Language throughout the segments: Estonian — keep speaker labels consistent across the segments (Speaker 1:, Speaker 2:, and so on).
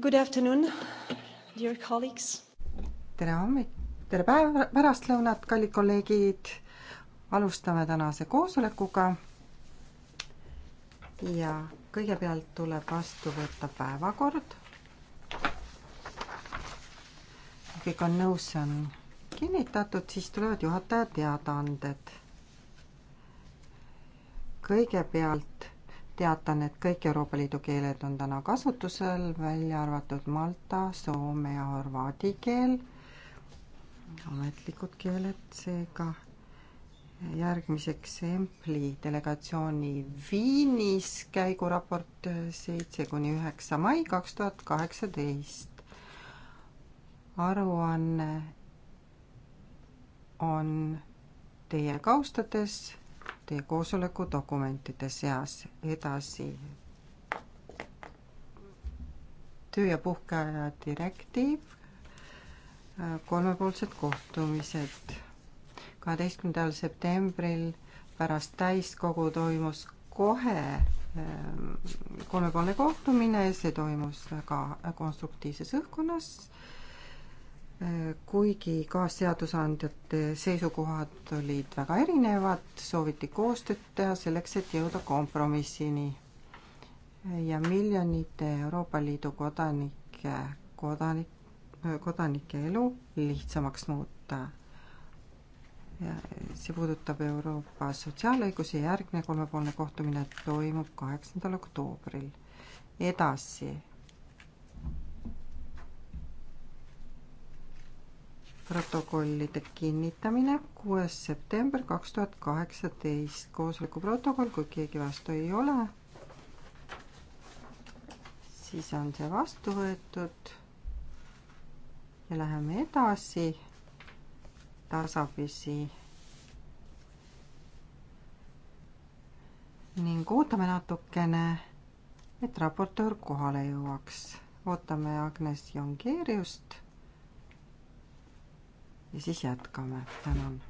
Speaker 1: Good afternoon, dear colleagues.
Speaker 2: tere hommik, tere päev, pärastlõunat, kallid kolleegid. alustame tänase koosolekuga. ja kõigepealt tuleb vastu võtta päevakord. kõik on nõus, see on kinnitatud, siis tulevad juhataja teadaanded. kõigepealt teatan, et kõik Euroopa Liidu keeled on täna kasutusel, välja arvatud malta, soome ja horvaadi keel, ametlikud keeled, seega järgmiseks Empli delegatsiooni Viinis käiguraport seitse kuni üheksa mai kaks tuhat kaheksateist. aruanne on, on teie kaustades teie koosoleku dokumentide seas. edasi. töö- ja puhkeaja direktiiv, kolmepoolsed kohtumised. kaheteistkümnendal septembril pärast täiskogu toimus kohe ehm, kolmepoolne kohtumine, see toimus väga konstruktiivses õhkkonnas kuigi kaasseadusandjate seisukohad olid väga erinevad, sooviti koostööd teha selleks, et jõuda kompromissini. ja miljonite Euroopa Liidu kodanike, kodanik, kodanike elu lihtsamaks muuta. see puudutab Euroopa sotsiaalõigusi, järgne kolmepoolne kohtumine toimub kaheksandal oktoobril. edasi protokollide kinnitamine, kuues september kaks tuhat kaheksateist, koosoleku protokoll, kui keegi vastu ei ole, siis on see vastu võetud ja läheme edasi tasapisi ning ootame natukene, et raportöör kohale jõuaks. ootame Agnes Jongeeriust ja siis jätkame, tänan.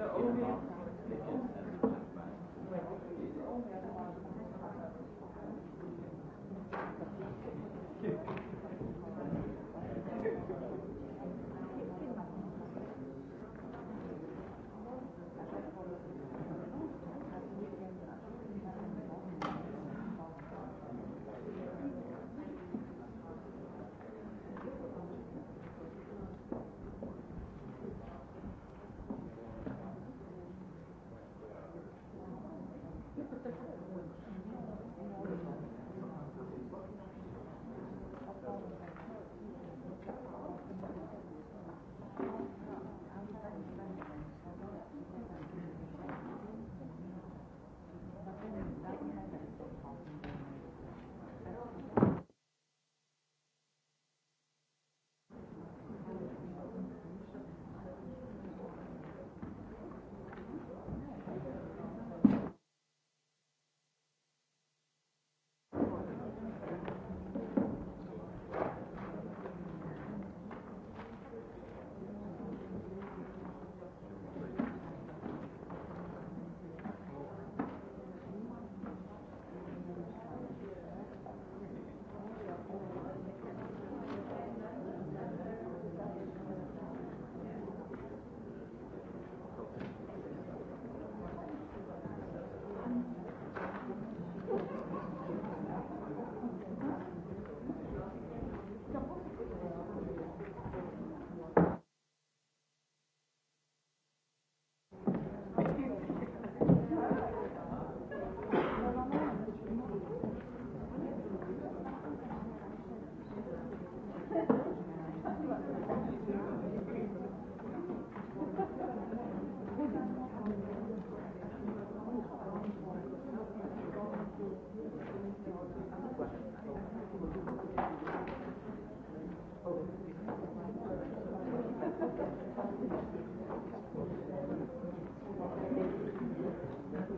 Speaker 3: Thank you.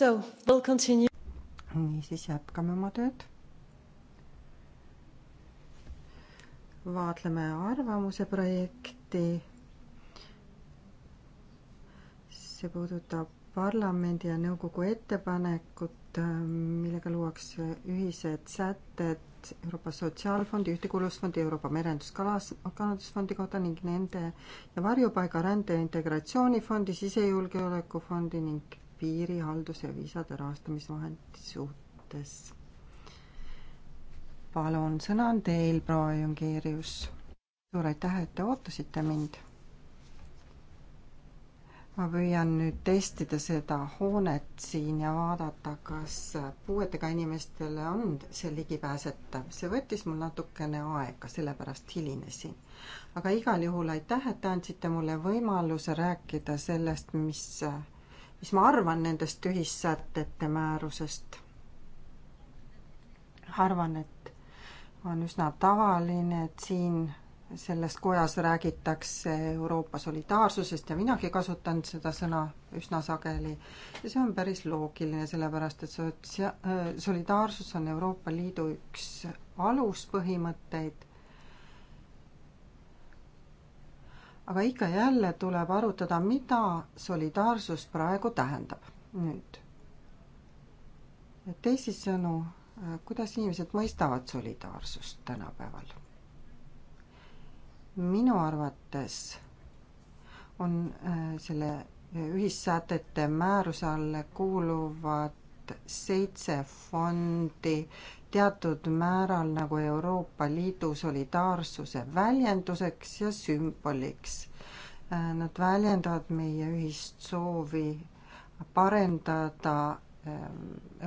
Speaker 2: So we'll continue. niisiis jätkame oma tööd. vaatleme arvamuse projekti. see puudutab parlamendi ja nõukogu ettepanekut, millega luuakse ühised sätted Euroopa Sotsiaalfondi, Ühtekuuluvusfondi, Euroopa Merenduskalas-, kalandusfondi kohta ning nende ja varjupaigarände integratsioonifondi, sisejulgeolekufondi ning piirihalduse ja viisade rahastamisvahendi suhtes. palun, sõna on teil, proua Jungeerius. suur aitäh, et te ootasite mind. ma püüan nüüd testida seda hoonet siin ja vaadata, kas puuetega inimestele on see ligipääsetav. see võttis mul natukene aega, sellepärast hilinesin aga igal juhul aitäh, et te andsite mulle võimaluse rääkida sellest, mis mis ma arvan nendest ühissätete määrusest. arvan, et on üsna tavaline, et siin selles kojas räägitakse Euroopa solidaarsusest ja minagi kasutan seda sõna üsna sageli. ja see on päris loogiline, sellepärast et sotsia-, äh, solidaarsus on Euroopa Liidu üks aluspõhimõtteid aga ikka jälle tuleb arutada, mida solidaarsus praegu tähendab nüüd. teisisõnu, äh, kuidas inimesed mõistavad solidaarsust tänapäeval? minu arvates on äh, selle äh, ühissätete määruse alla kuuluvad seitse fondi teatud määral nagu Euroopa Liidu solidaarsuse väljenduseks ja sümboliks. Äh, nad väljendavad meie ühist soovi parendada äh,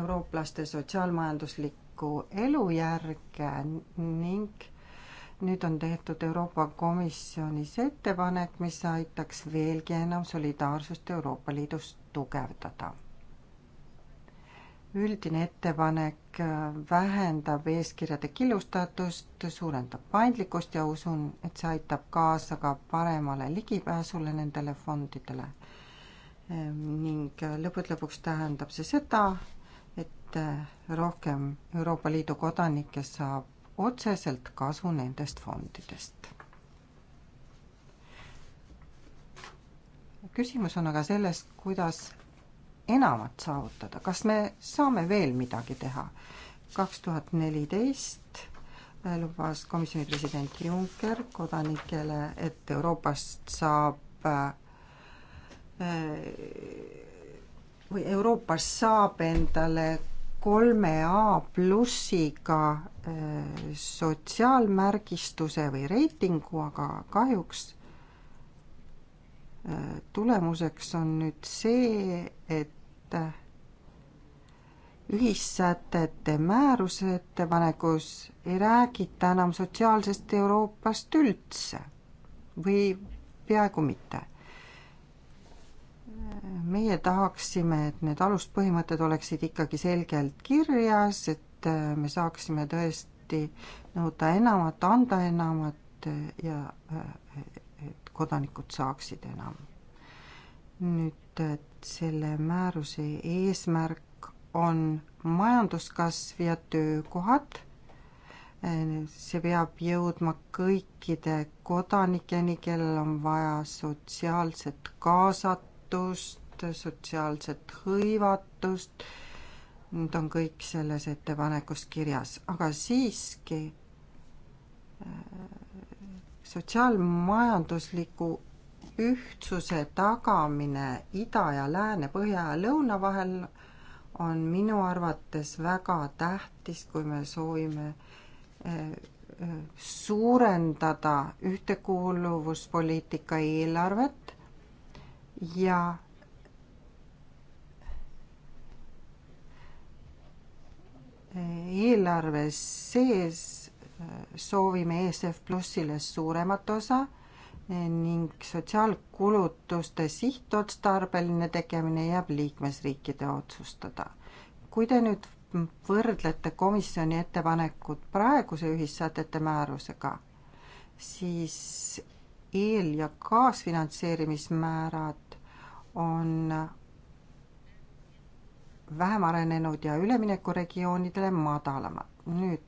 Speaker 2: eurooplaste sotsiaalmajanduslikku elujärge ning nüüd on tehtud Euroopa Komisjonis ettepanek, mis aitaks veelgi enam solidaarsust Euroopa Liidus tugevdada üldine ettepanek äh, vähendab eeskirjade killustatust, suurendab paindlikkust ja usun, et see aitab kaasa ka paremale ligipääsule nendele fondidele. Ehm, ning äh, lõppude lõpuks tähendab see seda, et äh, rohkem Euroopa Liidu kodanikke saab otseselt kasu nendest fondidest. küsimus on aga selles, kuidas enamat saavutada, kas me saame veel midagi teha? kaks tuhat neliteist äh, lubas komisjoni president Juncker kodanikele, et Euroopast saab äh, äh, või Euroopas saab endale kolme A plussiga sotsiaalmärgistuse või reitingu, aga kahjuks tulemuseks on nüüd see, et ühissätete määruse ettepanekus ei räägita enam sotsiaalsest Euroopast üldse või peaaegu mitte. meie tahaksime, et need aluspõhimõtted oleksid ikkagi selgelt kirjas, et me saaksime tõesti nõuda enamat, anda enamat ja kodanikud saaksid enam. nüüd selle määruse eesmärk on majanduskasv ja töökohad. see peab jõudma kõikide kodanikeni, kellel on vaja sotsiaalset kaasatust, sotsiaalset hõivatust. Need on kõik selles ettepanekus kirjas, aga siiski sotsiaalmajandusliku ühtsuse tagamine ida ja lääne, põhja ja lõuna vahel on minu arvates väga tähtis, kui me soovime eh, eh, suurendada ühtekuuluvuspoliitika eelarvet ja eh, eelarves sees soovime ESF Plussile suuremat osa eh, ning sotsiaalkulutuste sihtotstarbeline tegemine jääb liikmesriikide otsustada. kui te nüüd võrdlete komisjoni ettepanekut praeguse ühissätete määrusega, siis eel- ja kaasfinantseerimismäärad on vähem arenenud ja üleminekuregioonidele madalamad. nüüd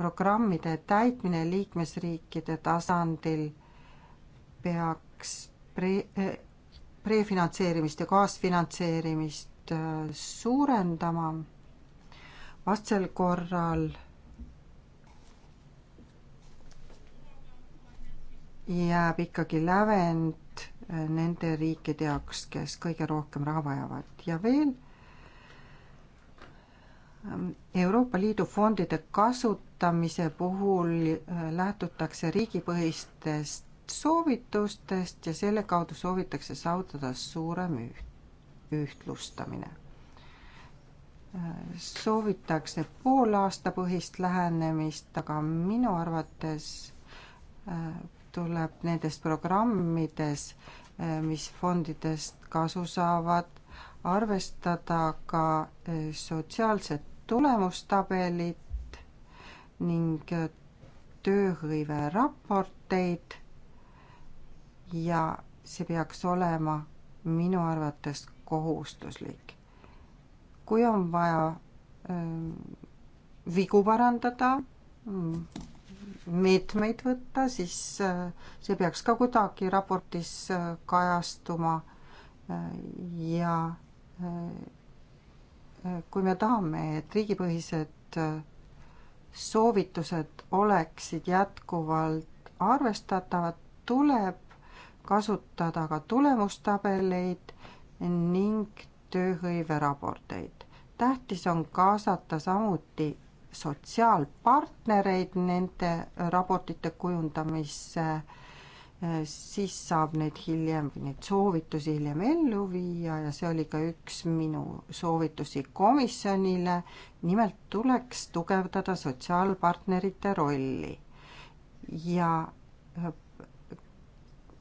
Speaker 2: programmide täitmine liikmesriikide tasandil peaks pre-, eh, prefinantseerimist ja kaasfinantseerimist eh, suurendama, vastasel korral jääb ikkagi lävend eh, nende riikide jaoks, kes kõige rohkem raha vajavad ja veel Ähm, Euroopa Liidu fondide kasutamise puhul äh, lähtutakse riigipõhistest soovitustest ja selle kaudu soovitakse saavutada suurem ühtlustamine. Äh, soovitakse poolaastapõhist lähenemist, aga minu arvates äh, tuleb nendes programmides, mis fondidest kasu saavad, arvestada ka sotsiaalset tulemustabelit ning tööhõive raporteid ja see peaks olema minu arvates kohustuslik. kui on vaja ähm, vigu parandada, meetmeid võtta, siis äh, see peaks ka kuidagi raportis äh, kajastuma äh, ja kui me tahame, et riigipõhised äh, soovitused oleksid jätkuvalt arvestatavad, tuleb kasutada ka tulemustabeleid ning tööhõiveraporteid. tähtis on kaasata samuti sotsiaalpartnereid nende raportite kujundamisse Äh, siis saab neid hiljem, neid soovitusi hiljem ellu viia ja see oli ka üks minu soovitusi komisjonile. nimelt tuleks tugevdada sotsiaalpartnerite rolli. ja äh,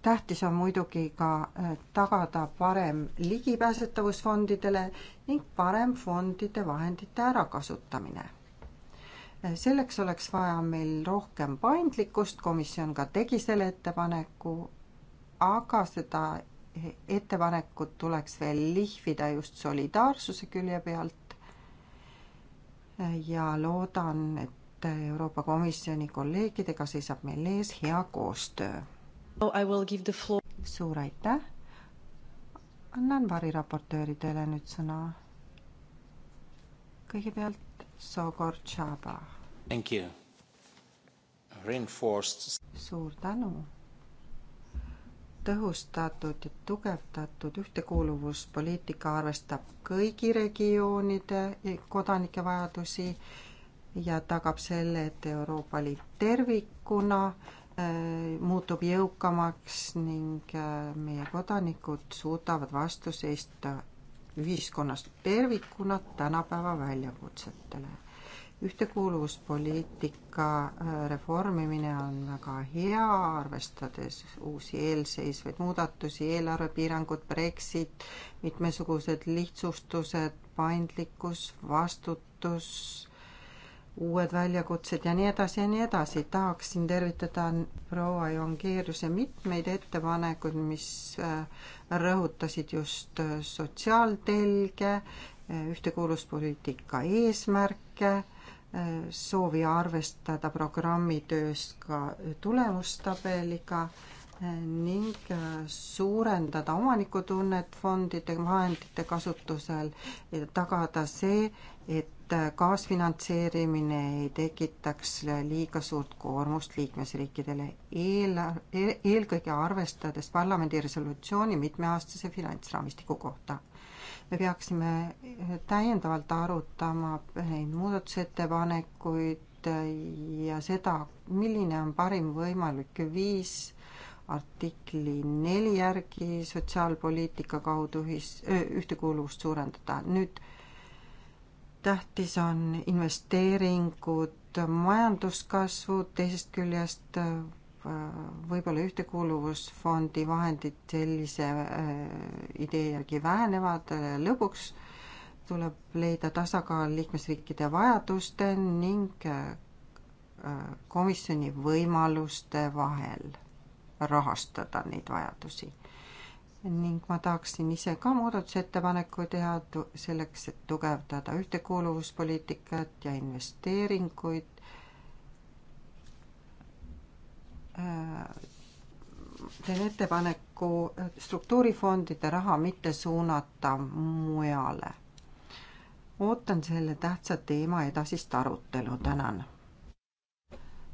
Speaker 2: tähtis on muidugi ka äh, tagada parem ligipääsetavus fondidele ning parem fondide vahendite ärakasutamine selleks oleks vaja meil rohkem paindlikkust, komisjon ka tegi selle ettepaneku, aga seda ettepanekut tuleks veel lihvida just solidaarsuse külje pealt. ja loodan, et Euroopa Komisjoni kolleegidega seisab meil ees hea koostöö oh,. suur aitäh. annan variraportööridele nüüd sõna. kõigepealt Sogor Tšaba suur tänu. tõhustatud ja tugevdatud ühtekuuluvuspoliitika arvestab kõigi regioonide kodanike vajadusi ja tagab selle, et Euroopa Liit tervikuna äh, muutub jõukamaks ning äh, meie kodanikud suudavad vastu seista ühiskonnast tervikuna tänapäeva väljakutsetele ühtekuuluvuspoliitika äh, reformimine on väga hea, arvestades uusi eelseisvaid muudatusi, eelarvepiirangud, Brexit, mitmesugused lihtsustused, paindlikkus, vastutus, uued väljakutsed ja nii edasi ja nii edasi. tahaksin tervitada proua Jongeeruse mitmeid ettepanekuid, mis äh, rõhutasid just äh, sotsiaaltelge, ühtekuuluvuspoliitika eesmärke soovi arvestada programmi töös ka tulemustabeliga ning suurendada omanikutunnet fondide vahendite kasutusel ja tagada see, et kaasfinantseerimine ei tekitaks liiga suurt koormust liikmesriikidele, eel, eelkõige arvestades parlamendi resolutsiooni mitmeaastase finantsraamistiku kohta me peaksime täiendavalt arutama neid muudatusettepanekuid ja seda, milline on parim võimalik viis artikli neli järgi sotsiaalpoliitika kaudu ühis, ühtekuuluvust suurendada. nüüd tähtis on investeeringud majanduskasvu, teisest küljest Äh, võib-olla ühtekuuluvusfondi vahendid sellise äh, idee järgi vähenevad, äh, lõpuks tuleb leida tasakaal liikmesriikide vajaduste ning komisjoni võimaluste vahel rahastada neid vajadusi. ning ma tahaksin ise ka muudatusettepaneku teha selleks, et tugevdada ühtekuuluvuspoliitikat ja investeeringuid Äh, teen ettepaneku struktuurifondide raha mitte suunata mujale. ootan selle tähtsa teema edasist arutelu, tänan.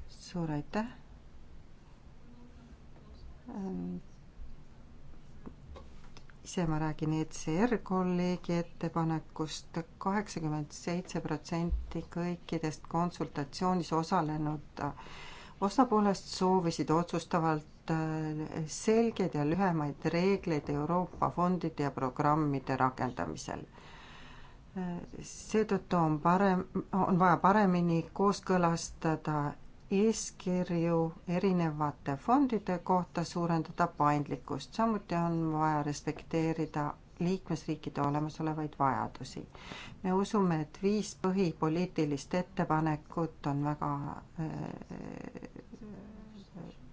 Speaker 2: suur aitäh. Ähm, ise ma räägin ECR kolleegi ettepanekust, kaheksakümmend seitse protsenti kõikidest konsultatsioonis osalenud äh, osapoolest soovisid otsustavalt äh, selgeid ja lühemaid reegleid Euroopa fondide ja programmide rakendamisel. Äh, seetõttu on parem, on vaja paremini kooskõlastada eeskirju erinevate fondide kohta, suurendada paindlikkust, samuti on vaja respekteerida liikmesriikide olemasolevaid vajadusi. me usume, et viis põhipoliitilist ettepanekut on väga äh,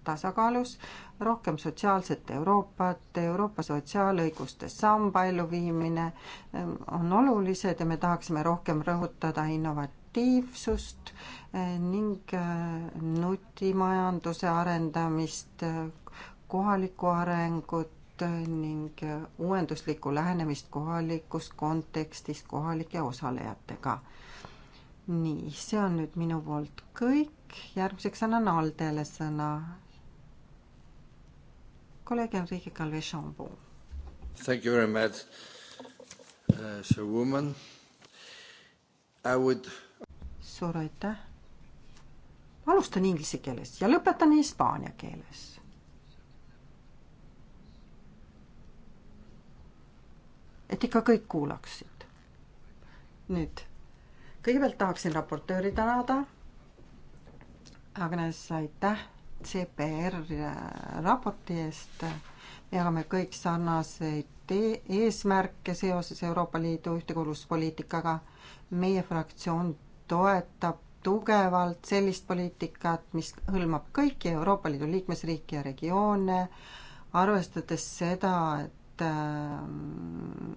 Speaker 2: tasakaalus, rohkem sotsiaalset Euroopat, Euroopa sotsiaalõiguste samba elluviimine ähm, on olulised ja me tahaksime rohkem rõhutada innovatiivsust äh, ning äh, nutimajanduse arendamist, kohalikku arengut, Äh, ning äh, uuenduslikku lähenemist kohalikus kontekstis kohalike osalejatega. nii, see on nüüd minu poolt kõik, järgmiseks annan Aldele sõna. kolleeg Enrique Calvechambu.
Speaker 4: Thank you very much uh,, sir woman. I would.
Speaker 2: suur aitäh. alustan inglise keeles ja lõpetan hispaania keeles et ikka kõik kuulaksid. nüüd, kõigepealt tahaksin raportööri tänada. Agnes, aitäh CPR raporti eest. me jagame kõik sarnaseid eesmärke seoses Euroopa Liidu ühtekuuluvuspoliitikaga. meie fraktsioon toetab tugevalt sellist poliitikat, mis hõlmab kõiki Euroopa Liidu liikmesriike ja regioone, arvestades seda, et et ähm,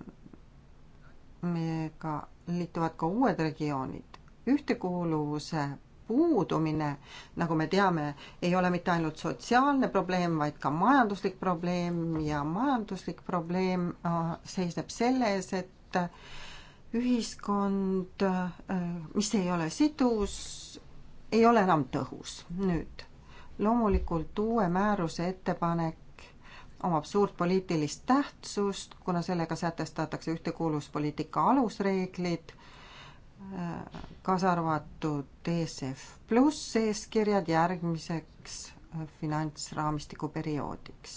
Speaker 2: meiega liituvad ka uued regioonid. ühtekuuluvuse puudumine, nagu me teame, ei ole mitte ainult sotsiaalne probleem, vaid ka majanduslik probleem ja majanduslik probleem äh, seisneb selles, et äh, ühiskond, äh, mis ei ole sidus, ei ole enam tõhus. nüüd loomulikult uue määruse ettepanek omab suurt poliitilist tähtsust, kuna sellega sätestatakse ühtekuuluvuspoliitika alusreeglid, kaasa arvatud ESF pluss eeskirjad järgmiseks finantsraamistiku perioodiks.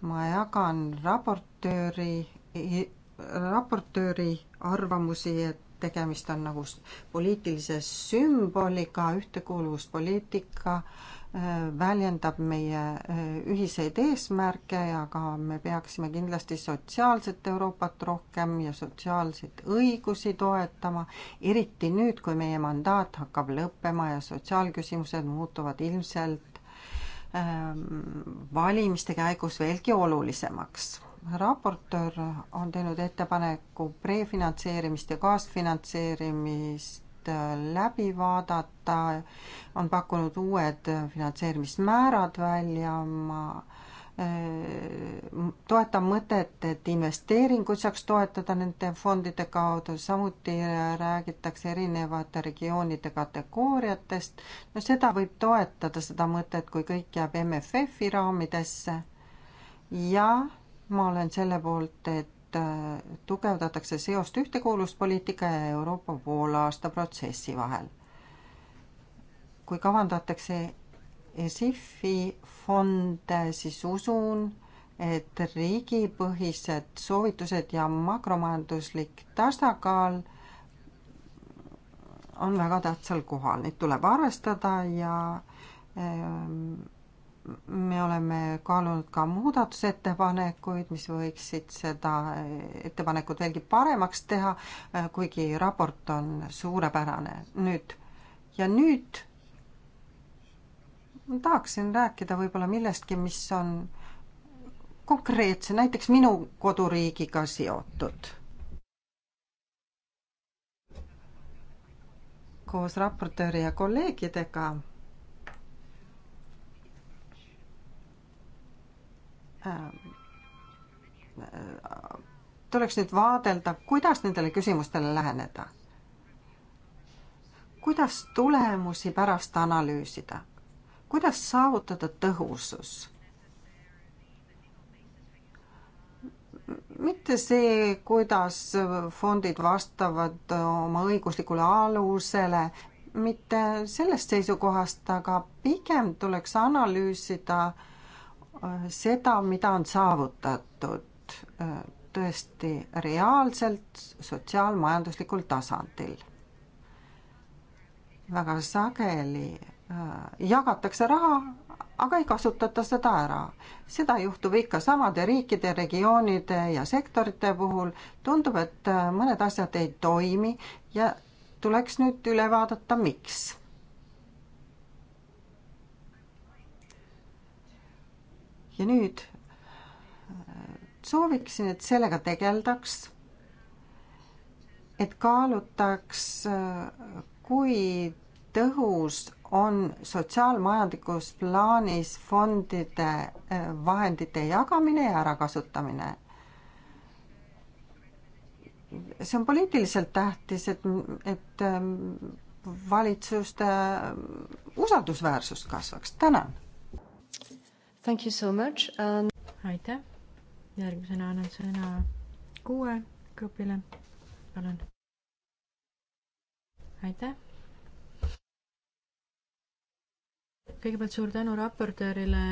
Speaker 2: ma jagan raportööri, e-, raportööri arvamusi, et tegemist on nagu poliitilise sümboliga, ühtekuuluvuspoliitika väljendab meie äh, ühiseid eesmärke ja ka me peaksime kindlasti sotsiaalset Euroopat rohkem ja sotsiaalseid õigusi toetama, eriti nüüd, kui meie mandaat hakkab lõppema ja sotsiaalküsimused muutuvad ilmselt ähm, valimiste käigus veelgi olulisemaks raportöör on teinud ettepaneku prefinantseerimist ja kaasfinantseerimist Äh, läbi vaadata, on pakkunud uued finantseerimismäärad välja, ma äh, toetan mõtet, et investeeringuid saaks toetada nende fondide kaudu, samuti äh, räägitakse erinevate regioonide kategooriatest. no seda võib toetada, seda mõtet, kui kõik jääb MFF-i raamidesse. ja ma olen selle poolt, et Äh, tugevdatakse seost ühtekuuluvuspoliitika ja Euroopa poolaasta protsessi vahel. kui kavandatakse ESIF-i fonde, siis usun, et riigipõhised soovitused ja makromajanduslik tasakaal on väga tähtsal kohal, neid tuleb arvestada ja ähm, me oleme kaalunud ka muudatusettepanekuid, mis võiksid seda ettepanekut veelgi paremaks teha, kuigi raport on suurepärane nüüd. ja nüüd ma tahaksin rääkida võib-olla millestki, mis on konkreetse, näiteks minu koduriigiga seotud. koos raportööri ja kolleegidega Äh, äh, tuleks nüüd vaadelda, kuidas nendele küsimustele läheneda. kuidas tulemusi pärast analüüsida? kuidas saavutada tõhusus? mitte see, kuidas fondid vastavad oma õiguslikule alusele, mitte sellest seisukohast, aga pigem tuleks analüüsida äh, Äh, seda, mida on saavutatud äh, tõesti reaalselt sotsiaalmajanduslikul tasandil. väga sageli äh, jagatakse raha, aga ei kasutata seda ära. seda juhtub ikka samade riikide, regioonide ja sektorite puhul. tundub, et mõned asjad ei toimi ja tuleks nüüd üle vaadata, miks ja nüüd äh, sooviksin, et sellega tegeldaks, et kaalutaks, äh, kui tõhus on sotsiaalmajanduslikus plaanis fondide äh, vahendite jagamine ja ärakasutamine see on poliitiliselt tähtis, et, et valitsuste usaldusväärsus kasvaks. tänan
Speaker 1: Thank you so much um.... aitäh. järgmisena annan sõna kuue grupile. palun. aitäh. kõigepealt suur tänu raportöörile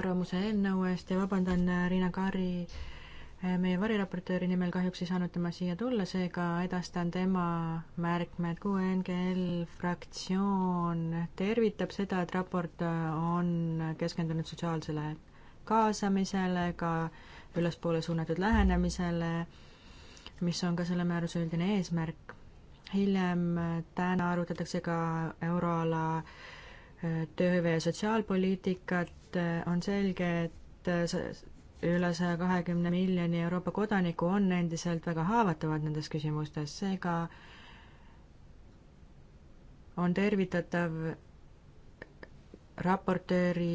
Speaker 1: arvamuse eelnõu eest ja vabandan Riina Kaari äh, meie variraportööri nimel kahjuks ei saanud tema siia tulla, seega edastan tema märkmed. QNGL fraktsioon tervitab seda, et raport on keskendunud sotsiaalsele kaasamisele, ka ülespoole suunatud lähenemisele, mis on ka selle määruse üldine eesmärk. hiljem täna arutatakse ka euroala eh, tööhõive ja sotsiaalpoliitikat, on selge, et üle saja kahekümne miljoni Euroopa kodaniku on endiselt väga haavatavad nendes küsimustes, seega on tervitatav raportööri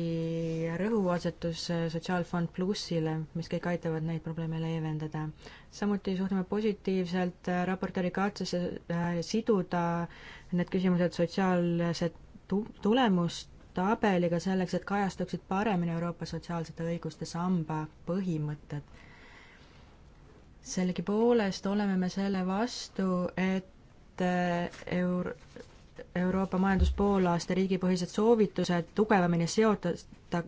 Speaker 1: rõhuasetus Sotsiaalfond Plussile, mis kõik aitavad neid probleeme leevendada. samuti suhtume positiivselt raportööri katsesse äh, siduda need küsimused sotsiaalse tu-, tulemust tabeliga selleks, et kajastuksid paremini Euroopa sotsiaalsete õiguste samba põhimõtted. sellegipoolest oleme me selle vastu, et eh, Euro-, Euroopa Majandus poolaasta riigipõhised soovitused tugevamini seota-,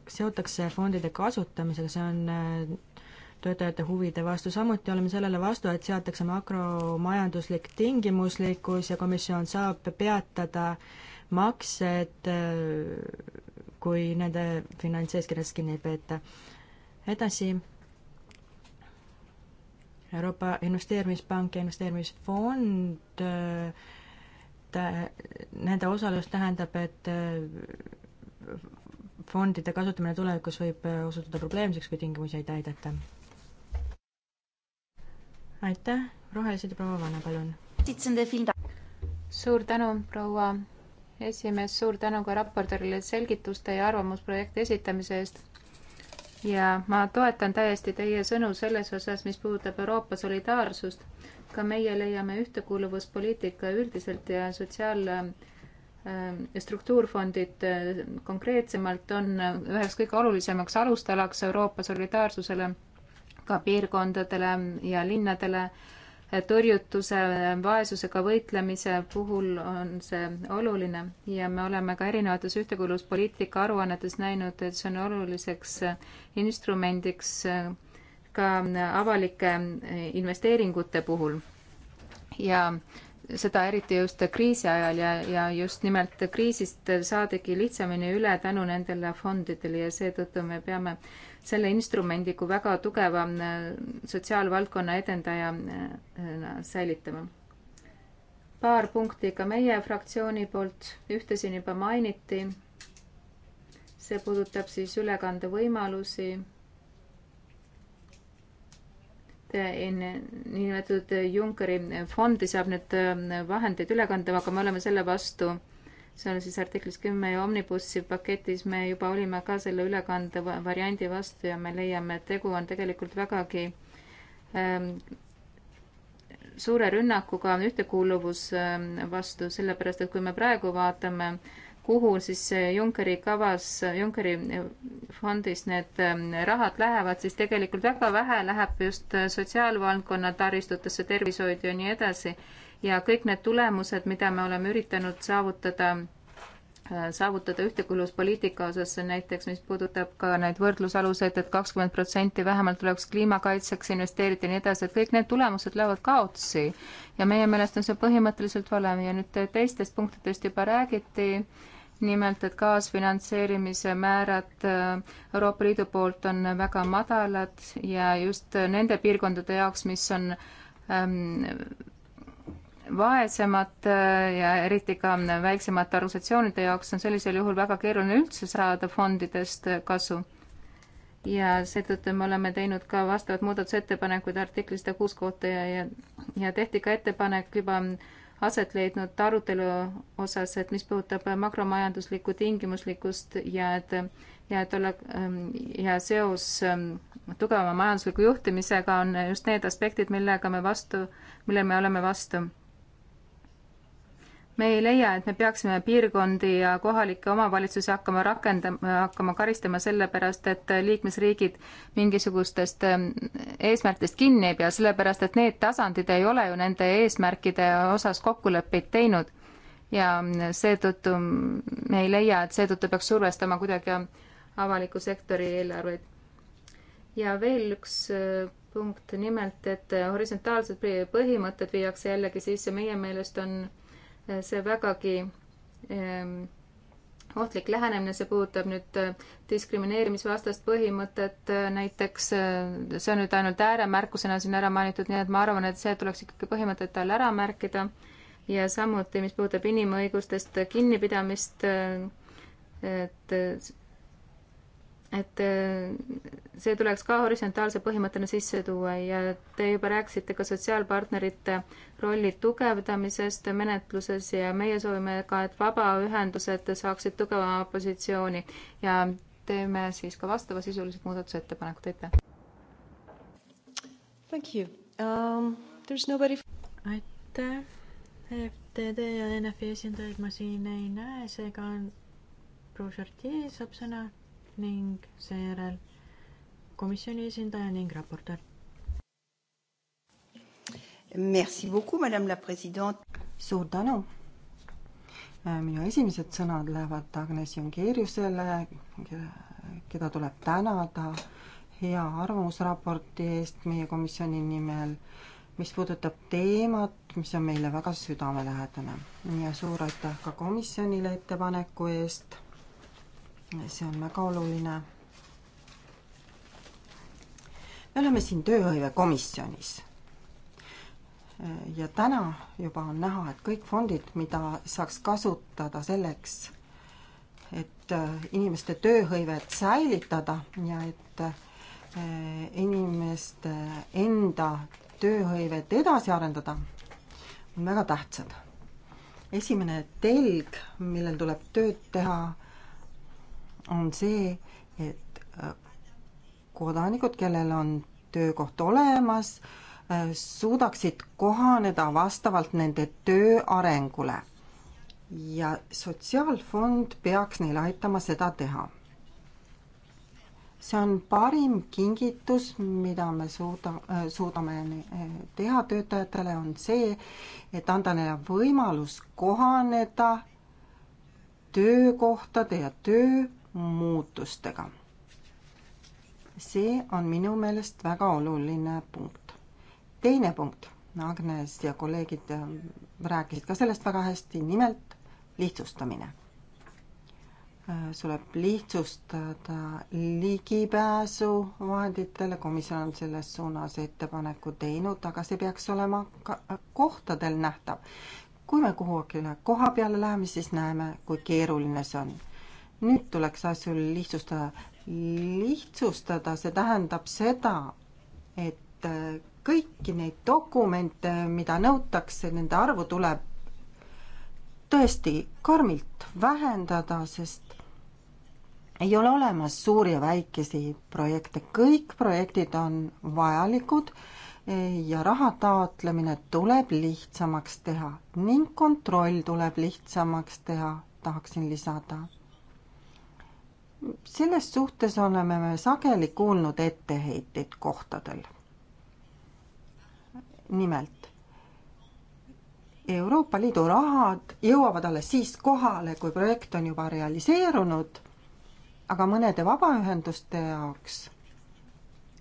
Speaker 1: seotakse fondide kasutamisega, see on eh, töötajate huvide vastu, samuti oleme sellele vastu, et seatakse makromajanduslik tingimuslikkus ja komisjon saab peatada äh, maksed, äh, kui nende finantseeskirjast kinni ei peeta. edasi, Euroopa Investeerimispank ja Investeerimisfond, äh, nende osalus tähendab, et äh, fondide kasutamine tulevikus võib osutuda probleemseks, kui tingimusi ei täideta. aitäh, rohelised ja proua Vanna, palun.
Speaker 5: suur tänu, proua esimees, suur tänu ka raportöörile selgituste ja arvamusprojekti esitamise eest. ja ma toetan täiesti teie sõnu selles osas, mis puudutab Euroopa solidaarsust. ka meie leiame ühtekuuluvuspoliitika üldiselt ja sotsiaal äh, struktuurfondid äh, konkreetsemalt on üheks kõige olulisemaks alustalaks Euroopa solidaarsusele, ka piirkondadele ja linnadele tõrjutuse, vaesusega võitlemise puhul on see oluline ja me oleme ka erinevates ühtekuuluvuspoliitika aruannetes näinud, et see on oluliseks instrumendiks ka avalike investeeringute puhul. ja seda eriti just kriisi ajal ja, ja just nimelt kriisist saadigi lihtsamini üle tänu nendele fondidele ja seetõttu me peame selle instrumendi kui väga tugeva äh, sotsiaalvaldkonna edendaja äh, säilitama. paar punkti ka meie fraktsiooni poolt, ühte siin juba mainiti. see puudutab siis ülekandevõimalusi niinimetatud Junckeri fondi saab nüüd äh, vahendeid üle kandma, aga me oleme selle vastu, see on siis artiklis kümme ja Omnibussi paketis me juba olime ka selle ülekande variandi vastu ja me leiame, et tegu on tegelikult vägagi ähm, suure rünnakuga ühtekuuluvus ähm, vastu, sellepärast et kui me praegu vaatame, kuhu siis Junckeri kavas, Junckeri fondis need ähm, rahad lähevad, siis tegelikult väga vähe läheb just äh, sotsiaalvaldkonna taristutesse, tervishoidu ja nii edasi ja kõik need tulemused, mida me oleme üritanud saavutada, äh, saavutada ühtekuuluvuspoliitika osas, näiteks mis puudutab ka neid võrdlusaluseid, et kakskümmend protsenti vähemalt tuleks kliimakaitseks investeerida ja nii edasi, et kõik need tulemused lähevad kaotsi. ja meie meelest on see põhimõtteliselt vale ja nüüd teistest punktidest juba räägiti nimelt, et kaasfinantseerimise määrad äh, Euroopa Liidu poolt on väga madalad ja just nende piirkondade jaoks, mis on ähm, vaesemate äh, ja eriti ka äh, väiksemate organisatsioonide jaoks on sellisel juhul väga keeruline üldse saada fondidest äh, kasu. ja seetõttu me oleme teinud ka vastavad muudatusettepanekud artikli sada kuus kohta ja, ja, ja tehti ka ettepanek juba aset leidnud arutelu osas, et mis puudutab makromajanduslikku tingimuslikkust ja et ja et olla ähm, ja seos ähm, tugevama majandusliku juhtimisega on just need aspektid, millega me vastu, millele me oleme vastu me ei leia, et me peaksime piirkondi ja kohalikke omavalitsusi hakkama rakendama, hakkama karistama sellepärast, et liikmesriigid mingisugustest ähm, eesmärkidest kinni ei pea, sellepärast et need tasandid ei ole ju nende eesmärkide osas kokkuleppeid teinud. ja seetõttu me ei leia, et seetõttu peaks survestama kuidagi avaliku sektori eelarveid. ja veel üks äh, punkt, nimelt, et horisontaalsed põhimõtted viiakse jällegi sisse, meie meelest on see vägagi ehm, ohtlik lähenemine, see puudutab nüüd äh, diskrimineerimisvastast põhimõtet äh, näiteks, äh, see on nüüd ainult ääremärkusena siin ära mainitud, nii et ma arvan, et see tuleks ikkagi põhimõtete all ära märkida. ja samuti, mis puudutab inimõigustest kinnipidamist, et et äh, see tuleks ka horisontaalse põhimõttena sisse tuua ja te juba rääkisite ka sotsiaalpartnerite rolli tugevdamisest menetluses ja meie soovime ka, et vabaühendused saaksid tugevama positsiooni ja teeme siis ka vastavasisulised muudatusettepanekud, aitäh! Thank you um,. There's nobody. aitäh. FTD
Speaker 1: ja NFI esindajaid ma siin ei näe, seega on Roger T saab sõna ning seejärel komisjoni esindaja ning raportöör.
Speaker 2: Merci beaucoup, madame la president. suur tänu. minu esimesed sõnad lähevad Agnes Jongeeriusele, keda tuleb tänada hea arvamusraporti eest meie komisjoni nimel, mis puudutab teemat, mis on meile väga südamelähedane. ja suur aitäh ka komisjonile ettepaneku eest see on väga oluline. me oleme siin tööhõivekomisjonis ja täna juba on näha, et kõik fondid, mida saaks kasutada selleks, et äh, inimeste tööhõivet säilitada ja et äh, inimeste enda tööhõivet edasi arendada, on väga tähtsad. esimene telg, millel tuleb tööd teha, on see, et äh, kodanikud, kellel on töökoht olemas, äh, suudaksid kohaneda vastavalt nende töö arengule. ja Sotsiaalfond peaks neil aitama seda teha. see on parim kingitus, mida me suuda, äh, suudame teha töötajatele, on see, et anda neile võimalus kohaneda töökohtade ja töö muutustega. see on minu meelest väga oluline punkt. teine punkt, Agnes ja kolleegid rääkisid ka sellest väga hästi, nimelt lihtsustamine. tuleb lihtsustada ligipääsu vahenditele, komisjon on selles suunas ettepaneku teinud, aga see peaks olema ka kohtadel nähtav kui me kuhugile koha peale läheme, siis näeme, kui keeruline see on nüüd tuleks asju lihtsustada. lihtsustada, see tähendab seda, et äh, kõiki neid dokumente, mida nõutakse, nende arvu tuleb tõesti karmilt vähendada, sest ei ole olemas suuri ja väikesi projekte, kõik projektid on vajalikud eh, ja raha taotlemine tuleb lihtsamaks teha ning kontroll tuleb lihtsamaks teha, tahaksin lisada selles suhtes oleme me sageli kuulnud etteheiteid kohtadel. nimelt, Euroopa Liidu rahad jõuavad alles siis kohale, kui projekt on juba realiseerunud, aga mõnede vabaühenduste jaoks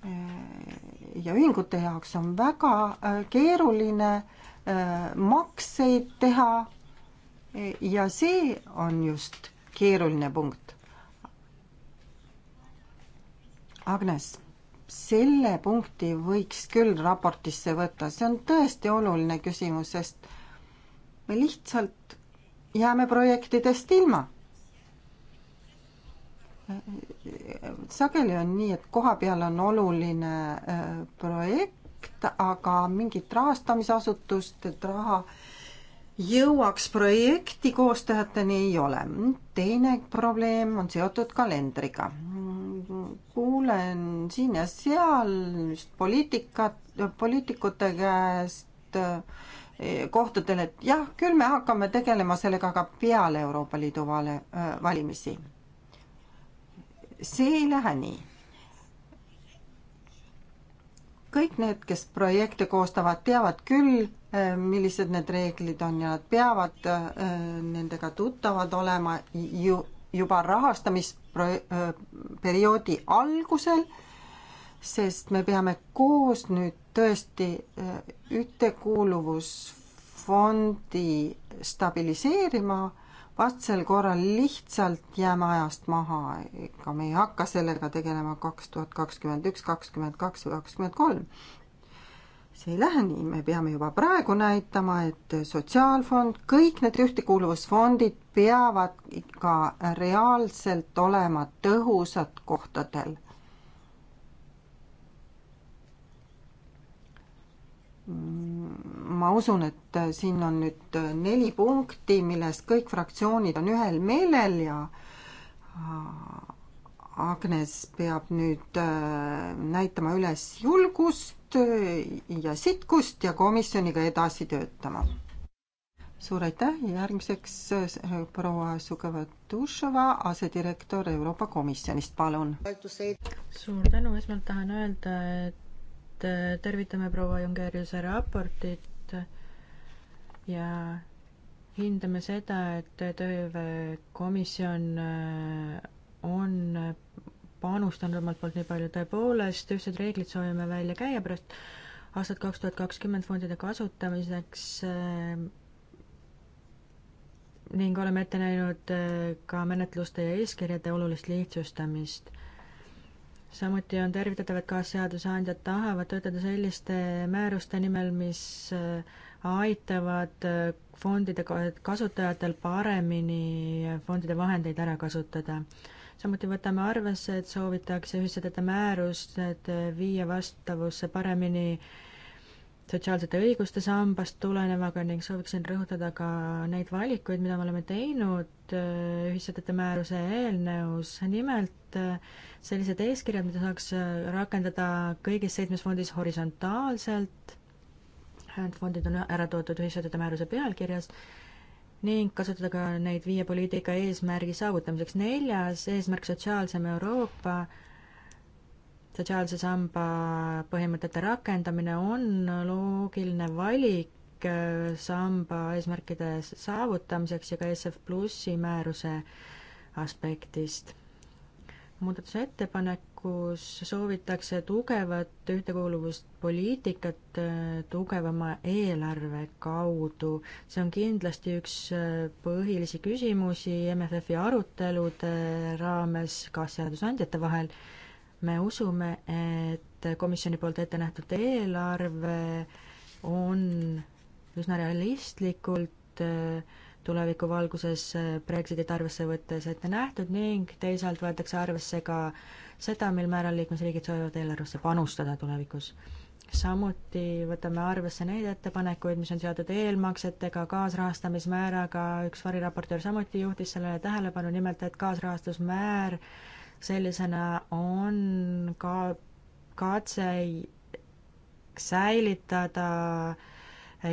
Speaker 2: eh, ja ühingute jaoks on väga eh, keeruline eh, makseid teha ja see on just keeruline punkt Agnes, selle punkti võiks küll raportisse võtta, see on tõesti oluline küsimus, sest me lihtsalt jääme projektidest ilma. sageli on nii, et kohapeal on oluline äh, projekt, aga mingit rahastamisasutust, et raha äh, jõuaks projekti koostajateni ei ole. teine probleem on seotud kalendriga. kuulen siin ja seal just poliitikat, poliitikute käest eh, kohtadel, et jah, küll me hakkame tegelema sellega ka peale Euroopa Liidu vale, valimisi. see ei lähe nii kõik need, kes projekte koostavad, teavad küll, eh, millised need reeglid on ja nad peavad eh, nendega tuttavad olema ju juba rahastamisperioodi eh, algusel, sest me peame koos nüüd tõesti ühtekuuluvusfondi stabiliseerima vastasel korral lihtsalt jääme ajast maha, ega me ei hakka sellega tegelema kaks tuhat kakskümmend üks, kakskümmend kaks või kakskümmend kolm. see ei lähe nii, me peame juba praegu näitama, et Sotsiaalfond, kõik need ühtekuuluvusfondid peavad ka reaalselt olema tõhusad kohtadel Mm, ma usun, et äh, siin on nüüd äh, neli punkti, milles kõik fraktsioonid on ühel meelel ja äh, Agnes peab nüüd näitama üles julgust ja sitkust ja komisjoniga edasi töötama. suur aitäh, järgmiseks proua Sugeva-Tušova, asedirektor Euroopa Komisjonist, palun.
Speaker 1: suur tänu, esmalt tahan öelda, et et äh, tervitame proua Jungeriuse raportit ja hindame seda, et töökomisjon äh, on panustanud omalt poolt nii palju, tõepoolest ühtsed reeglid soovime välja käia pärast aastat kaks tuhat kakskümmend fondide kasutamiseks äh, ning oleme ette näinud ka menetluste ja eeskirjade olulist lihtsustamist samuti on tervitatav, et kaasseadusandjad tahavad töötada selliste määruste nimel, mis äh, aitavad äh, fondide kasutajatel paremini fondide vahendeid ära kasutada. samuti võtame arvesse, et soovitakse ühisettevõtte määrused äh, viia vastavusse paremini äh, sotsiaalsete õiguste sambast tulenevaga ning sooviksin rõhutada ka neid valikuid, mida me oleme teinud äh, ühissätete määruse eelnõus, nimelt äh, sellised eeskirjad, mida saaks äh, rakendada kõigis seitsmes fondis horisontaalselt, fondid on ära toodud ühissätete määruse pealkirjas, ning kasutada ka neid viie poliitika eesmärgi saavutamiseks. neljas eesmärk, sotsiaalsem Euroopa, sotsiaalse samba põhimõtete rakendamine on loogiline valik äh, samba eesmärkide saavutamiseks ja ka SF Plussi määruse aspektist. muudatusettepanekus soovitakse tugevat ühtekuuluvuspoliitikat äh, tugevama eelarve kaudu. see on kindlasti üks äh, põhilisi küsimusi MFF-i arutelude raames ka seadusandjate vahel me usume, et komisjoni poolt ette nähtud eelarve on üsna realistlikult äh, tuleviku valguses äh, Brexitit arvesse võttes ette nähtud ning teisalt võetakse arvesse ka seda, mil määral liikmesriigid soovivad eelarvesse panustada tulevikus. samuti võtame arvesse neid ettepanekuid, mis on seotud eelmaksetega, kaasrahastamismääraga, üks variraportöör samuti juhtis sellele tähelepanu, nimelt et kaasrahastusmäär äh, sellisena on ka katse säilitada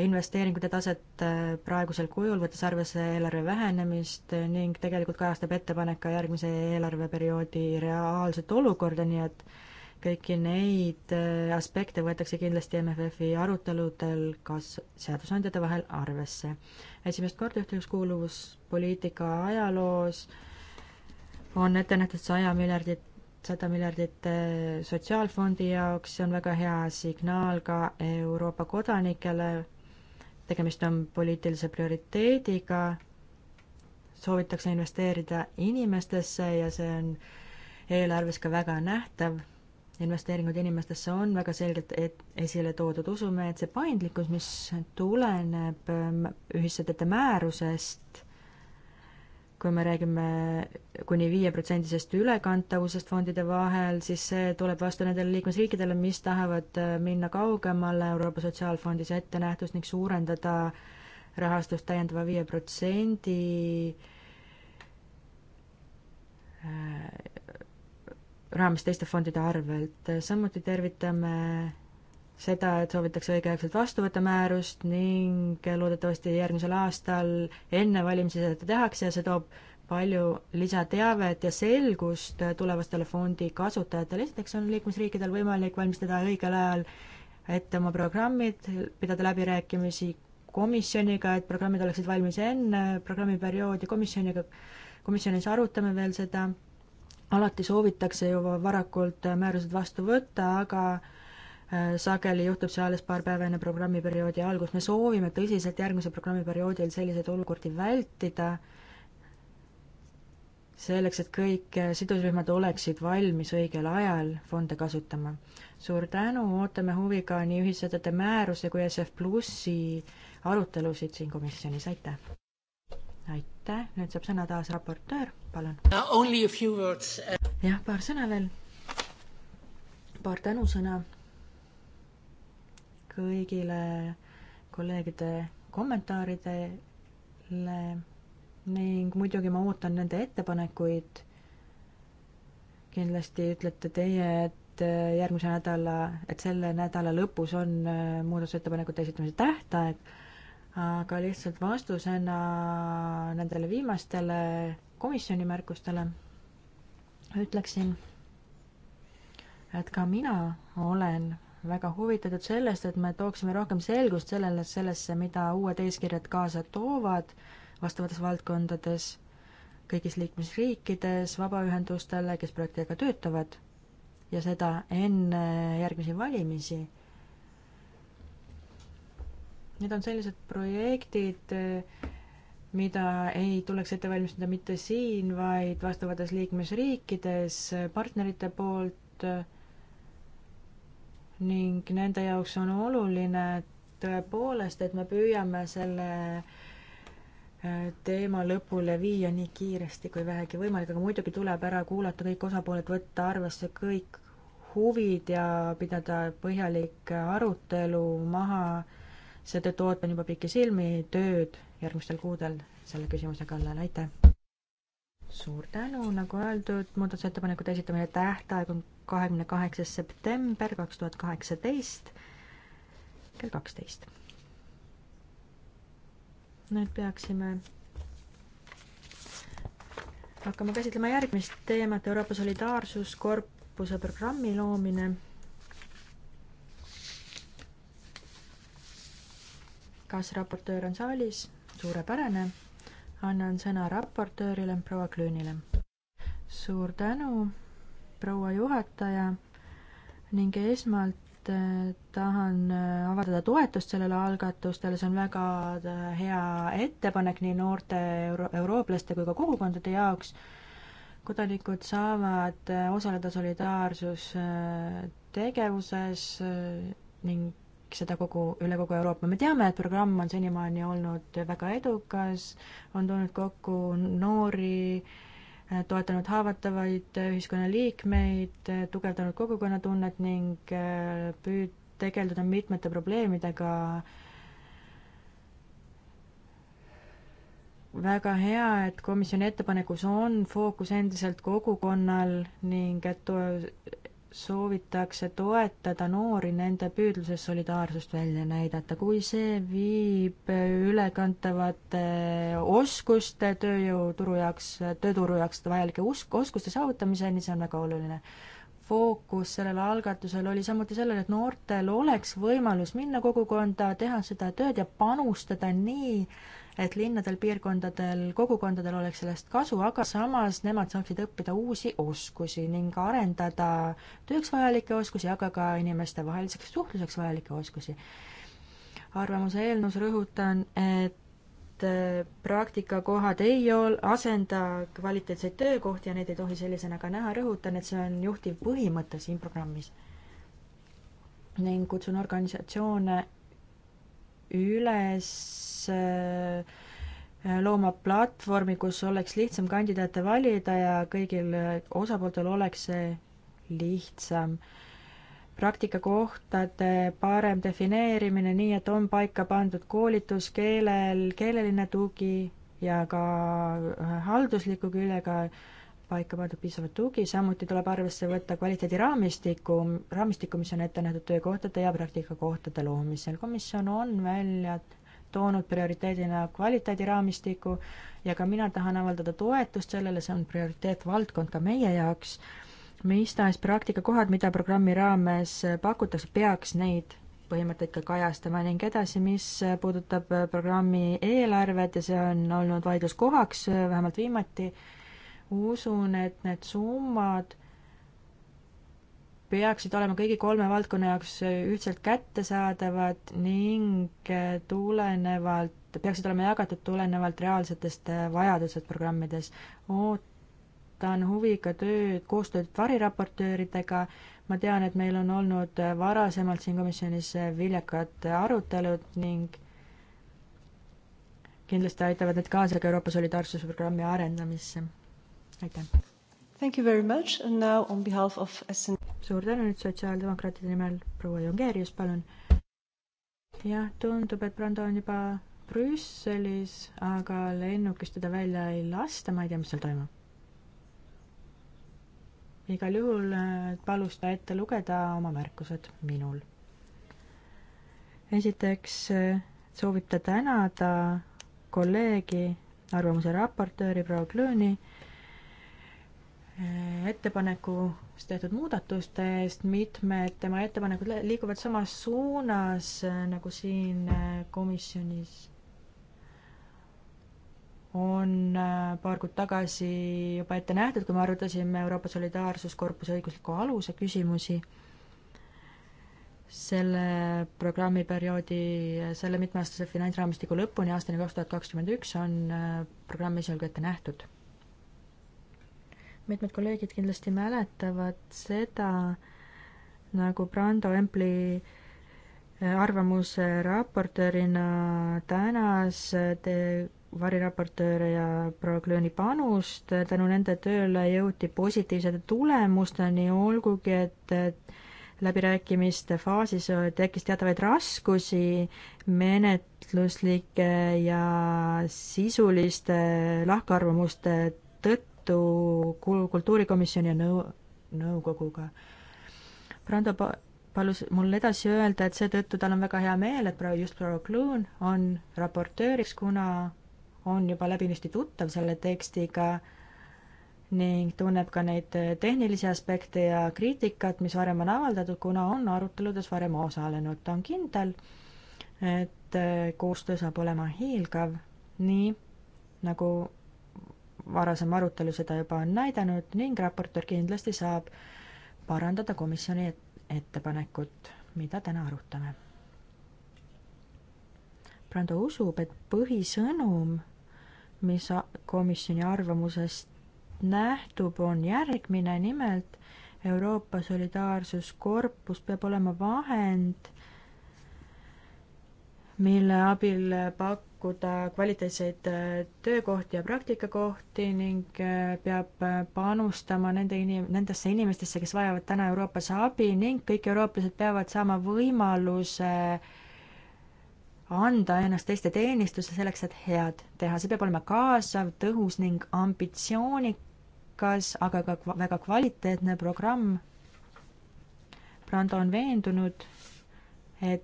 Speaker 1: investeeringute taset äh, praegusel kujul, võttes arvesse eelarve vähenemist äh, ning tegelikult kajastab ettepanek ka järgmise eelarveperioodi reaalset olukorda, nii et kõiki neid äh, aspekte võetakse kindlasti MFF-i aruteludel kas seadusandjate vahel arvesse. esimest korda ühtekuuluvuspoliitika ajaloos äh, on ette nähtud saja miljardit, sada miljardit eh, sotsiaalfondi jaoks, see on väga hea signaal ka Euroopa kodanikele, tegemist on poliitilise prioriteediga, soovitakse investeerida inimestesse ja see on eelarves ka väga nähtav, investeeringud inimestesse on väga selgelt et-, esile toodud, usume, et see paindlikkus, mis tuleneb ühissõdade määrusest, kui me räägime kuni viieprotsendisest ülekantavusest fondide vahel, siis see tuleb vastu nendele liikmesriikidele, mis tahavad äh, minna kaugemale Euroopa Sotsiaalfondis ettenähtust ning suurendada rahastust täiendava viie protsendi äh, raames teiste fondide arvelt. samuti tervitame seda, et soovitakse õigeaegselt vastu võtta määrust ning loodetavasti järgmisel aastal enne valimisi seda tehakse ja see toob palju lisateavet ja selgust tulevastele fondi kasutajatele, esiteks on liikmesriikidel võimalik valmistada õigel ajal ette oma programmid, pidada läbirääkimisi komisjoniga, et programmid oleksid valmis enne programmiperioodi, komisjoniga, komisjonis arutame veel seda, alati soovitakse juba varakult määrused vastu võtta, aga Äh, sageli juhtub see alles paar päeva enne programmiperioodi algust, me soovime tõsiselt järgmisel programmiperioodil selliseid olukordi vältida, selleks, et kõik äh, sidusrühmad oleksid valmis õigel ajal fonde kasutama. suur tänu, ootame huviga nii ühisõdade määruse kui SF Plussi arutelusid siin komisjonis, aitäh! aitäh, nüüd saab sõna taas raportöör, palun. Uh jah, paar sõna veel, paar tänusõna kõigile kolleegide kommentaaridele ning muidugi ma ootan nende ettepanekuid. kindlasti ütlete teie, et äh, järgmise nädala, et selle nädala lõpus on äh, muudatusettepanekute esitamise tähtaeg, aga lihtsalt vastusena nendele viimastele komisjoni märkustele ütleksin, et ka mina olen väga huvitatud sellest, et me tooksime rohkem selgust sellele, sellesse, mida uued eeskirjad kaasa toovad vastavates valdkondades, kõigis liikmesriikides, vabaühendustele, kes projektidega töötavad, ja seda enne järgmisi valimisi. Need on sellised projektid, mida ei tuleks ette valmistada mitte siin, vaid vastavates liikmesriikides partnerite poolt, ning nende jaoks on oluline tõepoolest, et me püüame selle äh, teema lõpule viia nii kiiresti kui vähegi võimalik, aga muidugi tuleb ära kuulata kõik osapooled, võtta arvesse kõik huvid ja pidada põhjalik äh, arutelu maha. seetõttu ootan juba pikisilmi tööd järgmistel kuudel selle küsimuse kallal, aitäh! suur tänu, nagu öeldud, muudatusettepanekute esitamine tähtaeg on kahekümne kaheksas september kaks tuhat kaheksateist kell kaksteist. nüüd peaksime hakkame käsitlema järgmist teemat, Euroopa Solidaarsuskorpuse programmi loomine. kas raportöör on saalis? suurepärane annan sõna raportöörile proua Klöönile. suur tänu, proua juhataja ning esmalt äh, tahan äh, avaldada toetust sellele algatustele, see on väga äh, hea ettepanek nii noorte euro-, eurooplaste kui ka kogukondade jaoks. kodanikud saavad osaleda solidaarsustegevuses ning seda kogu, üle kogu Euroopa. me teame, et programm on senimaani olnud väga edukas, on toonud kokku noori, eh, toetanud haavatavaid eh, ühiskonnaliikmeid, eh, tugevdanud kogukonnatunnet ning püüd-, tegeldada mitmete probleemidega. väga hea, et komisjoni ettepanekus on fookus endiselt kogukonnal ning et soovitakse toetada noori nende püüdluses solidaarsust välja näidata. kui see viib ülekantavate oskuste tööjõuturu jaoks, tööturu jaoks vajalike usk, oskuste saavutamiseni, see on väga oluline. fookus sellel algatusel oli samuti sellel, et noortel oleks võimalus minna kogukonda, teha seda tööd ja panustada nii, et linnadel, piirkondadel, kogukondadel oleks sellest kasu, aga samas nemad saaksid õppida uusi oskusi ning arendada tööks vajalikke oskusi, aga ka inimestevaheliseks suhtluseks vajalikke oskusi. arvamuse eelnõus rõhutan, et äh, praktikakohad ei ol-, asenda kvaliteetseid töökohti ja neid ei tohi sellisena ka näha, rõhutan, et see on juhtiv põhimõte siin programmis. ning kutsun organisatsioone üles äh, looma platvormi, kus oleks lihtsam kandidaate valida ja kõigil osapooltel oleks see lihtsam. praktikakohtade parem defineerimine, nii et on paika pandud koolitus, keelel, keeleline tugi ja ka haldusliku küljega paika pandud piisavat tugi, samuti tuleb arvesse võtta kvaliteediraamistiku, raamistikku, mis on ette nähtud töökohtade ja praktikakohtade loomisel. komisjon on välja toonud prioriteedina kvaliteediraamistiku ja ka mina tahan avaldada toetust sellele, see on prioriteetvaldkond ka meie jaoks, mis tahes praktikakohad, mida programmi raames pakutakse, peaks neid põhimõtteid ka kajastama ning edasi, mis puudutab programmi eelarvet ja see on olnud vaidluskohaks vähemalt viimati, usun, et need summad peaksid olema kõigi kolme valdkonna jaoks ühtselt kättesaadavad ning tulenevalt, peaksid olema jagatud tulenevalt reaalsetest vajadused programmides. ootan huviga tööd, koostööd variraportööridega, ma tean, et meil on olnud varasemalt siin komisjonis viljakad arutelud ning kindlasti aitavad need kaasa ka Euroopa solidaarsusprogrammi arendamisse aitäh! Thank you very much and now on behalf of SN-. suur tänu nüüd sotsiaaldemokraatide nimel, proua Jongeerius, palun. jah, tundub, et Brando on juba Brüsselis, aga lennukist teda välja ei lasta, ma ei tea, mis seal toimub. igal juhul äh, palus ta ette lugeda oma märkused minul. esiteks äh, soovib ta tänada kolleegi, arvamuse raportööri proua Klõõni ettepanekus tehtud muudatuste eest, mitmed tema ettepanekud liiguvad samas suunas äh, nagu siin äh, komisjonis on äh, paar kuud tagasi juba ette nähtud, kui me arutasime Euroopa Solidaarsuskorpuse õigusliku aluse küsimusi selle programmiperioodi, selle mitmeaastase finantsraamistiku lõpuni aastani kaks tuhat kakskümmend üks on programm esialgu ette nähtud mitmed kolleegid kindlasti mäletavad seda, nagu Brando Empli äh, arvamuse raportöörina tänas äh, variraportööre ja proua Klööni panust, tänu nende tööle jõuti positiivsete tulemusteni, olgugi et läbirääkimiste faasis tekkis teatavaid raskusi menetluslike ja sisuliste lahkarvamuste tõttu, Liidu kultuurikomisjoni ja nõu-, nõukoguga. Brando pa-, palus mul edasi öelda, et seetõttu tal on väga hea meel, et praegu just proua Kloon on raportööriks, kuna on juba läbinisti tuttav selle tekstiga ning tunneb ka neid tehnilisi aspekte ja kriitikat, mis varem on avaldatud, kuna on aruteludes varem osalenud. ta on kindel, et koostöö saab olema hiilgav, nii nagu varasem arutelu seda juba on näidanud ning raportöör kindlasti saab parandada komisjoni ettepanekut, mida täna arutame. Brando usub, et põhisõnum, mis komisjoni arvamusest nähtub, on järgmine, nimelt Euroopa Solidaarsuskorpus peab olema vahend, mille abil pak-, pakkuda kvaliteetseid äh, töökohti ja praktikakohti ning äh, peab äh, panustama nende inim-, nendesse inimestesse, kes vajavad täna Euroopas abi ning kõik eurooplased peavad saama võimaluse anda ennast teiste teenistusse selleks, et head teha. see peab olema kaasav, tõhus ning ambitsioonikas, aga ka kva-, väga kvaliteetne programm. Brando on veendunud, et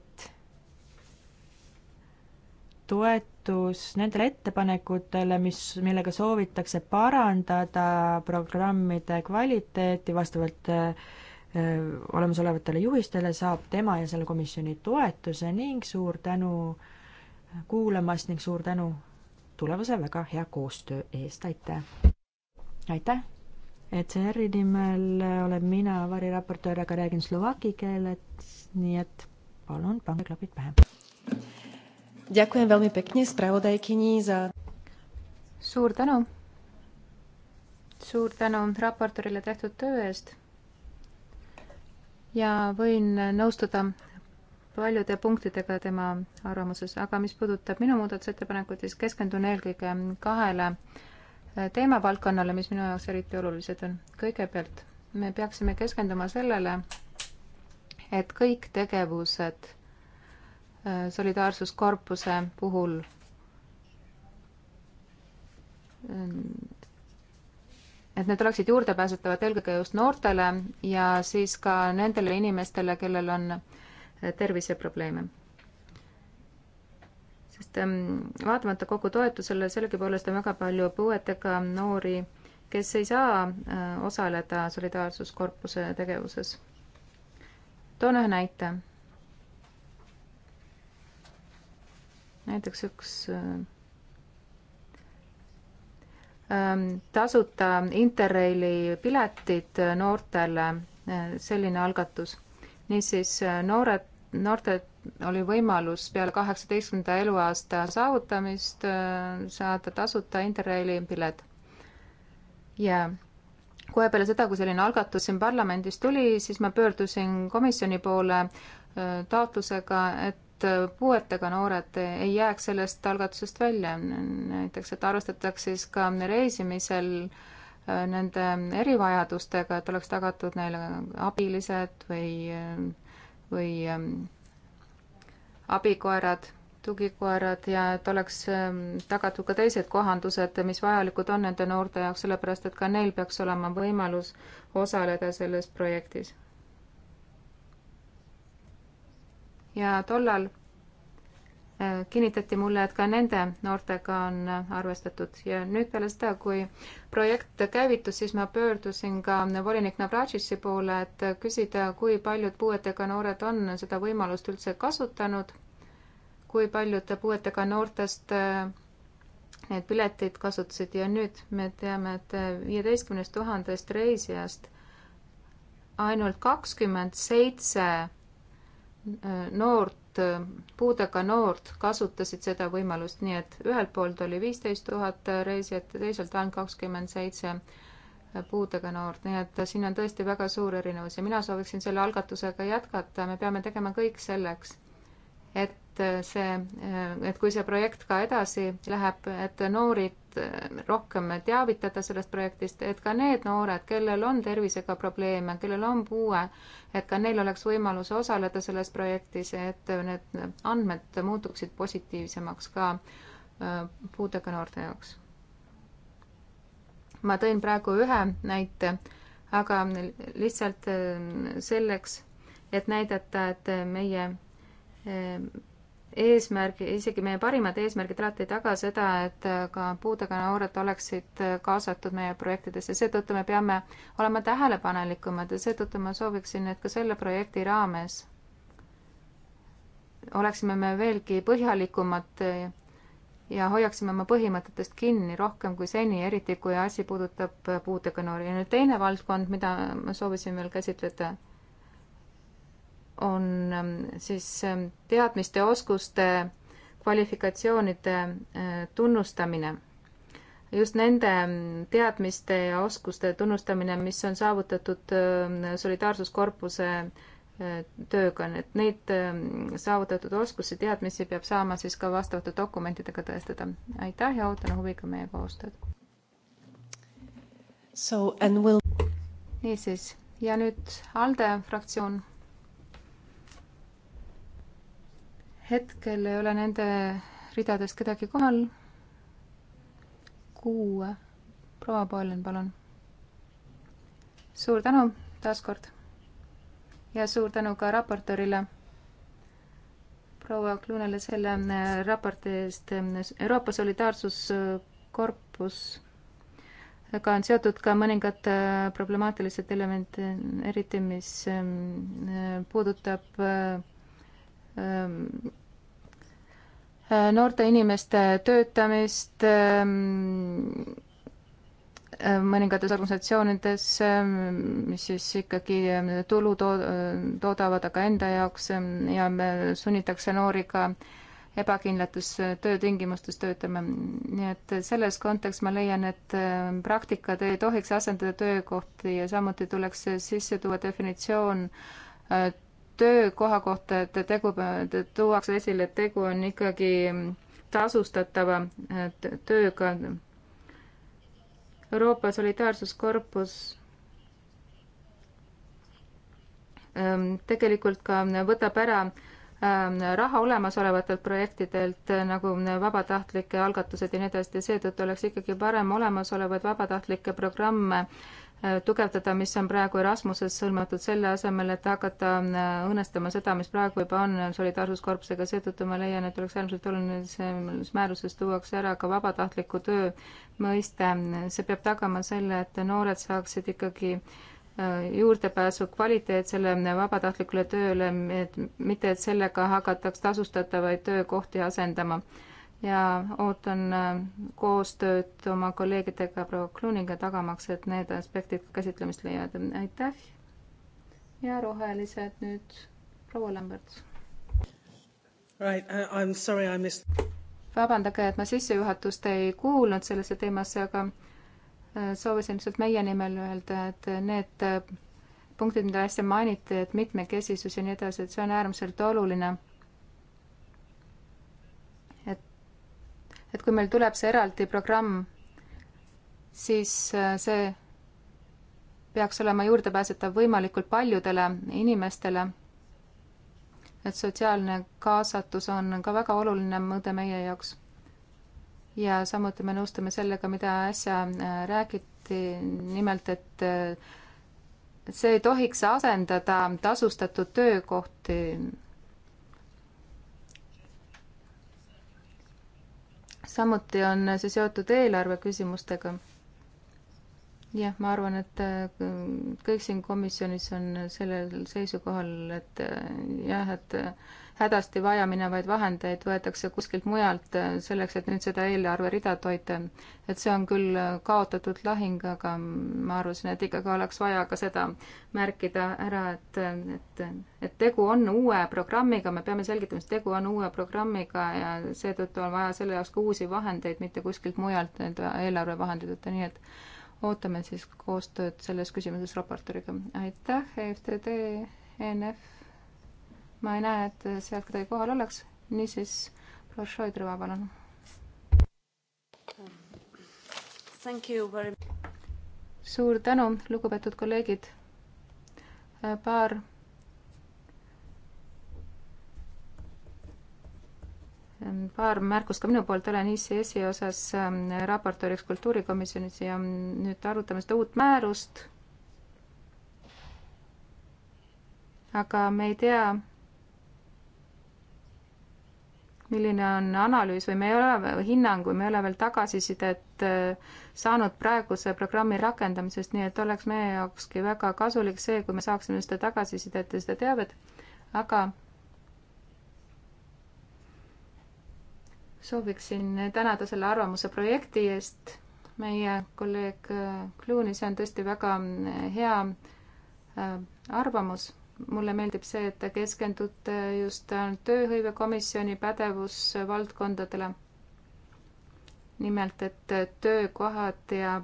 Speaker 1: toetus nendele ettepanekutele, mis, millega soovitakse parandada programmide kvaliteeti vastavalt äh, äh, olemasolevatele juhistele, saab tema ja selle komisjoni toetuse ning suur tänu kuulamast ning suur tänu tulevase väga hea koostöö eest, aitäh! aitäh! ECR-i nimel olen mina variraportöör, aga räägin slovaki keeles, nii et palun pange klapid
Speaker 5: pähe. Ďakujem veľmi pekne spravodajkyni za... suur tänu. suur tänu raportorile tehtud töö eest. ja võin nõustuda paljude punktidega tema arvamuses, aga mis puudutab minu muudatusettepanekut, siis keskendun eelkõige kahele teemavaldkonnale, mis minu jaoks eriti olulised on. kõigepealt me peaksime keskenduma sellele, et kõik tegevused Äh, solidaarsuskorpuse puhul et need oleksid juurdepääsetavad eelkõige just noortele ja siis ka nendele inimestele, kellel on äh, terviseprobleeme. sest ähm, vaatamata kogu toetusele, sellegipoolest on väga palju puuetega noori, kes ei saa äh, osaleda solidaarsuskorpuse tegevuses. toon ühe näite näiteks üks äh, ähm, tasuta Interraili piletid äh, noortele, äh, selline algatus. niisiis noored, noortel oli võimalus peale kaheksateistkümnenda eluaasta saavutamist saada tasuta Interraili pilet. ja kohe peale seda, kui selline algatus siin parlamendis tuli, siis ma pöördusin komisjoni poole taotlusega, et et puuetega noored ei jääks sellest algatusest välja. näiteks, et arvestatakse siis ka reisimisel äh, nende erivajadustega, et oleks tagatud neile abilised või, või ähm, abikoerad, tugikoerad ja et oleks ähm, tagatud ka teised kohandused, mis vajalikud on nende noorte jaoks, sellepärast et ka neil peaks olema võimalus osaleda selles projektis ja tollal äh, kinnitati mulle, et ka nende noortega on äh, arvestatud ja nüüd peale seda, kui projekt käivitus, siis ma pöördusin ka volinik Navratšitši poole, et äh, küsida, kui paljud puuetega noored on seda võimalust üldse kasutanud, kui paljud puuetega noortest need piletid kasutasid ja nüüd me teame, et viieteistkümnest tuhandest reisijast ainult kakskümmend seitse Äh, noort, äh, puudega noort kasutasid seda võimalust, nii et ühelt poolt oli viisteist tuhat reisijat ja teiselt ainult kakskümmend seitse äh, puudega noort, nii et siin on tõesti väga suur erinevus ja mina sooviksin selle algatusega jätkata, me peame tegema kõik selleks, et see, et kui see projekt ka edasi läheb, et noori rohkem teavitada sellest projektist, et ka need noored, kellel on tervisega probleeme, kellel on puue, et ka neil oleks võimalus osaleda selles projektis, et need andmed muutuksid positiivsemaks ka äh, puudega noorte jaoks. ma tõin praegu ühe näite, aga lihtsalt äh, selleks, et näidata, et meie äh, eesmärgi, isegi meie parimad eesmärgid alati ei taga seda, et äh, ka puudega noored oleksid äh, kaasatud meie projektidesse, seetõttu me peame olema tähelepanelikumad ja seetõttu ma sooviksin, et ka selle projekti raames oleksime me veelgi põhjalikumad ja hoiaksime oma põhimõtetest kinni rohkem kui seni, eriti kui asi puudutab äh, puudega noori. ja nüüd teine valdkond, mida ma soovisin veel käsitleda on ähm, siis ähm, teadmiste, oskuste, kvalifikatsioonide äh, tunnustamine. just nende ähm, teadmiste ja oskuste tunnustamine, mis on saavutatud solidaarsuskorpuse äh, tööga, et neid saavutatud oskusi, teadmisi peab saama siis ka vastavate dokumentidega tõestada. aitäh ja ootan huviga meie koostööd. We'll... niisiis, ja nüüd ALDE fraktsioon hetkel ei ole nende ridadest kedagi kohal. kuue, proua Paulin, palun. suur tänu taaskord ja suur tänu ka raportöörile, proua Klunele selle äh, raporti eest. Euroopa Solidaarsuskorpus aga on seotud ka mõningad äh, problemaatilised elemendid, eriti mis ähm, äh, puudutab äh, Ehm, äh, noorte inimeste töötamist ehm, äh, mõningates organisatsioonides, ehm, mis siis ikkagi tulu to-, toodavad aga enda jaoks ja sunnitakse noori ka ebakindlates töötingimustes töötama. nii et selles kontekstis ma leian, et praktikad ei tohiks asendada töökohti ja samuti tuleks sisse tuua definitsioon äh, töökoha kohta, et tegu, tuuakse esile, et tegu on ikkagi tasustatava tööga. Euroopa Solidaarsuskorpus ähm, tegelikult ka võtab ära ähm, raha olemasolevatelt projektidelt äh, nagu vabatahtlike algatused ja nii edasi ja seetõttu oleks ikkagi parem olemasolevaid vabatahtlikke programme Äh, tugevdada, mis on praegu Erasmuses sõlmatud, selle asemel, et hakata äh, õõnestama seda, mis praegu juba on solidaarsuskorpusega, seetõttu ma leian, et oleks äärmiselt oluline, et selles määruses tuuakse ära ka vabatahtliku töö mõiste. see peab tagama selle, et noored saaksid ikkagi äh, juurdepääsu kvaliteetsele vabatahtlikule tööle, et mitte, et sellega hakataks tasustatavaid töökohti asendama ja ootan äh, koostööd oma kolleegidega proua Kluuniga, tagamaks, et need aspektid käsitlemist leiavad. aitäh! ja rohelised nüüd proua Lambert.
Speaker 4: Right, uh, I am sorry I missed.
Speaker 5: vabandage, et ma sissejuhatust ei kuulnud sellesse teemasse, aga äh, soovisin lihtsalt meie nimel öelda, et need äh, punktid, mida äsja mainiti, et mitmekesisus ja nii edasi, et see on äärmiselt oluline et kui meil tuleb see eraldi programm, siis äh, see peaks olema juurdepääsetav võimalikult paljudele inimestele. et sotsiaalne kaasatus on ka väga oluline mõõde meie jaoks. ja samuti me nõustume sellega, mida äsja äh, räägiti, nimelt äh, et see ei tohiks asendada tasustatud töökohti samuti on see seotud eelarve küsimustega. jah, ma arvan, et äh, kõik siin komisjonis on sellel seisukohal, et äh, jah, et hädasti vajaminevaid vahendeid võetakse kuskilt mujalt äh, selleks, et nüüd seda eelarverida toita. et see on küll äh, kaotatud lahing, aga ma arvasin, et ikkagi oleks vaja ka seda märkida ära, et, et, et tegu on uue programmiga, me peame selgitama, et tegu on uue programmiga ja seetõttu on vaja selle jaoks ka uusi vahendeid, mitte kuskilt mujalt need eelarvevahendid võtta, nii et ootame siis koostööd selles küsimuses raportööriga. aitäh, EFTD, ENF ma ei näe, et sealt kedagi kohal oleks, niisiis, Šoidrova, palun. suur tänu, lugupeetud kolleegid. Äh, paar ähm, paar märkust ka minu poolt, olen ICS-i osas ähm, raportööriks kultuurikomisjonis ja ähm, nüüd arutame seda uut määrust. aga me ei tea, milline on analüüs või me ei ole hinnang või me ei ole veel tagasisidet äh, saanud praeguse programmi rakendamisest, nii et oleks meie jaokski väga kasulik see, kui me saaksime seda tagasisidet ja seda teavet, aga sooviksin tänada selle arvamuse projekti eest, meie kolleeg Kluuni, see on tõesti väga hea äh, arvamus mulle meeldib see, et te keskendute just tööhõivekomisjoni pädevusvaldkondadele. nimelt, et töökohad ja,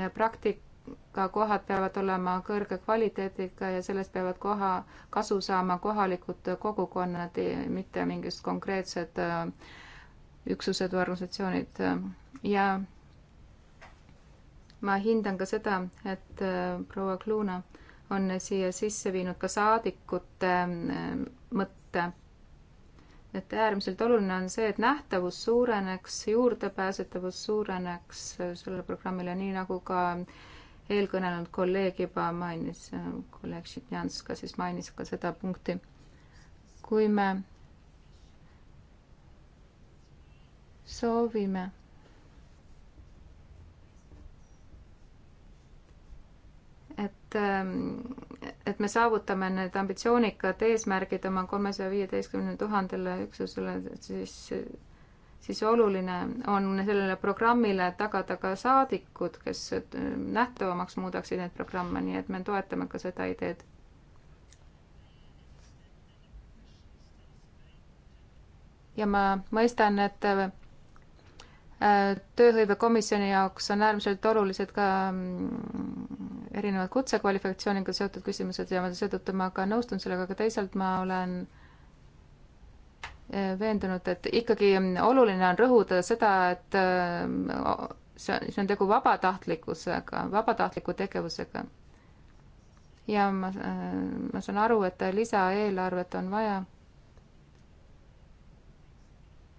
Speaker 5: ja praktikakohad peavad olema kõrge kvaliteediga ja sellest peavad koha, kasu saama kohalikud kogukonnad, mitte mingid konkreetsed äh, üksused või organisatsioonid ja ma hindan ka seda, et äh, proua Kluuna äh, on siia sisse viinud ka saadikute ähm, mõtte. et äärmiselt oluline on see, et nähtavus suureneks, juurdepääsetavus suureneks sellele programmile, nii nagu ka eelkõnelenud kolleeg juba mainis, kolleeg Šitnjanska siis mainis ka seda punkti. kui me soovime et, ähm, et me saavutame need ambitsioonikad eesmärgid oma kolmesaja viieteistkümne tuhandele üksusele, siis, siis oluline on sellele programmile tagada ka saadikud, kes ähm, nähtavamaks muudaksid neid programme, nii et me toetame ka seda ideed ja ma mõistan, et äh, tööhõivekomisjoni jaoks on äärmiselt olulised ka mm, erinevad kutsekvalifikatsiooniga seotud küsimused ja seetõttu ma ka nõustun sellega, aga teisalt ma olen eh, veendunud, et ikkagi mm, oluline on rõhuda seda, et eh, see on, see on tegu vabatahtlikkusega, vabatahtliku tegevusega. ja ma, eh, ma saan aru, et lisaeelarvet on vaja.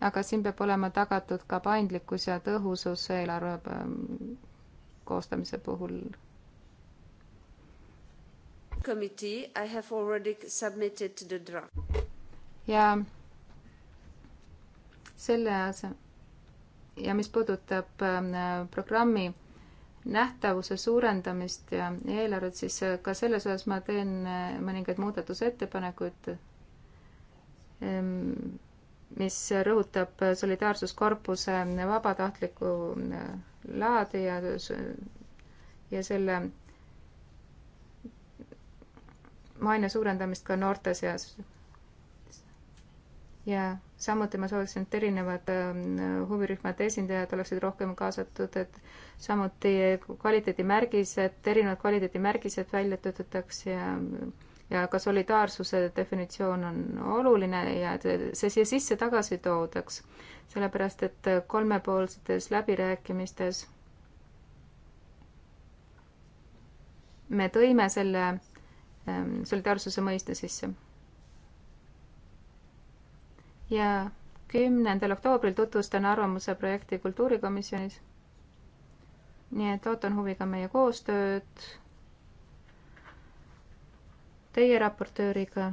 Speaker 5: aga siin peab olema tagatud ka paindlikkus ja tõhusus eelarve mm, koostamise puhul ja selle asem- ja mis puudutab ähm, programmi nähtavuse suurendamist ja eelarvet, siis äh, ka selles osas ma teen äh, mõningaid muudatusettepanekuid, ähm, mis rõhutab solidaarsuskorpuse vabatahtlikku äh, laadi ja, ja selle maine suurendamist ka noorte seas. ja samuti ma sooviksin, et erinevad ähm, huvirühmade esindajad oleksid rohkem kaasatud, et samuti kvaliteedimärgised, erinevad kvaliteedimärgised välja töötataks ja ja ka solidaarsuse definitsioon on oluline ja see siia sisse tagasi toodaks, sellepärast et kolmepoolsetes läbirääkimistes me tõime selle Ähm, solidaarsuse mõiste sisse. ja kümnendal oktoobril tutvustan arvamuse projekti Kultuurikomisjonis. nii et ootan huviga meie koostööd teie raportööriga.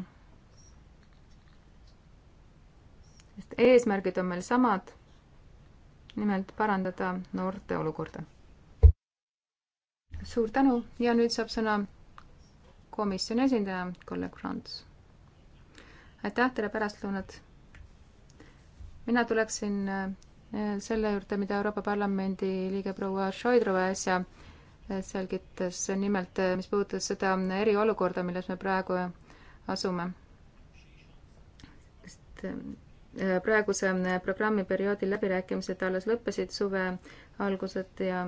Speaker 5: sest eesmärgid on meil samad. nimelt parandada noorte olukorda. suur tänu ja nüüd saab sõna komisjoni esindaja, kolleeg Franz. aitäh teile pärastlõunat. mina tuleksin eh, selle juurde, mida Euroopa Parlamendi liige proua Šoidrova äsja eh, selgitas, nimelt eh, mis puudutas seda eriolukorda, milles me praegu asume. sest praeguse programmiperioodi läbirääkimised alles lõppesid suve algused ja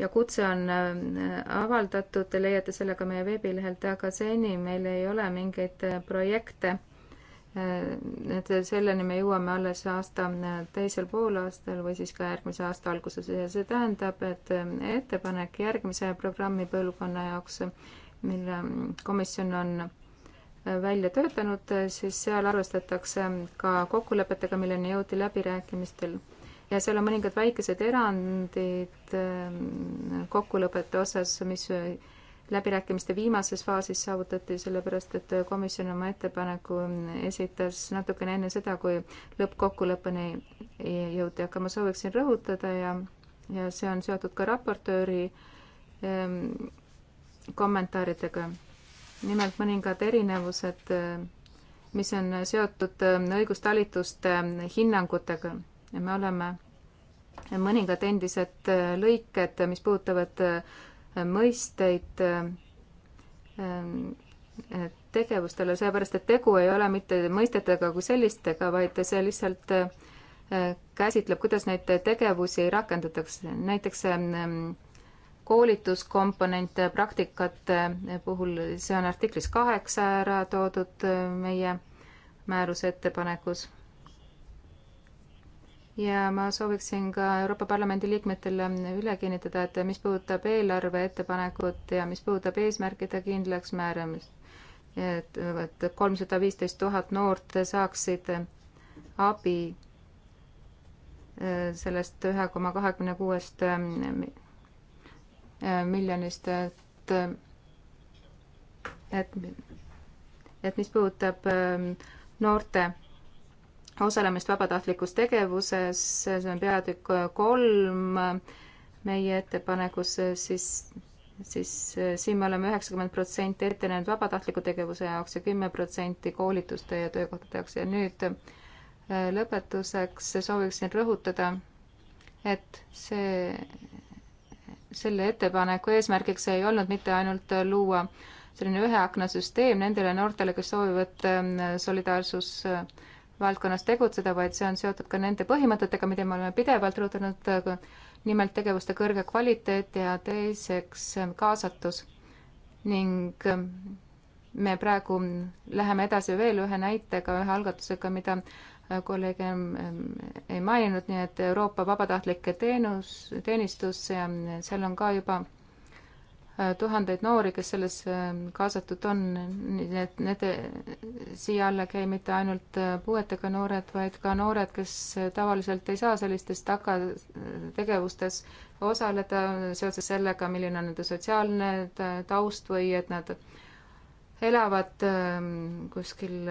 Speaker 5: ja kutse on äh, avaldatud, te leiate selle ka meie veebilehelt, aga seni meil ei ole mingeid äh, projekte. Äh, et selleni me jõuame alles aasta teisel poolaastal või siis ka järgmise aasta alguses ja see tähendab, et ettepanek järgmise programmi põlvkonna jaoks, mille mm, komisjon on välja töötanud, siis seal arvestatakse ka kokkulepetega, milleni jõuti läbirääkimistel ja seal on mõningad väikesed erandid ähm, kokkulepete osas, mis äh, läbirääkimiste viimases faasis saavutati, sellepärast et äh, komisjon oma ettepaneku ähm, esitas natukene enne seda, kui lõppkokkuleppeni jõuti, aga ma sooviksin rõhutada ja, ja see on seotud ka raportööri ähm, kommentaaridega. nimelt mõningad erinevused, äh, mis on seotud ähm, õigustalituste hinnangutega me oleme mõningad endised äh, lõiked, äh, mis puudutavad äh, mõisteid tegevustele, sellepärast et tegu ei ole mitte mõistetega kui sellistega, vaid see lihtsalt käsitleb, kuidas neid tegevusi rakendatakse. näiteks koolituskomponente praktikate puhul, see on artiklis kaheksa ära toodud meie määruse ettepanekus ja ma sooviksin ka Euroopa Parlamendi liikmetele üle kinnitada, et mis puudutab eelarve ettepanekut ja mis puudutab eesmärkide kindlaksmääramist, et, et kolmsada viisteist tuhat noort saaksid abi äh, sellest ühe koma kahekümne kuuest äh, äh, miljonist, et, et, et mis puudutab noorte osalemist vabatahtlikus tegevuses, see on peatükk kolm meie ettepanekus, siis, siis siin me oleme üheksakümmend protsenti ette näinud vabatahtliku tegevuse jaoks ja kümme protsenti koolituste ja töökohtade jaoks ja nüüd äh, lõpetuseks sooviksin rõhutada, et see, selle ettepaneku eesmärgiks ei olnud mitte ainult luua selline ühe akna süsteem nendele noortele, kes soovivad äh, solidaarsus äh, valdkonnas tegutseda, vaid see on seotud ka nende põhimõtetega, mida me oleme pidevalt rõhutanud, nimelt tegevuste kõrge kvaliteet ja teiseks kaasatus. ning ähm, me praegu läheme edasi veel ühe näitega, ühe algatusega, mida äh, kolleeg ähm, ei maininud, nii et Euroopa vabatahtlike teenus, teenistus, seal on ka juba tuhandeid noori, kes sellesse äh, kaasatud on, nii et nende siia alla käi mitte ainult äh, puuetega noored, vaid ka noored, kes äh, tavaliselt ei saa sellistes tagategevustes osaleda seoses sellega, milline on nende sotsiaalne taust või et nad elavad ähm, kuskil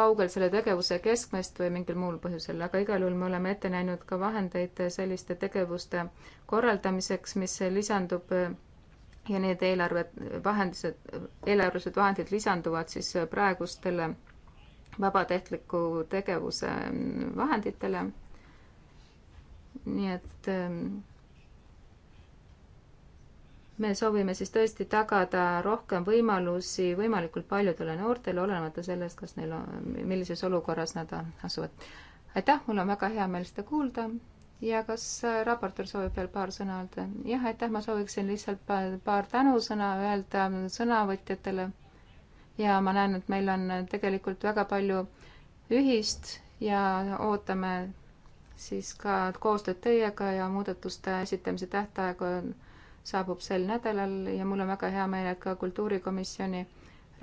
Speaker 5: kaugel selle tegevuse keskmest või mingil muul põhjusel, aga igal juhul me oleme ette näinud ka vahendeid selliste tegevuste korraldamiseks, mis lisandub ja need eelarvevahendused, eelarvelised vahendid lisanduvad siis praegustele vabatehliku tegevuse mm, vahenditele. nii et mm, me soovime siis tõesti tagada rohkem võimalusi võimalikult paljudele noortele, olenemata sellest, kas neil on, millises olukorras nad asuvad. aitäh, mul on väga hea meel seda kuulda ja kas äh, raportöör soovib veel paar sõna öelda? jah, aitäh, ma sooviksin lihtsalt paar tänusõna öelda ähm, sõnavõtjatele. ja ma näen, et meil on äh, tegelikult väga palju ühist ja ootame siis ka koostööd teiega ja muudatuste esitamise tähtaeg on, saabub sel nädalal ja mul on väga hea meel, et ka kultuurikomisjoni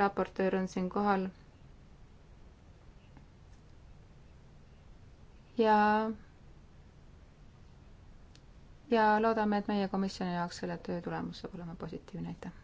Speaker 5: raportöör on siin kohal. ja ja loodame, et meie komisjoni jaoks selle töö tulemus saab olema positiivne, aitäh!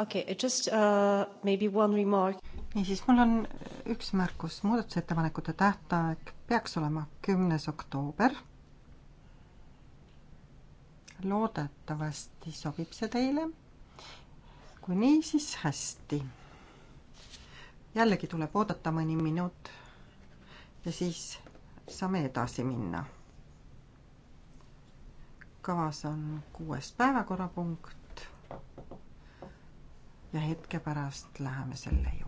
Speaker 2: Okay, just uh, maybe one remark niisiis, mul on üks märkus, muudatusettepanekute tähtaeg peaks olema kümnes oktoober. loodetavasti sobib see teile. kui nii, siis hästi. jällegi tuleb oodata mõni minut ja siis saame edasi minna. kavas on kuues päevakorrapunkt ja hetke pärast läheme selle juurde.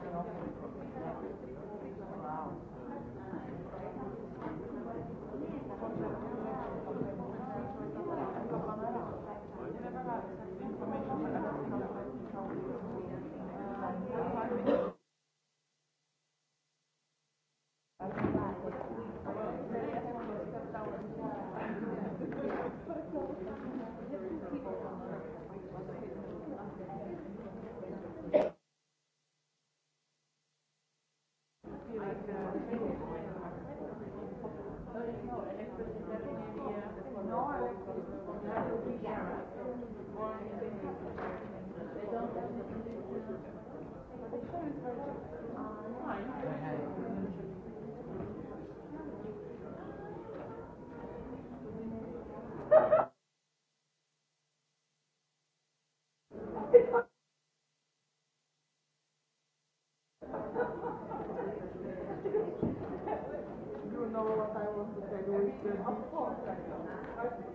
Speaker 3: Thank you.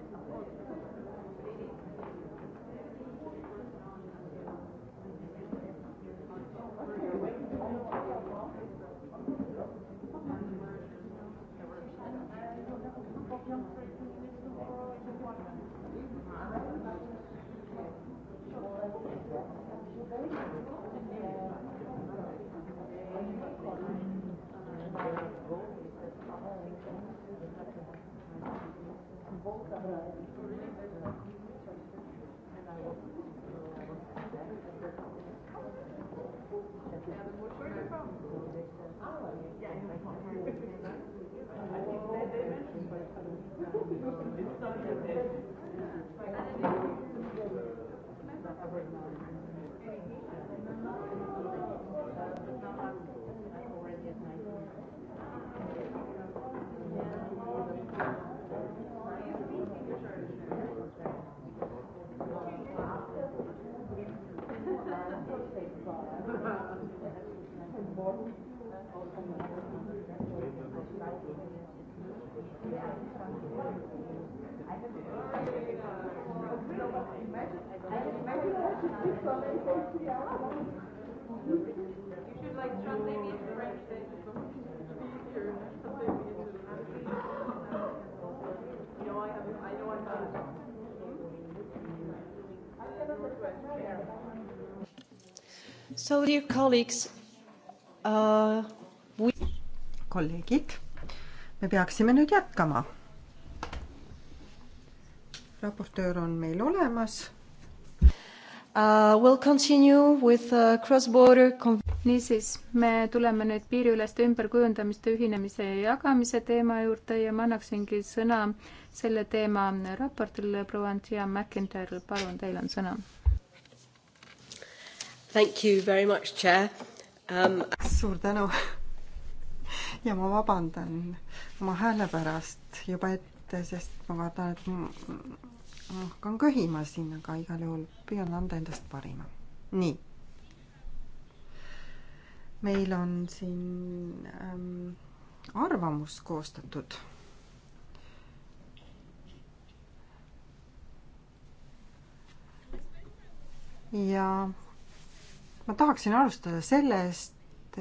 Speaker 2: So dear colleagues, uh, we... kolleegid, me peaksime nüüd jätkama. raportöör on meil olemas
Speaker 5: Uh, we'll continue with uh, cross-border niisiis, me tuleme nüüd piiriüleste ümberkujundamiste ühinemise ja jagamise teema juurde ja ma annaksingi sõna selle teema raportile proua Andrea McIntyre, palun, teil on sõna.
Speaker 2: Thank you very much, chair um.... suur tänu. ja ma vabandan oma hääle pärast juba ette, sest ma vaatan, et hakkan köhima siin, aga igal juhul püüan anda endast parima. nii. meil on siin ähm, arvamus koostatud. ja ma tahaksin alustada sellest,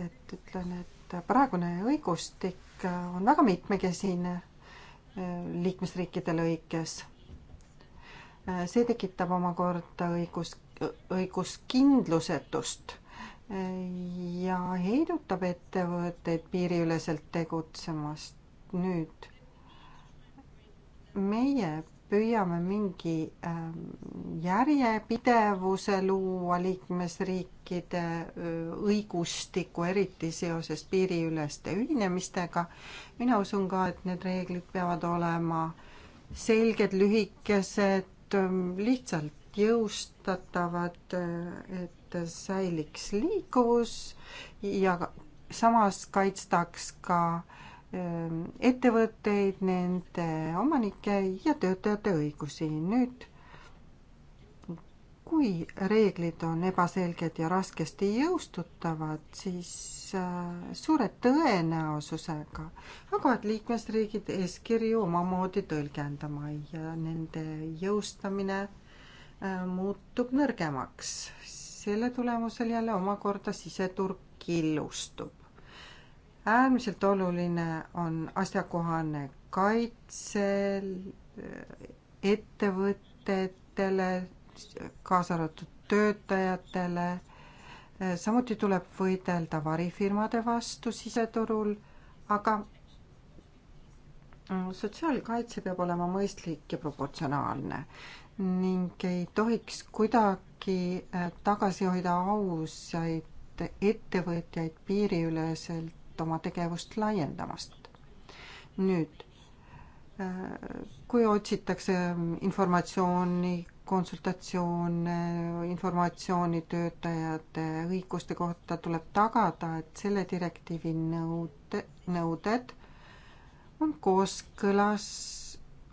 Speaker 2: et ütlen, et praegune õigustik on väga mitmekesine äh, liikmesriikide lõikes Äh, see tekitab omakorda õigus, õiguskindlusetust äh, ja heidutab ettevõtteid piiriüleselt tegutsemast. nüüd meie püüame mingi ähm, järjepidevuse luua liikmesriikide õigustiku, eriti seoses piiriüleste ühinemistega. mina usun ka, et need reeglid peavad olema selged, lühikesed, Ähm, lihtsalt jõustatavad, äh, et säiliks liikuvus ja samas kaitstaks ka ähm, ettevõtteid, nende omanike ja töötajate õigusi. nüüd kui reeglid on ebaselged ja raskesti jõustutavad, siis Äh, suure tõenäosusega hakkavad liikmesriigid eeskirju omamoodi tõlgendama ja nende jõustamine äh, muutub nõrgemaks. selle tulemusel jälle omakorda siseturg killustub. äärmiselt oluline on asjakohane kaitse äh, ettevõtetele, kaasa arvatud töötajatele samuti tuleb võidelda varifirmade vastu siseturul, aga sotsiaalkaitse peab olema mõistlik ja proportsionaalne ning ei tohiks kuidagi äh, tagasi hoida ausaid ettevõtjaid piiriüleselt oma tegevust laiendamast. nüüd, äh, kui otsitakse informatsiooni konsultatsioone, äh, informatsiooni töötajate õiguste kohta, tuleb tagada, et selle direktiivi nõude, nõuded on kooskõlas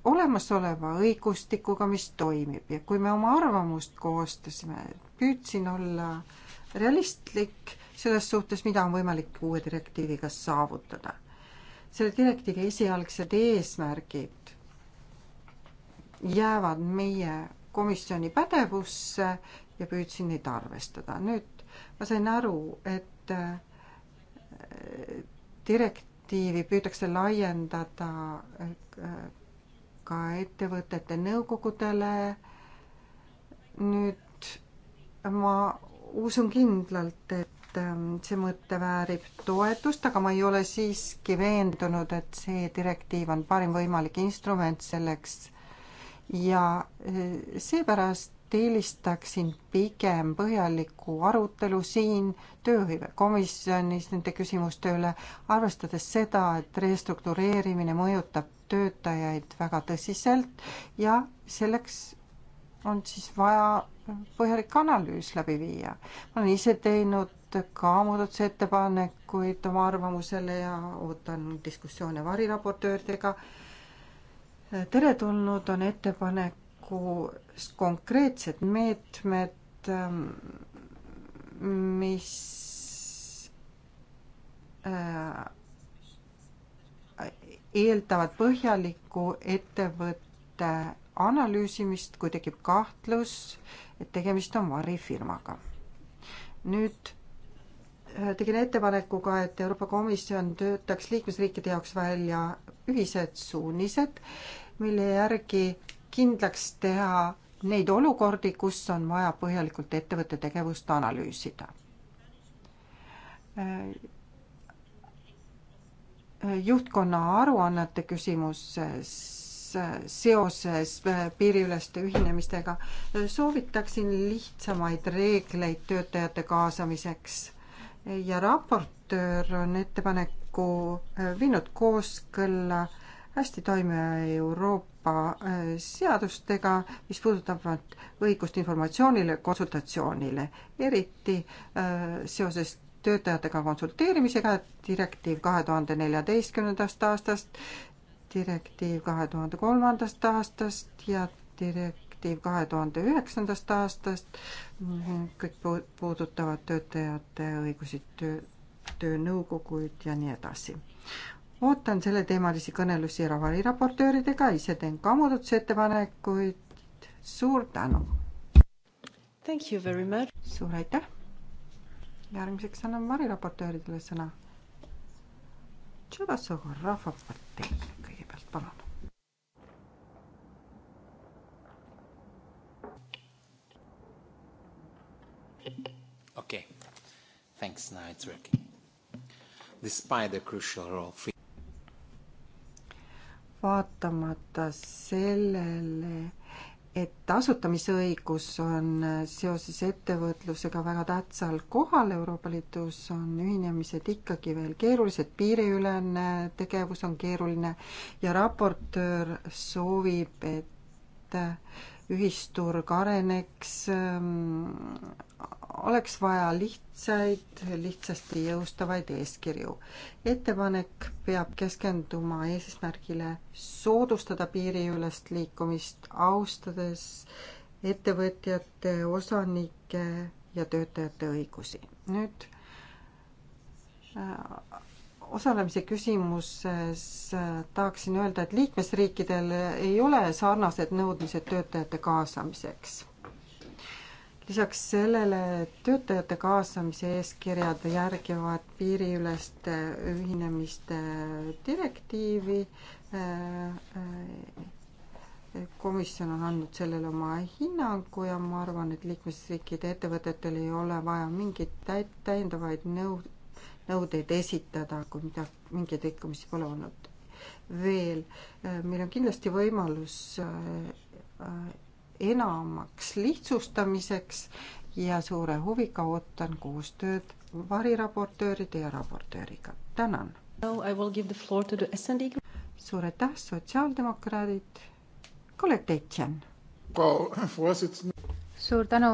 Speaker 2: olemasoleva õigustikuga, mis toimib ja kui me oma arvamust koostasime, püüdsin olla realistlik selles suhtes, mida on võimalik uue direktiiviga saavutada. selle direktiivi esialgsed eesmärgid jäävad meie komisjoni pädevusse ja püüdsin neid arvestada. nüüd ma sain aru, et äh, direktiivi püütakse laiendada äh, ka ettevõtete nõukogudele. nüüd ma usun kindlalt, et äh, see mõte väärib toetust, aga ma ei ole siiski veendunud, et see direktiiv on parim võimalik instrument selleks, ja eh, seepärast eelistaksin pigem põhjalikku arutelu siin tööhõivekomisjonis nende küsimuste üle, arvestades seda, et restruktureerimine mõjutab töötajaid väga tõsiselt ja selleks on siis vaja põhjalik analüüs läbi viia. ma olen ise teinud ka muudatusettepanekuid oma arvamusele ja ootan diskussioone variraportööridega teretulnud on ettepanekus konkreetsed meetmed, ähm, mis äh, eeldavad põhjalikku ettevõtte analüüsimist, kui tekib kahtlus, et tegemist on varifirmaga. nüüd tegin ettepaneku ka, et Euroopa Komisjon töötaks liikmesriikide jaoks välja ühised suunised, mille järgi kindlaks teha neid olukordi, kus on vaja põhjalikult ettevõtte tegevust analüüsida. juhtkonna aruannete küsimuses seoses piiriüleste ühinemistega soovitaksin lihtsamaid reegleid töötajate kaasamiseks ja raportöör on ettepaneku äh, viinud kooskõlla hästi toimiva Euroopa äh, seadustega, mis puudutavad õigust informatsioonile, konsultatsioonile, eriti äh, seoses töötajatega konsulteerimisega, direktiiv kahe tuhande neljateistkümnendast aastast, direktiiv kahe tuhande kolmandast aastast ja direk-, direktiiv kahe tuhande üheksandast aastast, kõik puudutavad töötajate õigusi, töö, töönõukoguid ja nii edasi. ootan selleteemalisi kõnelusi ravariraportööridega, ise teen ka muudatusettepanekuid, suur tänu! Thank you very much! suur aitäh! järgmiseks annan variraportööridele sõna. Tšaba Sogor, Rahvapartei kõigepealt, palun!
Speaker 5: Thanks, now it's working.
Speaker 3: Despite the crucial role
Speaker 2: vaatamata sellele, et asutamisõigus on seoses ettevõtlusega väga tähtsal kohal Euroopa Liidus, on ühinemised ikkagi veel keerulised, piiriülene tegevus on keeruline ja raportöör soovib, et ühisturg areneks, ähm, oleks vaja lihtsaid, lihtsasti jõustavaid eeskirju. ettepanek peab keskenduma eesmärgile soodustada piiriülest liikumist, austades ettevõtjate, osanike ja töötajate õigusi. nüüd äh, osalemise küsimuses äh, tahaksin öelda, et liikmesriikidel ei ole sarnased nõudmised töötajate kaasamiseks lisaks sellele töötajate kaasamise eeskirjad järgivad piiriüleste ühinemiste direktiivi. Äh, äh, komisjon on andnud sellele oma hinnangu ja ma arvan, et liikmesriikide ettevõtetel ei ole vaja mingeid täiendavaid nõu-, nõudeid esitada, kui midagi, mingeid rikkumisi pole olnud. veel, äh, meil on kindlasti võimalus äh, enamaks lihtsustamiseks ja suure huviga ootan koostööd variraportööride ja raportööriga. tänan! suur aitäh, sotsiaaldemokraadid, kolleeg Tetšen!
Speaker 5: suur tänu,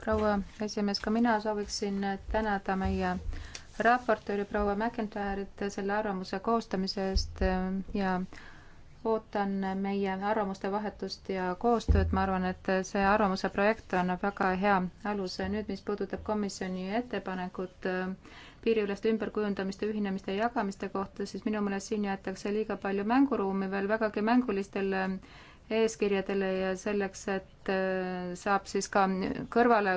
Speaker 5: proua esimees, ka mina sooviksin tänada meie raportööri proua McIntyre'it selle arvamuse koostamise eest eh, ja ootan meie arvamuste vahetust ja koostööd, ma arvan, et see arvamuse projekt annab väga hea aluse. nüüd, mis puudutab komisjoni ettepanekut eh, piiriüleste ümberkujundamiste, ühinemiste ja jagamiste kohta, siis minu meelest siin jäetakse liiga palju mänguruumi veel vägagi mängulistele eh, eeskirjadele ja selleks, et saab siis ka kõrvale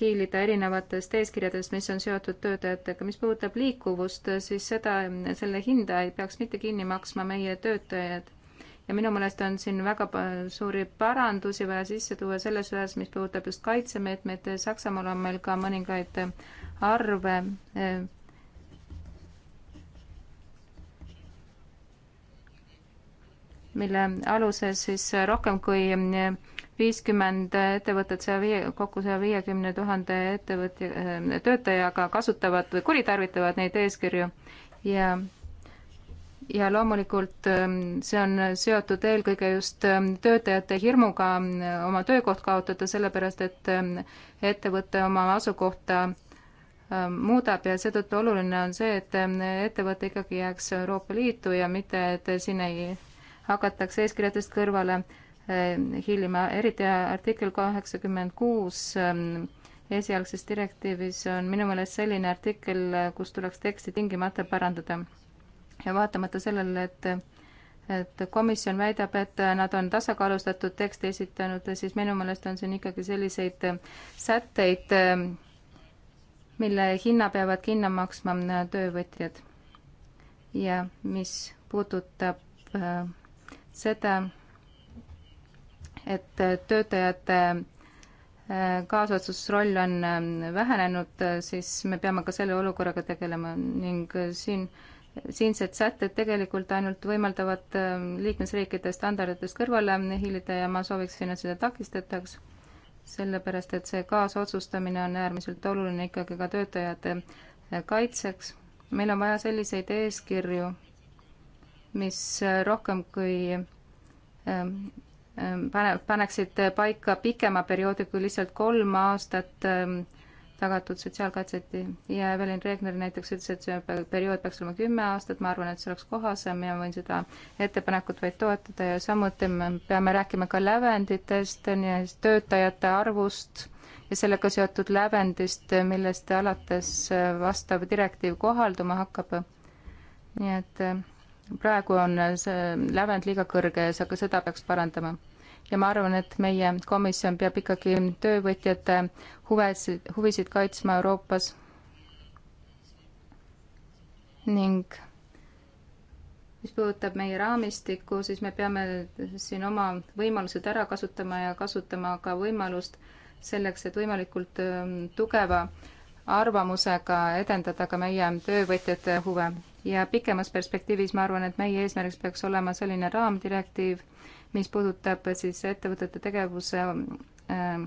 Speaker 5: hiilida erinevatest eeskirjadest, mis on seotud töötajatega. mis puudutab liikuvust, siis seda, selle hinda ei peaks mitte kinni maksma meie töötajad. ja minu meelest on siin väga suuri parandusi vaja sisse tuua selles osas, mis puudutab just kaitsemeetmeid. Saksamaal on meil ka mõningaid arve eh, mille aluses siis rohkem kui eh, viiskümmend ettevõtet saja viie, kokku saja viiekümne tuhande ettevõtja, äh, töötajaga kasutavad või kuritarvitavad neid eeskirju ja ja loomulikult ähm, see on seotud eelkõige just ähm, töötajate hirmuga äh, oma töökoht kaotada, sellepärast et ähm, ettevõte oma asukohta muudab ja seetõttu oluline on see, et ettevõte ikkagi jääks Euroopa Liitu ja mitte, et siin ei hakataks eeskirjadest kõrvale Äh, hiilima, eriti artikkel kaheksakümmend kuus ähm, esialgses direktiivis on minu meelest selline artikkel, kus tuleks teksti tingimata parandada. ja vaatamata sellele, et et komisjon väidab, et nad on tasakaalustatud teksti esitanud, siis minu meelest on siin ikkagi selliseid sätteid, ähm, mille hinna peavad kinni maksma töövõtjad. ja mis puudutab äh, seda, et äh, töötajate äh, kaasotsusroll on äh, vähenenud, siis me peame ka selle olukorraga tegelema ning siin, siinsed sätted tegelikult ainult võimaldavad liikmesriikide standarditest kõrvale hiilida ja ma sooviksin, et seda takistataks, sellepärast et see kaasotsustamine on äärmiselt oluline ikkagi ka töötajate kaitseks. meil on vaja selliseid eeskirju, mis rohkem kui Ähm, pane, paneksid paika pikema perioodi kui lihtsalt kolm aastat ähm, tagatud sotsiaalkatset ja Evelyn Regner näiteks ütles, et see periood peaks olema kümme aastat, ma arvan, et see oleks kohasem ja võin seda ettepanekut vaid toetada ja samuti me peame rääkima ka lävenditest, töötajate arvust ja sellega seotud lävendist, millest alates vastav direktiiv kohalduma hakkab. nii et äh, praegu on see lävend liiga kõrge, aga seda peaks parandama. ja ma arvan, et meie komisjon peab ikkagi töövõtjate huvesid, huvisid kaitsma Euroopas ning mis puudutab meie raamistikku, siis me peame siin oma võimalused ära kasutama ja kasutama ka võimalust selleks, et võimalikult ähm, tugeva äh, arvamusega edendada ka meie töövõtjate huve. ja pikemas perspektiivis ma arvan, et meie eesmärgiks peaks olema selline raamdirektiiv, mis puudutab siis ettevõtete tegevuse äh,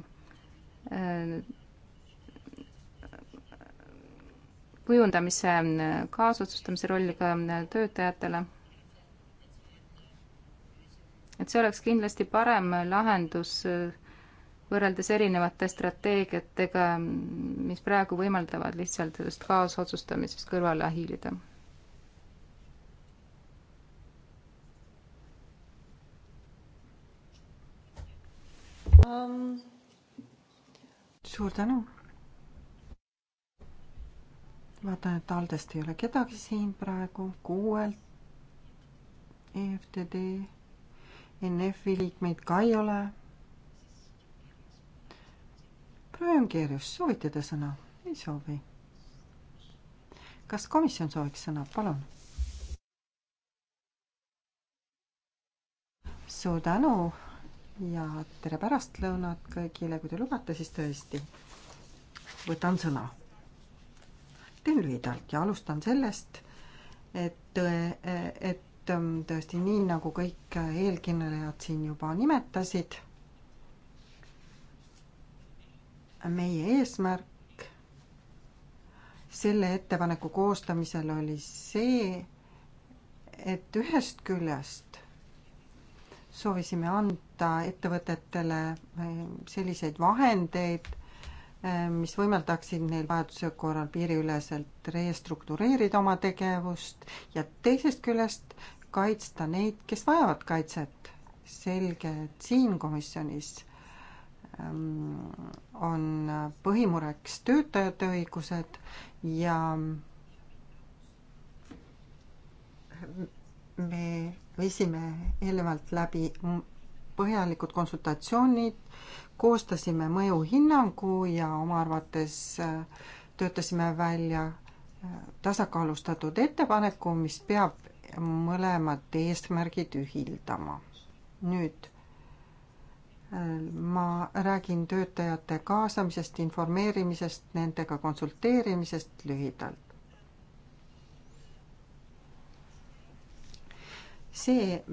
Speaker 5: äh, kujundamise ähm, kaasotsustamise rolli ka äh, töötajatele. et see oleks kindlasti parem lahendus äh, võrreldes erinevate strateegiatega, mis praegu võimaldavad lihtsalt sellest kaasotsustamisest kõrvale hiilida.
Speaker 2: um.... suur tänu. vaatan, et Aldest ei ole kedagi siin praegu, kuuelt EFTD, NF-i liikmeid ka ei ole proua Jõngeerius, soovite te sõna? ei soovi. kas komisjon sooviks sõna, palun? suur tänu ja tere pärastlõunat kõigile, kui te lubate, siis tõesti võtan sõna. teen lühidalt ja alustan sellest, et, et ähm, tõesti nii, nagu kõik eelkõnelejad siin juba nimetasid meie eesmärk selle ettepaneku koostamisel oli see, et ühest küljest soovisime anda ettevõtetele eh, selliseid vahendeid, eh, mis võimaldaksid neil vajaduse korral piiriüleselt restruktureerida oma tegevust ja teisest küljest kaitsta neid, kes vajavad kaitset. selge, et siin komisjonis Ehm, on põhimureks töötajate õigused ja me viisime eelnevalt läbi põhjalikud konsultatsioonid, koostasime mõjuhinnangu ja oma arvates äh, töötasime välja äh, tasakaalustatud ettepaneku, mis peab mõlemad eesmärgid ühildama. nüüd ma räägin töötajate kaasamisest, informeerimisest, nendega konsulteerimisest lühidalt. see,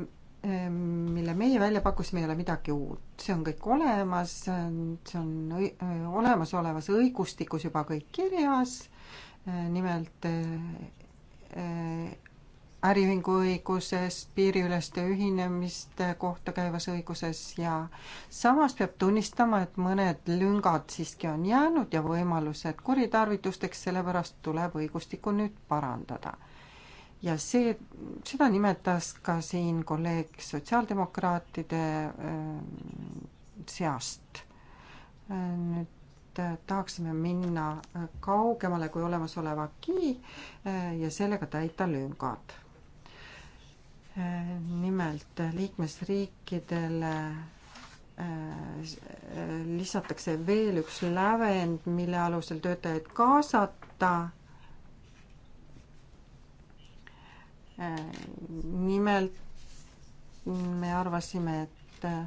Speaker 2: mille meie välja pakkusime, ei ole midagi uut, see on kõik olemas, see on olemasolevas õigustikus juba kõik kirjas, nimelt äriühingu õiguses, piiriüleste ühinemiste kohta käivas õiguses ja samas peab tunnistama, et mõned lüngad siiski on jäänud ja võimalused kuritarvitusteks, sellepärast tuleb õigustikku nüüd parandada. ja see, seda nimetas ka siin kolleeg sotsiaaldemokraatide äh, seast. Äh, nüüd äh, tahaksime minna kaugemale kui olemasoleva ki ja sellega täita lüngad nimelt liikmesriikidele äh, lisatakse veel üks lävend, mille alusel töötajaid kaasata. Äh, nimelt me arvasime, et äh,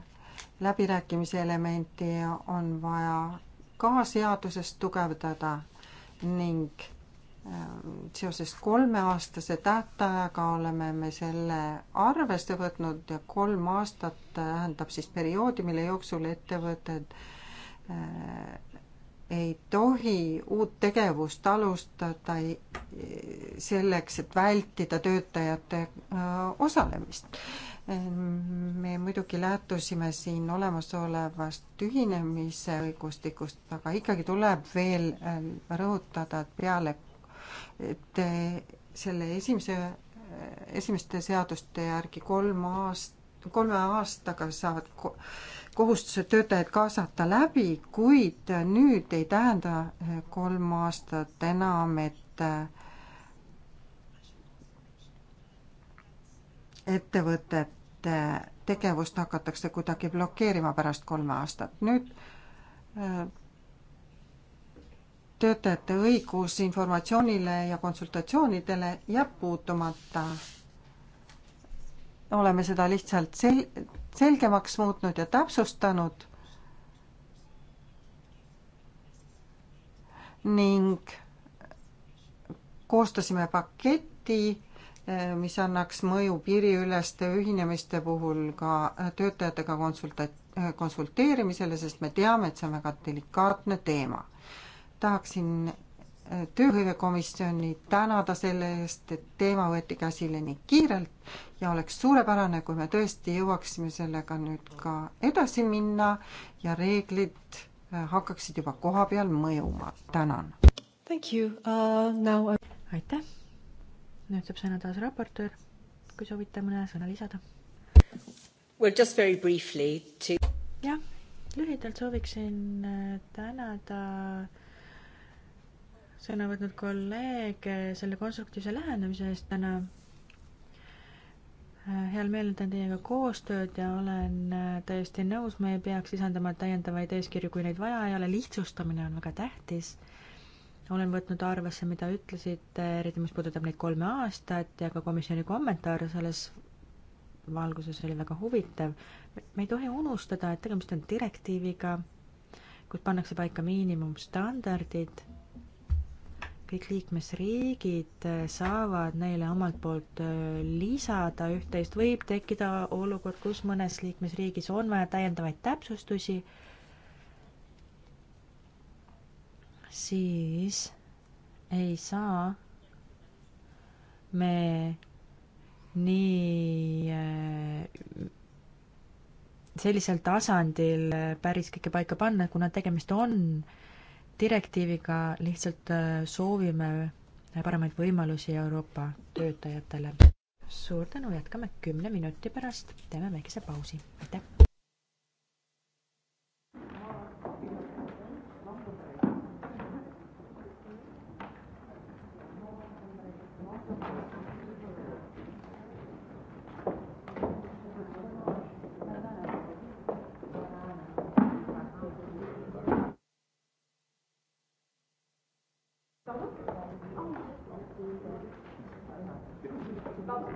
Speaker 2: läbirääkimise elementi on vaja ka seaduses tugevdada ning seoses kolmeaastase tähtajaga oleme me selle arvesse võtnud ja kolm aastat tähendab siis perioodi, mille jooksul ettevõtted äh, ei tohi uut tegevust alustada selleks, et vältida töötajate äh, osalemist. me muidugi lähtusime siin olemasolevast ühinemise õigustikust, aga ikkagi tuleb veel äh, rõhutada, et peale et eh, selle esimese, eh, esimeste seaduste järgi kolm aast-, kolme aastaga saavad kohustuse töötajaid kaasata läbi, kuid nüüd ei tähenda eh, kolm aastat enam, et ettevõtete tegevust hakatakse kuidagi blokeerima pärast kolme aastat. nüüd töötajate õigus informatsioonile ja konsultatsioonidele jääb puutumata. oleme seda lihtsalt sel-, selgemaks muutnud ja täpsustanud ning koostasime paketi, mis annaks mõju piiriüleste ühinemiste puhul ka töötajatega konsulta-, konsulteerimisele, sest me teame, et see on väga delikaatne teema tahaksin äh, tööhõivekomisjoni tänada selle eest, et teema võeti käsile nii kiirelt ja oleks suurepärane, kui me tõesti jõuaksime sellega nüüd ka edasi minna ja reeglid äh, hakkaksid juba kohapeal mõjuma. tänan. Thank you uh,,
Speaker 1: now I... aitäh. nüüd saab sõna taas raportöör, kui soovite mõne sõna lisada. Well just very briefly to. jah, lühidalt sooviksin äh, tänada äh, sõna võtnud kolleege eh, selle konstruktiivse lähenemise eest täna. Eh, heal meelel teen teiega koostööd ja olen eh, täiesti nõus, me ei peaks lisandama täiendavaid eeskirju, kui neid vaja ei ole, lihtsustamine on väga tähtis. olen võtnud arvesse, mida ütlesite, eriti mis puudutab neid kolme aastat ja ka komisjoni kommentaare selles valguses oli väga huvitav. me ei tohi unustada, et tegemist on direktiiviga, kus pannakse paika miinimumstandardid kõik liikmesriigid äh, saavad neile omalt poolt äh, lisada üht-teist, võib tekkida olukord, kus mõnes liikmesriigis on vaja täiendavaid täpsustusi, siis ei saa me nii äh, sellisel tasandil päris kõike paika panna, kuna tegemist on äh, direktiiviga lihtsalt äh, soovime paremaid võimalusi Euroopa töötajatele. suur tänu, jätkame kümne minuti pärast, teeme väikese pausi,
Speaker 4: aitäh!
Speaker 3: Thank you.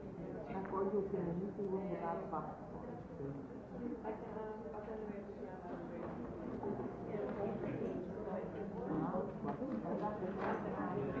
Speaker 3: European Union without Thank you.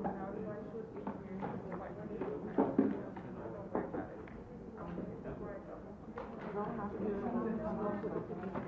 Speaker 3: Thank you.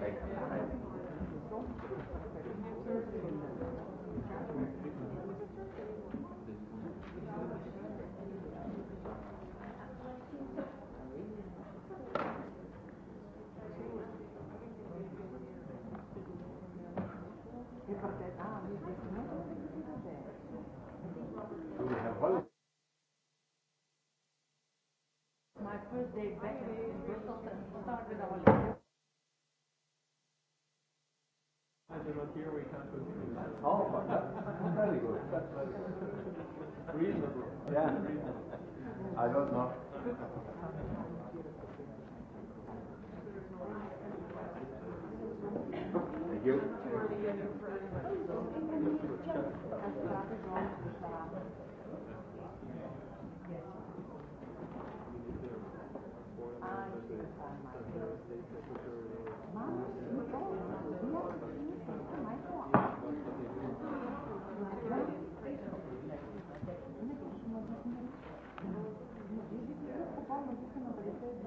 Speaker 3: Takk Here we can't continue that. Oh, that's very good. That's very good. Reasonable. Yeah. Reasonable. I don't know.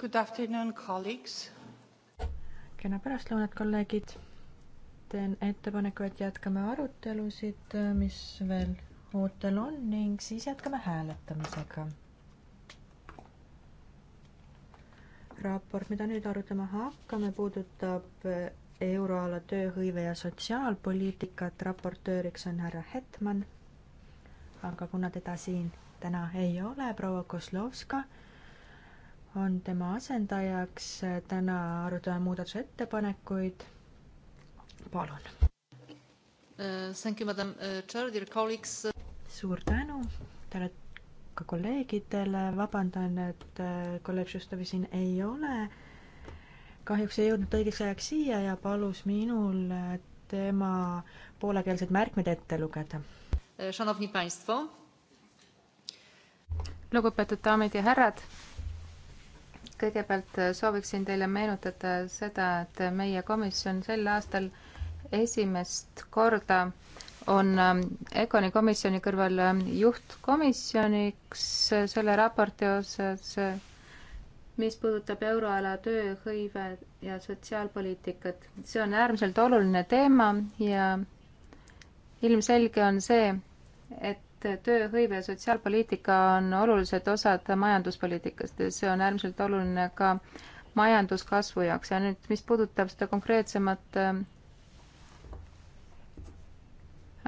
Speaker 2: Good afternoon, colleagues.
Speaker 1: kena pärastlõunat, kolleegid. teen ettepaneku, et jätkame arutelusid, mis veel ootel on ning siis jätkame hääletamisega. raport, mida nüüd arutama hakkame, puudutab euroala tööhõive ja sotsiaalpoliitikat. raportööriks on härra Hetman. aga kuna teda siin täna ei ole, proua Kozlovska on tema asendajaks. täna arutame muudatusettepanekuid. palun uh,.
Speaker 5: Thank you, madam uh, chair, dear colleagues. suur tänu, tere
Speaker 1: ka kolleegidele, vabandan, et uh, kolleeg Šustovi siin ei ole. kahjuks ei jõudnud õigeks ajaks siia ja palus minul uh, tema
Speaker 5: poolekeelsed märkmed ette lugeda. Uh, Lugupeetud daamid ja härrad, kõigepealt äh, sooviksin teile meenutada seda, et meie komisjon sel aastal esimest korda on ähm, EGONi komisjoni kõrval ähm, juhtkomisjoniks äh, selle raporti osas, äh, mis puudutab euroala tööhõive ja sotsiaalpoliitikat. see on äärmiselt oluline teema ja ilmselge on see, et et tööhõive ja sotsiaalpoliitika on olulised osad majanduspoliitikast ja see on äärmiselt oluline ka majanduskasvu jaoks ja nüüd, mis puudutab seda konkreetsemat äh,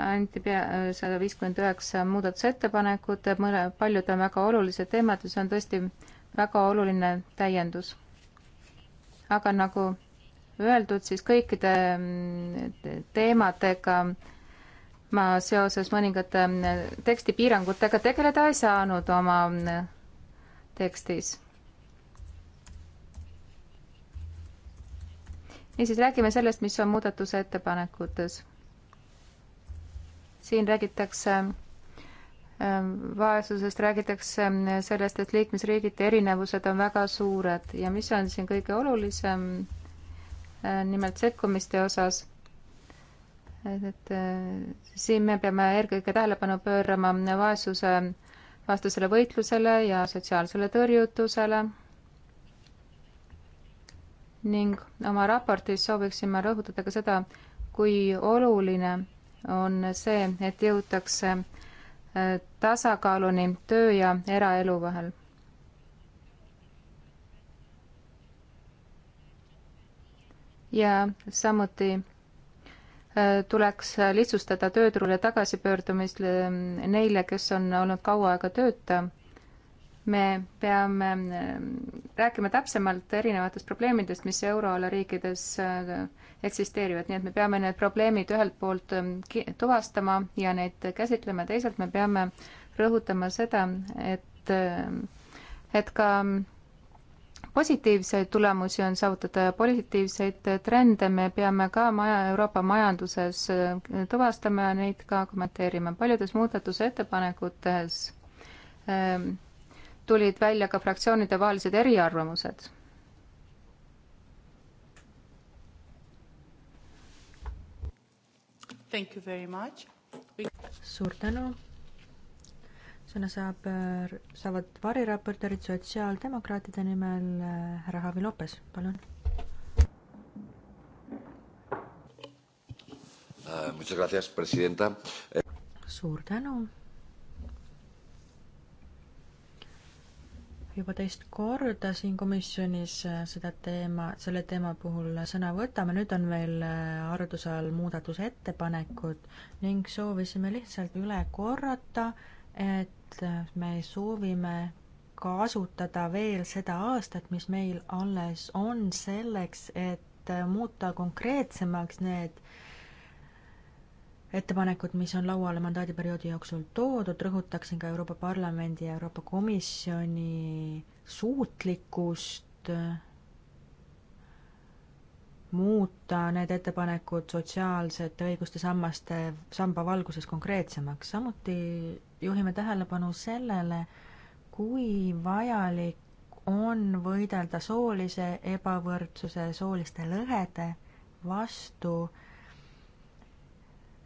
Speaker 5: anti pea äh, sada viiskümmend üheksa muudatusettepanekut, mõne, paljud on väga olulised teemad ja see on tõesti väga oluline täiendus. aga nagu öeldud, siis kõikide mm, teemadega äh, ma seoses mõningate mm, tekstipiirangutega tegeleda ei saanud oma mm, tekstis. niisiis, räägime sellest, mis on muudatusettepanekutes. siin räägitakse mm, vaesusest, räägitakse sellest, et liikmesriigiti erinevused on väga suured ja mis on siin kõige olulisem, nimelt sekkumiste osas et äh, siin me peame eelkõige tähelepanu pöörama vaesuse vastasele võitlusele ja sotsiaalsele tõrjutusele. ning oma raportis sooviksin ma rõhutada ka seda, kui oluline on see, et jõutakse äh, tasakaaluni töö ja eraelu vahel. ja samuti tuleks lihtsustada tööturule tagasipöördumist ehm, neile, kes on olnud kaua aega tööta. me peame ehm, rääkima täpsemalt erinevatest probleemidest, mis euroala riikides äh, eksisteerivad, nii et me peame need probleemid ühelt poolt ehm, tuvastama ja neid käsitlema, teisalt me peame rõhutama seda, et et ka positiivseid tulemusi, on saavutada positiivseid trende, me peame ka maja, Euroopa majanduses äh, tuvastama ja neid ka kommenteerima. paljudes muudatusettepanekutes ähm, tulid välja ka fraktsioonide vahelised eriarvamused
Speaker 2: Thank you very much.
Speaker 1: suur tänu, sõna saab, äh, saavad variraportöörid sotsiaaldemokraatide nimel äh, härra Javi Lopes, palun.
Speaker 4: Äh,
Speaker 1: suur tänu. juba teist korda siin komisjonis seda teema, selle teema puhul sõna võtame, nüüd on meil arutluse all muudatusettepanekud ning soovisime lihtsalt üle korrata, et et me soovime kasutada veel seda aastat, mis meil alles on, selleks, et muuta konkreetsemaks need ettepanekud, mis on lauale mandaadiperioodi jooksul toodud, rõhutaksin ka Euroopa Parlamendi ja Euroopa Komisjoni suutlikkust muuta need ettepanekud sotsiaalsete õiguste sammaste, samba valguses konkreetsemaks, samuti juhime tähelepanu sellele, kui vajalik on võidelda soolise ebavõrdsuse, sooliste lõhede vastu.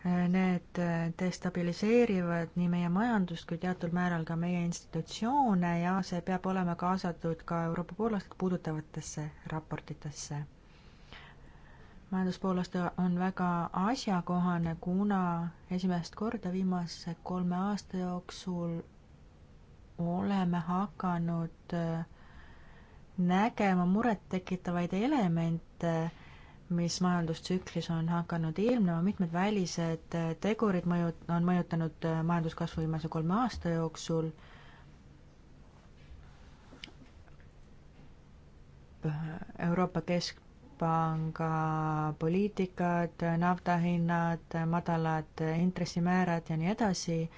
Speaker 1: Need destabiliseerivad nii meie majandust kui teatud määral ka meie institutsioone ja see peab olema kaasatud ka Euroopa poolaastat puudutavatesse raportitesse majanduspoolaste on väga asjakohane, kuna esimest korda viimase kolme aasta jooksul oleme hakanud äh, nägema murettekitavaid elemente, mis majandustsüklis on hakanud ilmnema, mitmed välised äh, tegurid mõju, on mõjutanud äh, majanduskasvu viimase kolme aasta jooksul Euroopa kesk, Keskpanga poliitikad, naftahinnad, madalad intressimäärad ja nii edasi,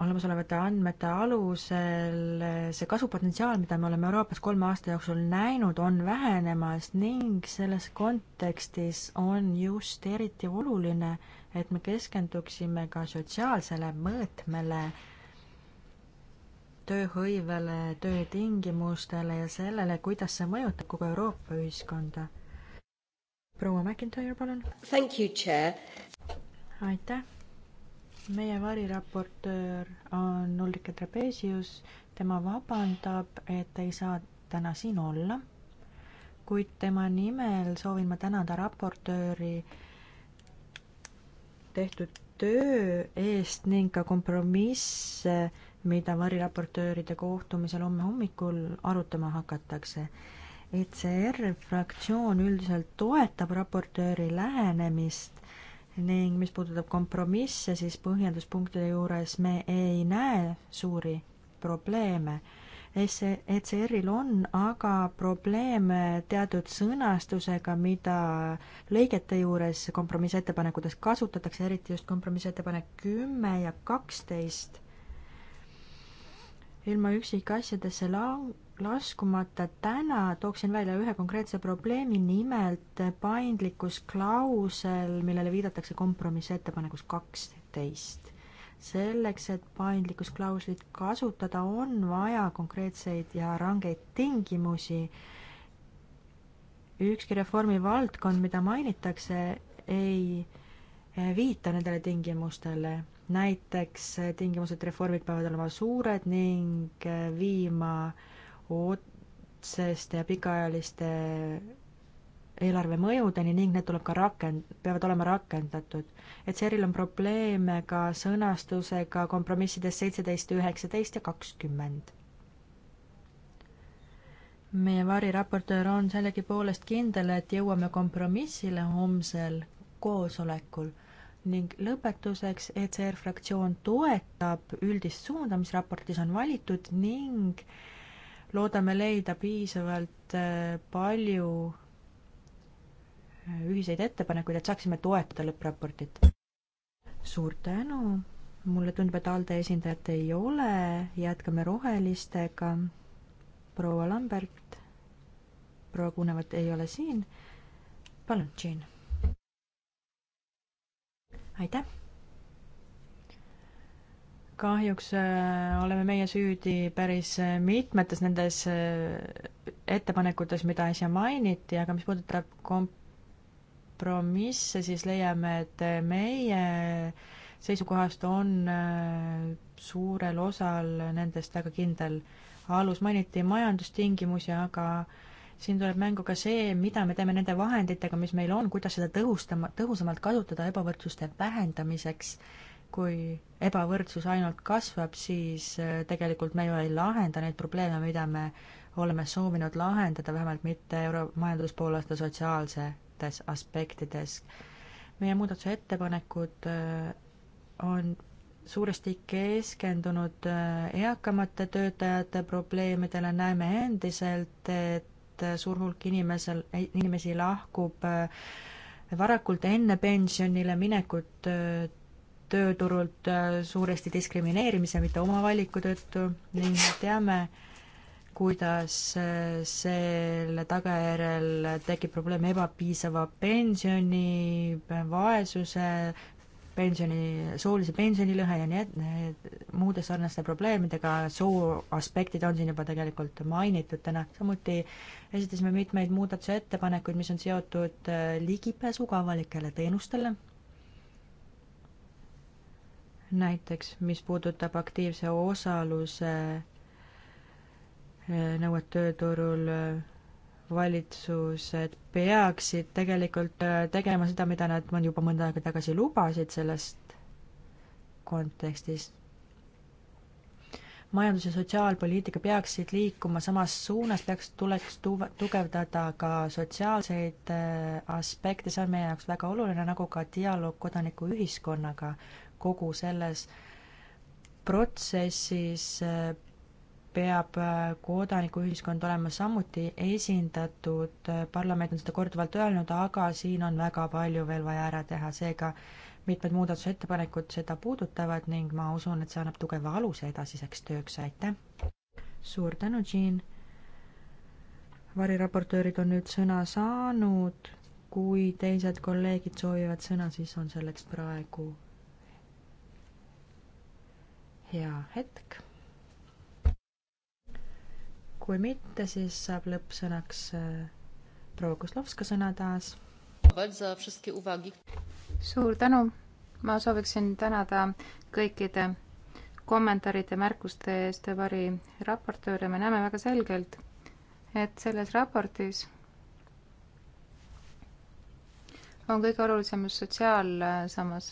Speaker 1: olemasolevate andmete alusel see kasupotentsiaal, mida me oleme Euroopas kolme aasta jooksul näinud, on vähenemas ning selles kontekstis on just eriti oluline, et me keskenduksime ka sotsiaalsele mõõtmele tööhõivele, töötingimustele ja sellele, kuidas see mõjutab kogu Euroopa ühiskonda. proua McIntyre, palun. aitäh. meie variraportöör on Ulrike Trebesius, tema vabandab, et ei saa täna siin olla, kuid tema nimel soovin ma tänada raportööri tehtud töö eest ning ka kompromisse mida variraportööride kohtumisel homme hommikul arutama hakatakse. ECR fraktsioon üldiselt toetab raportööri lähenemist ning mis puudutab kompromisse, siis põhjenduspunktide juures me ei näe suuri probleeme ECR-il e on aga probleeme teatud sõnastusega, mida lõigete juures kompromissettepanekutes kasutatakse, eriti just kompromissettepanek kümme ja kaksteist ilma üksikasjadesse la-, laskumata täna tooksin välja ühe konkreetse probleemi, nimelt paindlikkusklausel, millele viidatakse kompromissettepanekus kaksteist. selleks, et paindlikkusklauslit kasutada, on vaja konkreetseid ja rangeid tingimusi. ükski reformi valdkond, mida mainitakse, ei viita nendele tingimustele näiteks eh, tingimused, reformid peavad olema suured ning eh, viima otseste ja pikaajaliste eelarvemõjudeni ning need tuleb ka rakend-, peavad olema rakendatud. et CERil on probleeme ka sõnastusega kompromissides seitseteist, üheksateist ja kakskümmend. meie variraportöör on sellegipoolest kindel, et jõuame kompromissile homsel koosolekul ning lõpetuseks, ECR fraktsioon toetab üldist suunda, mis raportis on valitud ning loodame leida piisavalt äh, palju äh, ühiseid ettepanekuid, et saaksime toetada lõppraportit. suur tänu, mulle tundub, et ALDE esindajat ei ole, jätkame rohelistega. proua Lambert, proua Kunevat ei ole siin. palun, Jean aitäh! kahjuks äh, oleme meie süüdi päris äh, mitmetes nendes äh, ettepanekutes, mida äsja mainiti, aga mis puudutab kompromisse, siis leiame, et meie seisukohast on suurel osal nendest väga kindel alus. mainiti majandustingimusi, aga äh, siin tuleb mängu ka see, mida me teeme nende vahenditega, mis meil on, kuidas seda tõhustama, tõhusamalt kasutada ebavõrdsuste vähendamiseks. kui ebavõrdsus ainult kasvab, siis äh, tegelikult me ju ei lahenda neid probleeme, mida me oleme soovinud lahendada, vähemalt mitte euro majanduspoolaasta sotsiaalsetes aspektides. meie muudatuse ettepanekud äh, on suuresti keskendunud äh, eakamate töötajate probleemidele, näeme endiselt, et et äh, suur hulk inimesel, inimesi lahkub äh, varakult enne pensionile minekut äh, tööturult suuresti diskrimineerimise, mitte oma valiku tõttu ning teame, kuidas selle tagajärjel tekib probleem ebapiisava pensioni, vaesuse, pensioni, soolise pensionilõhe ja nii et-, muude sarnaste probleemidega, soo aspektid on siin juba tegelikult mainitud täna, samuti esitasime mitmeid muudatuse ettepanekuid, mis on seotud äh, ligipääsuga avalikele teenustele, näiteks mis puudutab aktiivse osaluse äh, nõuet tööturul äh, valitsused peaksid tegelikult äh, tegema seda, mida nad juba mõnda aega tagasi lubasid sellest kontekstis. majandus- ja sotsiaalpoliitika peaksid liikuma samas suunas, peaks, tuleks tuva, tugevdada ka sotsiaalseid äh, aspekte, see on meie jaoks väga oluline, nagu ka dialoog kodanikuühiskonnaga kogu selles protsessis äh, peab äh, kodanikuühiskond olema samuti esindatud, äh, parlament on seda korduvalt öelnud, aga siin on väga palju veel vaja ära teha, seega mitmed muudatusettepanekud seda puudutavad ning ma usun, et see annab tugeva aluse edasiseks tööks, aitäh! suur tänu, Jean! variraportöörid on nüüd sõna saanud, kui teised kolleegid soovivad sõna, siis on selleks praegu hea hetk kui mitte, siis
Speaker 5: saab lõppsõnaks äh, proua Kozlovska sõna taas. suur tänu, ma sooviksin tänada kõikide kommentaaride, märkuste eest vari raportööre, me näeme väga selgelt, et selles raportis on kõige olulisem just sotsiaalsammas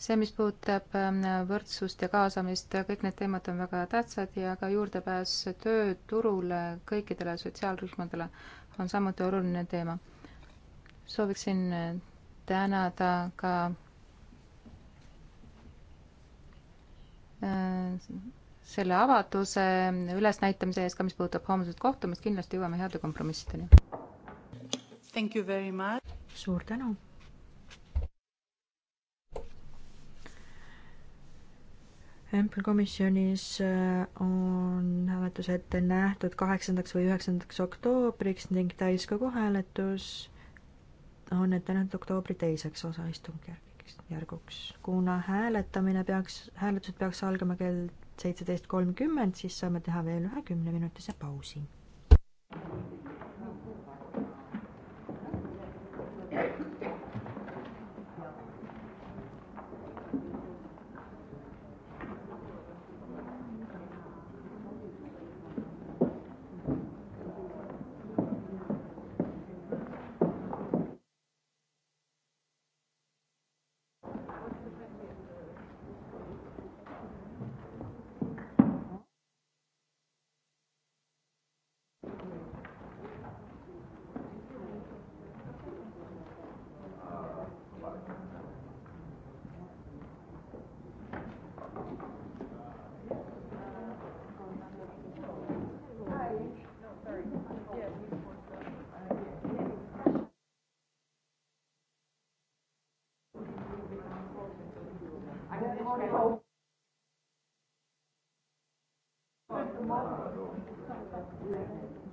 Speaker 5: see, mis puudutab ähm, võrdsust ja kaasamist, kõik need teemad on väga tähtsad ja ka juurdepääs tööturule kõikidele sotsiaalrühmadele on samuti oluline teema. sooviksin tänada ka äh, selle avalduse ülesnäitamise eest ka, mis puudutab homset kohtumist, kindlasti jõuame heade kompromissideni. suur tänu
Speaker 1: Ample komisjonis äh, on hääletus ette nähtud kaheksandaks või üheksandaks oktoobriks ning täiskogu hääletus on ette nähtud oktoobri teiseks osa istungjärgiks, järguks. kuna hääletamine peaks, hääletused peaks algama kell seitseteist kolmkümmend, siis saame teha veel ühe kümneminutise pausi.
Speaker 3: Thank you.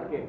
Speaker 3: Okay.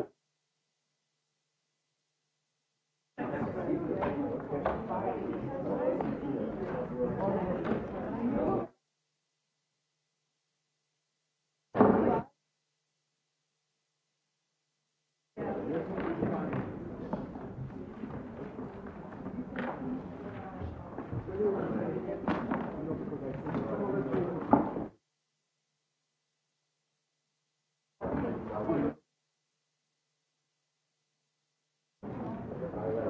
Speaker 3: Good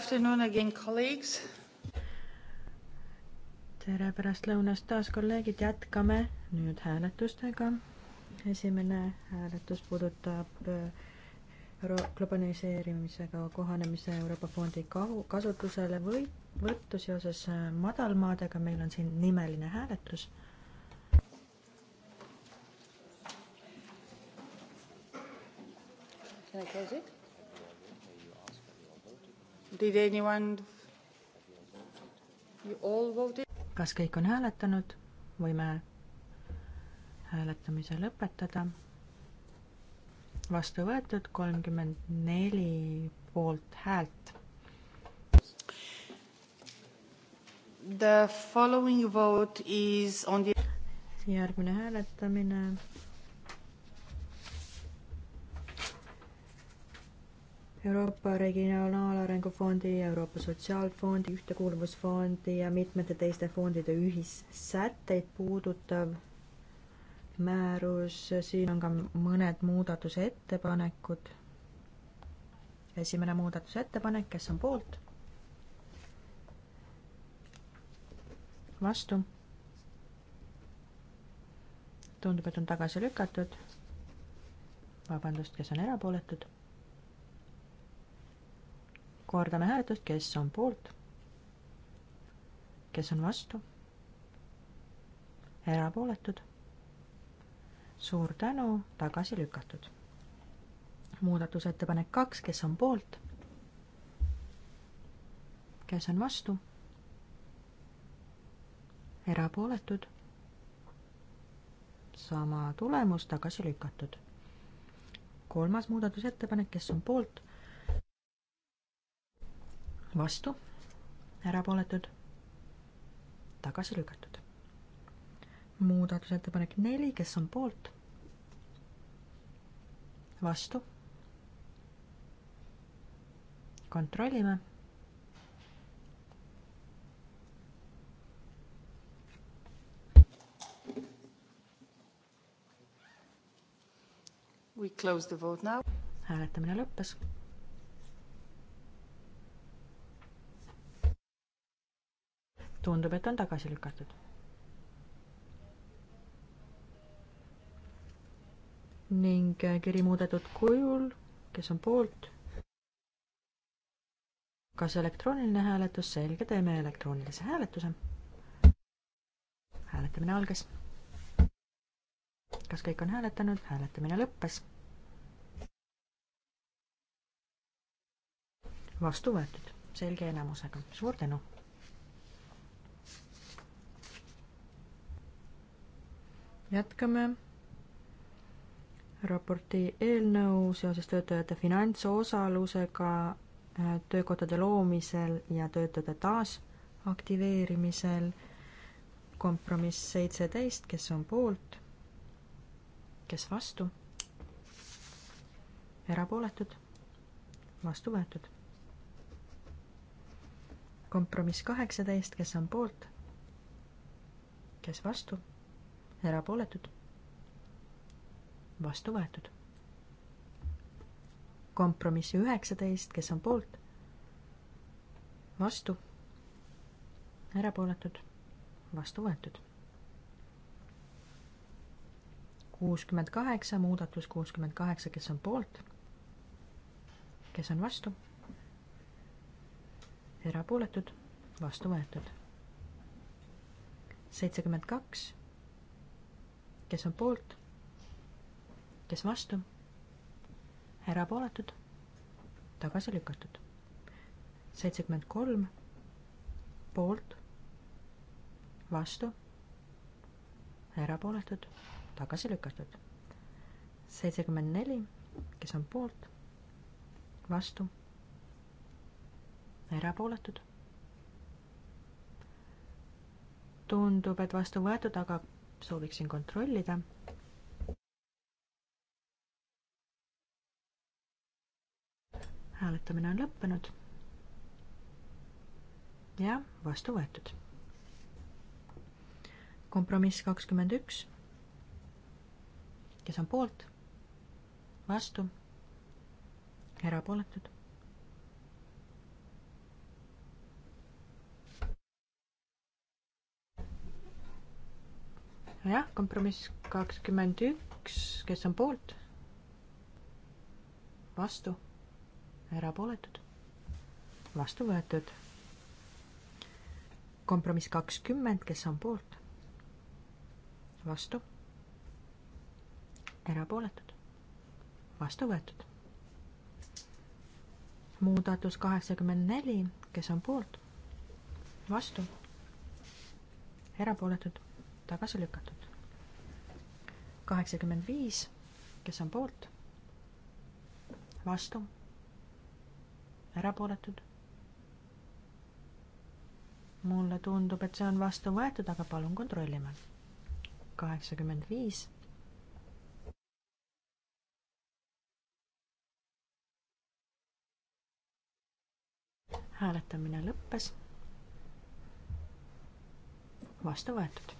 Speaker 2: afternoon again, colleagues.
Speaker 1: tere pärastlõunast taas, kolleegid, jätkame nüüd hääletustega. esimene hääletus puudutab äh, globaliseerimisega kohanemise Euroopa Fondi kahu, kasutusele või võttu seoses äh, madalmaadega, meil on siin nimeline hääletus.
Speaker 3: Can I close it?
Speaker 2: Did anyone? You all voted?
Speaker 1: kas kõik on hääletanud? võime hääletamise lõpetada vastu võetud, kolmkümmend neli poolthäält. The following vote is on the järgmine hääletamine Euroopa Regionaalarengu Fondi, Euroopa Sotsiaalfondi, Ühtekuuluvusfondi ja mitmete teiste fondide ühissätteid puudutav määrus, siin on ka mõned muudatuse ettepanekud. esimene muudatusettepanek, kes on poolt? vastu? tundub, et on tagasi lükatud. vabandust, kes on erapooletud? kordame hääletust, kes on poolt? kes on vastu? erapooletud suur tänu, tagasi lükatud. muudatusettepanek kaks, kes on poolt? kes on vastu? erapooletud? sama tulemus, tagasi lükatud. kolmas muudatusettepanek, kes on poolt? vastu, erapooletud, tagasi lükatud muudatusettepanek neli, kes on poolt? vastu. kontrollime. We close the vote now. hääletamine lõppes tundub, et on tagasi lükatud ning äh, kiri muudetud kujul, kes on poolt. kas elektrooniline hääletus, selge, teeme elektroonilise hääletuse. hääletamine algas. kas kõik on hääletanud, hääletamine lõppes. vastu võetud, selge enamusega, suur tänu jätkame raporti eelnõu seoses töötajate finantsosalusega äh, töökohtade loomisel ja töötajate taasaktiveerimisel. kompromiss seitseteist, kes on poolt, kes vastu? erapooletud, vastu võetud. kompromiss kaheksateist, kes on poolt, kes vastu? erapooletud vastu võetud. kompromissi üheksateist, kes on poolt, vastu, erapooletud, vastu võetud. kuuskümmend kaheksa, muudatus kuuskümmend kaheksa, kes on poolt, kes on vastu, erapooletud, vastu võetud. seitsekümmend kaks, kes on poolt kes vastu, erapooletud, tagasi lükatud. seitsekümmend kolm poolt, vastu, erapooletud, tagasi lükatud. seitsekümmend neli, kes on poolt, vastu, erapooletud. tundub, et vastu võetud, aga sooviksin kontrollida hääletamine on lõppenud. ja vastu võetud. kompromiss kakskümmend üks. kes on poolt? vastu? erapooletud? jah, kompromiss kakskümmend üks, kes on poolt? vastu? erapooletud, vastu võetud. kompromiss kakskümmend, kes on poolt, vastu, erapooletud, vastu võetud. muudatus kaheksakümmend neli, kes on poolt, vastu, erapooletud, tagasi lükatud. kaheksakümmend viis, kes on poolt, vastu erapooletud? mulle tundub, et see on vastu võetud, aga palun kontrollime. kaheksakümmend viis. hääletamine lõppes. vastu võetud.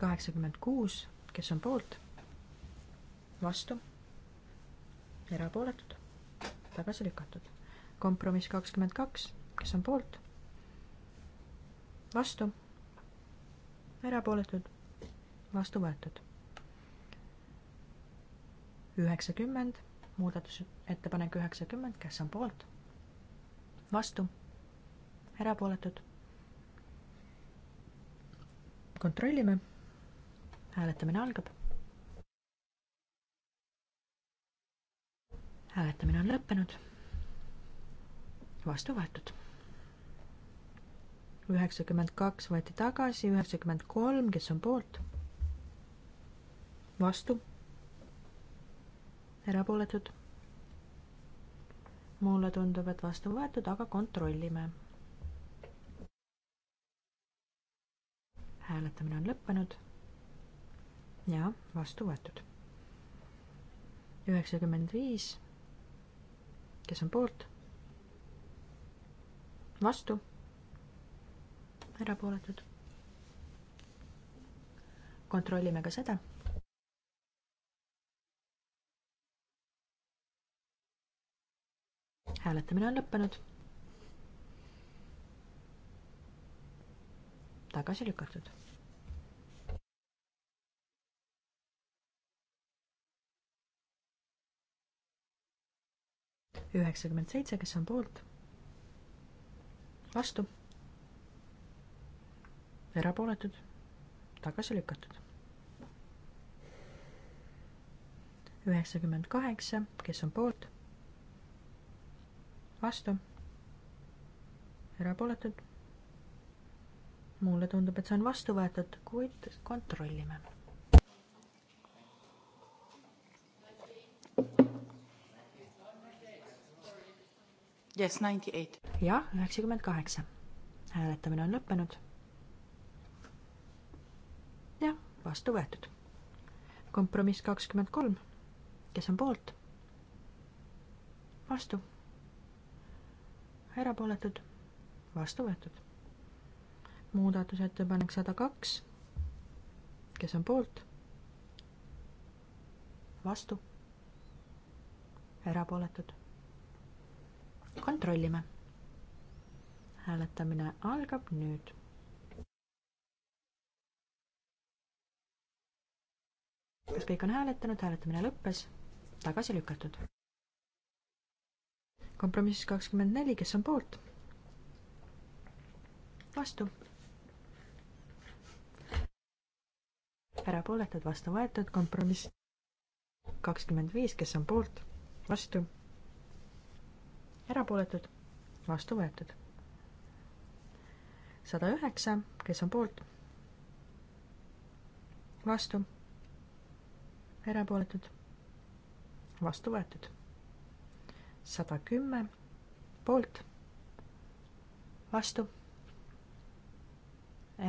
Speaker 1: kaheksakümmend kuus, kes on poolt? vastu? erapooletud? tagasi lükatud. kompromiss kakskümmend kaks, kes on poolt? vastu? erapooletud? vastu võetud. üheksakümmend, muudatusettepanek üheksakümmend, kes on poolt? vastu? erapooletud? kontrollime. hääletamine algab hääletamine on lõppenud. vastu võetud. üheksakümmend kaks võeti tagasi, üheksakümmend kolm, kes on poolt? vastu? erapooletud? mulle tundub, et vastu võetud, aga kontrollime. hääletamine on lõppenud ja vastu võetud. üheksakümmend viis kes on poolt? vastu? erapooletud? kontrollime ka seda. hääletamine on lõppenud. tagasi lükatud üheksakümmend seitse, kes on poolt? vastu? erapooletud? tagasi lükatud. üheksakümmend kaheksa, kes on poolt? vastu? erapooletud? mulle tundub, et see on vastu võetud, kuid kontrollime
Speaker 2: Yes, ninety-eight.
Speaker 1: jah, üheksakümmend kaheksa. hääletamine on lõppenud. jah, vastu võetud. kompromiss kakskümmend kolm. kes on poolt? vastu. erapooletud? vastu võetud. muudatusettepanek sada kaks. kes on poolt? vastu. erapooletud kontrollime. hääletamine algab nüüd. kas kõik on hääletanud, hääletamine lõppes, tagasi lükatud. kompromiss kakskümmend neli, kes on poolt? vastu. erapooletud, vastu võetud, kompromiss kakskümmend viis, kes on poolt, vastu erapooletud, vastu võetud. sada üheksa, kes on poolt? vastu, erapooletud, vastu võetud. sada kümme, poolt, vastu,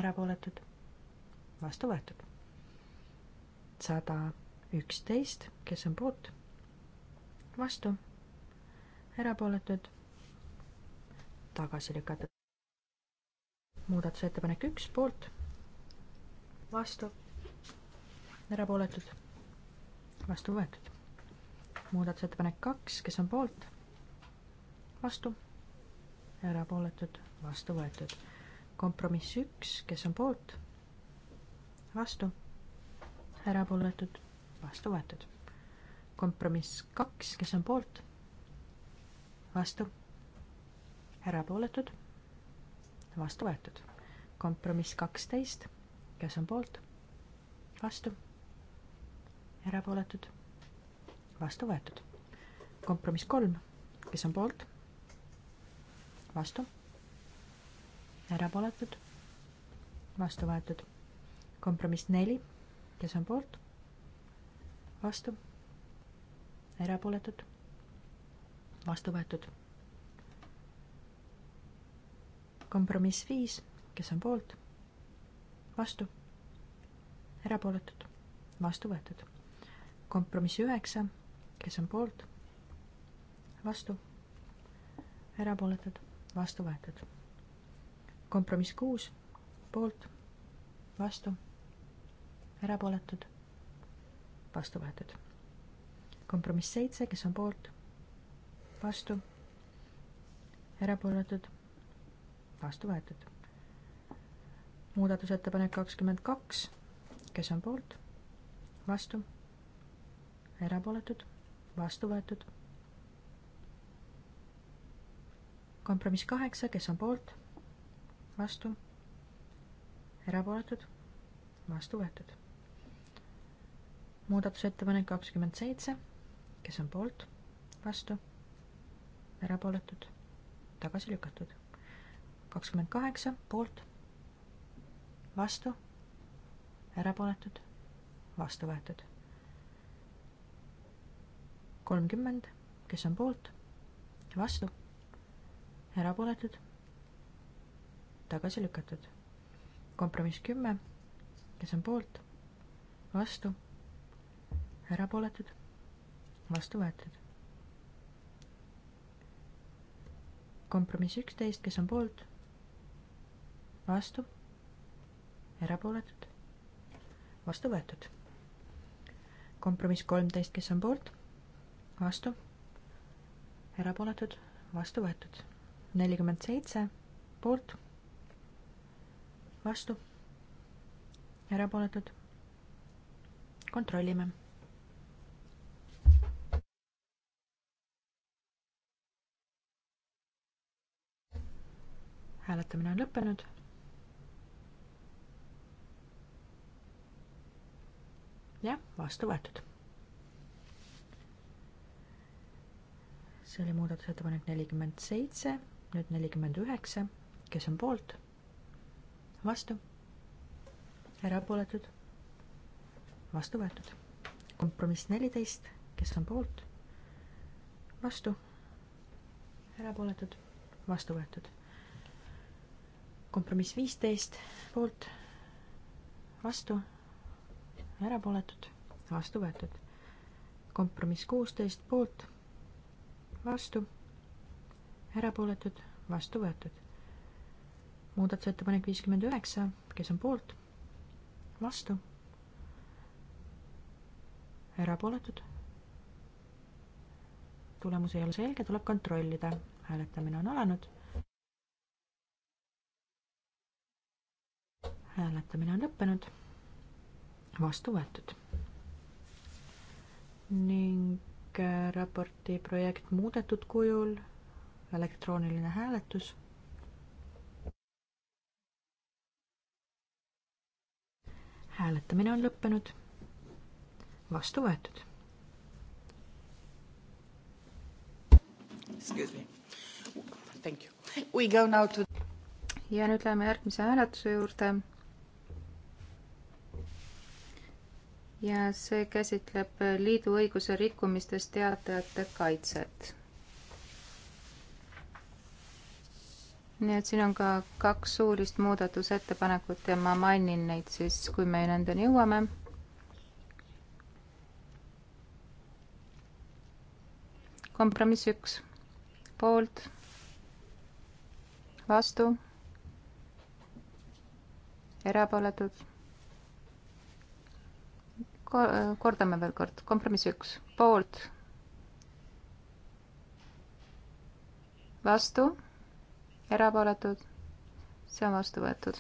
Speaker 1: erapooletud, vastu võetud. sada üksteist, kes on poolt? vastu erapooletud, tagasi lükatud. muudatusettepanek üks poolt, vastu, erapooletud, vastu võetud. muudatusettepanek kaks, kes on poolt, vastu, erapooletud, vastu võetud. kompromiss üks, kes on poolt, vastu, erapooletud, vastu võetud. kompromiss kaks, kes on poolt vastu, erapooletud, vastu võetud. kompromiss kaksteist, kes on poolt, vastu, erapooletud, vastu võetud. kompromiss kolm, kes on poolt, vastu, erapooletud, vastu võetud. kompromiss neli, kes on poolt, vastu, erapooletud vastu võetud. kompromiss viis, kes on poolt, vastu, erapooletud, vastu võetud. kompromiss üheksa, kes on poolt, vastu, erapooletud, vastu võetud. kompromiss kuus, poolt, vastu, erapooletud, vastu võetud. kompromiss seitse, kes on poolt vastu, erapooletud, vastu võetud. muudatusettepanek kakskümmend kaks, kes on poolt, vastu, erapooletud, vastu võetud. kompromiss kaheksa, kes on poolt, vastu, erapooletud, vastu võetud. muudatusettepanek kakskümmend seitse, kes on poolt, vastu erapooletud, tagasi lükatud. kakskümmend kaheksa poolt, vastu, erapooletud, vastu võetud. kolmkümmend, kes on poolt, vastu, erapooletud, tagasi lükatud. kompromiss kümme, kes on poolt, vastu, erapooletud, vastu võetud kompromiss üksteist, kes on poolt, vastu, erapooletud, vastu võetud. kompromiss kolmteist, kes on poolt, vastu, erapooletud, vastu võetud. nelikümmend seitse, poolt, vastu, erapooletud. kontrollime hääletamine on lõppenud. jah, vastu võetud. see oli muudatusettepanek nelikümmend seitse, nüüd nelikümmend üheksa, kes on poolt? vastu? erapooletud? vastu võetud. kompromiss neliteist, kes on poolt? vastu? erapooletud? vastu võetud kompromiss viisteist poolt, vastu, erapooletud, vastu võetud. kompromiss kuusteist poolt, vastu, erapooletud, vastu võetud. muudatusettepanek viiskümmend üheksa, kes on poolt, vastu, erapooletud. tulemus ei ole selge, tuleb kontrollida. hääletamine on alanud hääletamine on lõppenud, vastu võetud. ning äh, raporti projekt muudetud kujul, elektrooniline hääletus. hääletamine on lõppenud, vastu võetud.
Speaker 3: Excuse me.
Speaker 5: Thank you. We go now to ja nüüd läheme järgmise hääletuse juurde ja see käsitleb liidu õiguse rikkumistest teatajate kaitset. nii et siin on ka kaks suulist muudatusettepanekut ja ma mainin neid siis, kui me nendeni jõuame. kompromiss üks, poolt, vastu, erapooletud kordame veel kord, kompromiss üks, poolt, vastu, erapooletud, see on vastu võetud.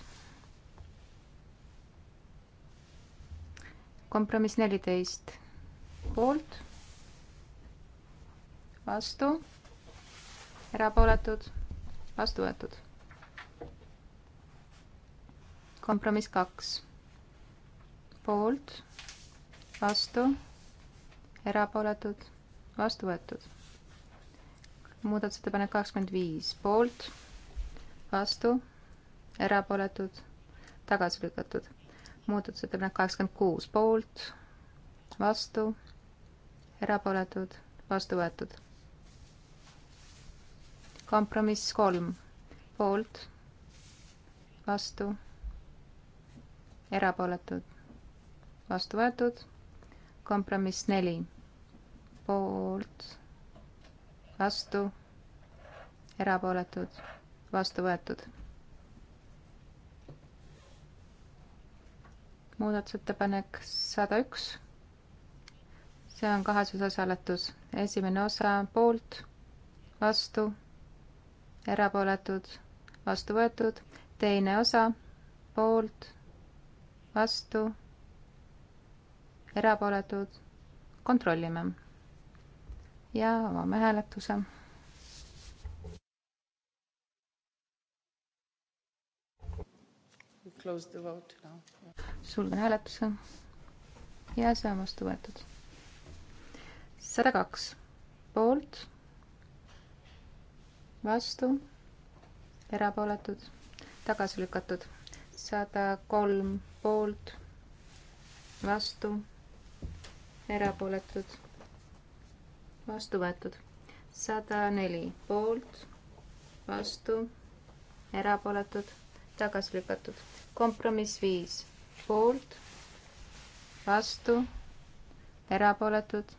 Speaker 5: kompromiss neliteist, poolt, vastu, erapooletud, vastu võetud. kompromiss kaks, poolt vastu, erapooletud, vastu võetud. muudatusettepanek kakskümmend viis, poolt, vastu, erapooletud, tagasi lükatud. muudatusettepanek kakskümmend kuus, poolt, vastu, erapooletud, vastu võetud. kompromiss kolm, poolt, vastu, erapooletud, vastu võetud kompromiss neli poolt, vastu, erapooletud, vastu võetud. muudatusettepanek sada üks. see on kahes osas hääletus, esimene osa poolt, vastu, erapooletud, vastu võetud, teine osa poolt, vastu erapooletud, kontrollime. ja avame hääletuse. sulgen hääletuse ja see on vastu võetud. sada kaks poolt, vastu, erapooletud, tagasi lükatud, sada kolm poolt, vastu erapooletud, vastu võetud. sada neli poolt, vastu, erapooletud, tagasi lükatud. kompromiss viis poolt, vastu, erapooletud,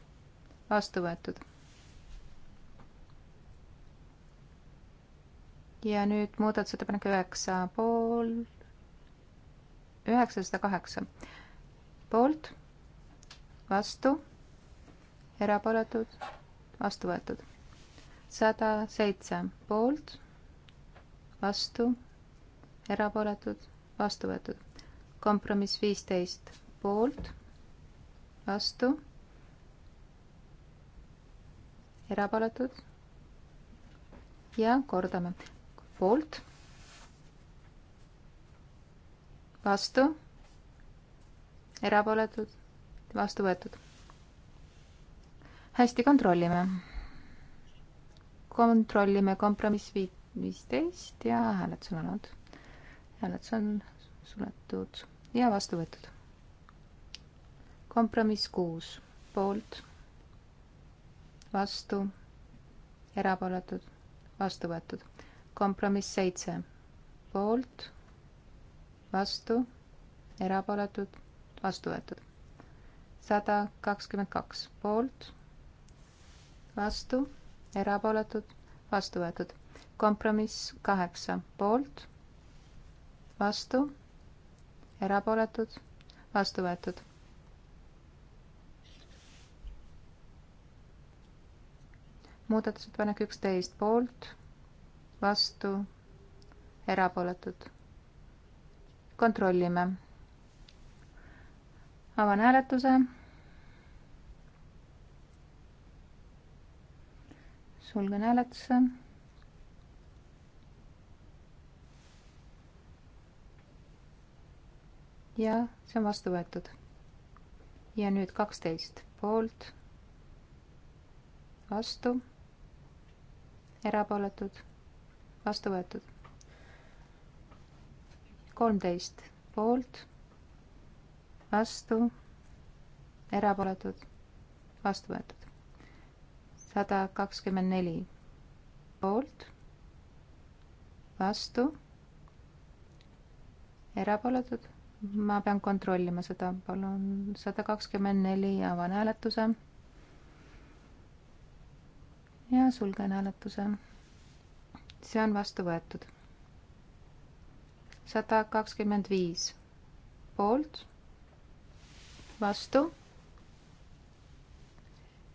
Speaker 5: vastu võetud. ja nüüd muudatusettepanek üheksa pool, üheksasada kaheksa poolt vastu, erapooletud, vastu võetud. sada seitse poolt, vastu, erapooletud, vastu võetud. kompromiss viisteist poolt, vastu, erapooletud ja kordame poolt, vastu, erapooletud vastu võetud. hästi, kontrollime. kontrollime kompromiss viisteist ja hääletus on olnud. hääletus on suletud ja vastu võetud. kompromiss kuus, poolt, vastu, erapooletud, vastu võetud. kompromiss seitse, poolt vastu, erapooletud, vastu võetud sada kakskümmend kaks poolt, vastu, erapooletud, vastu võetud. kompromiss kaheksa poolt, vastu, erapooletud, vastu võetud muudatusettepanek üksteist poolt, vastu, erapooletud. kontrollime avan hääletuse. sulgen hääletuse. ja see on vastu võetud. ja nüüd kaksteist poolt, vastu, erapooletud, vastu võetud. kolmteist poolt vastu, erapooletud, vastu võetud. sada kakskümmend neli poolt, vastu, erapooletud. ma pean kontrollima seda, palun. sada kakskümmend neli, avan hääletuse. ja sulgen hääletuse. see on vastu võetud. sada kakskümmend viis poolt vastu.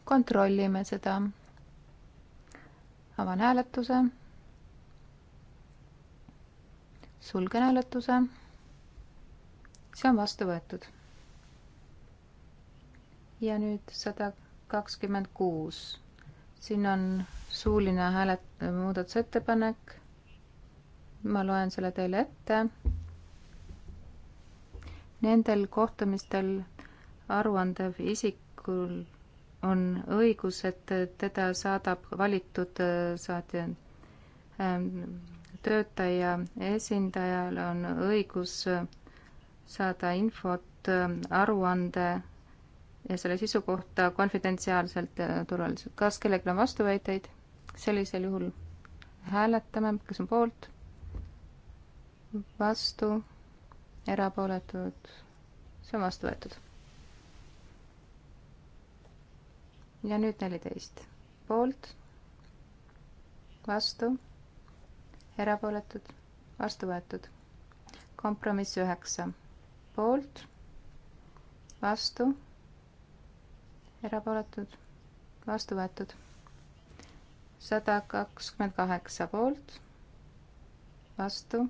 Speaker 5: kontrollime seda. avan hääletuse. sulgen hääletuse. see on vastu võetud. ja nüüd sada kakskümmend kuus. siin on suuline häälet-, muudatusettepanek. ma loen selle teile ette nendel kohtumistel aruandev isikul on õigus, et teda saadab valitud äh, saatja. Ähm, töötaja esindajal on õigus äh, saada infot äh, aruande ja selle sisu kohta konfidentsiaalselt ja turvaliselt. kas kellelgi on vastuväiteid? sellisel juhul hääletame, kes on poolt, vastu, erapooletud, see on vastu võetud ja nüüd neliteist poolt, vastu, erapooletud, vastu võetud. kompromiss üheksa poolt, vastu, erapooletud, vastu võetud. sada kakskümmend kaheksa poolt, vastu.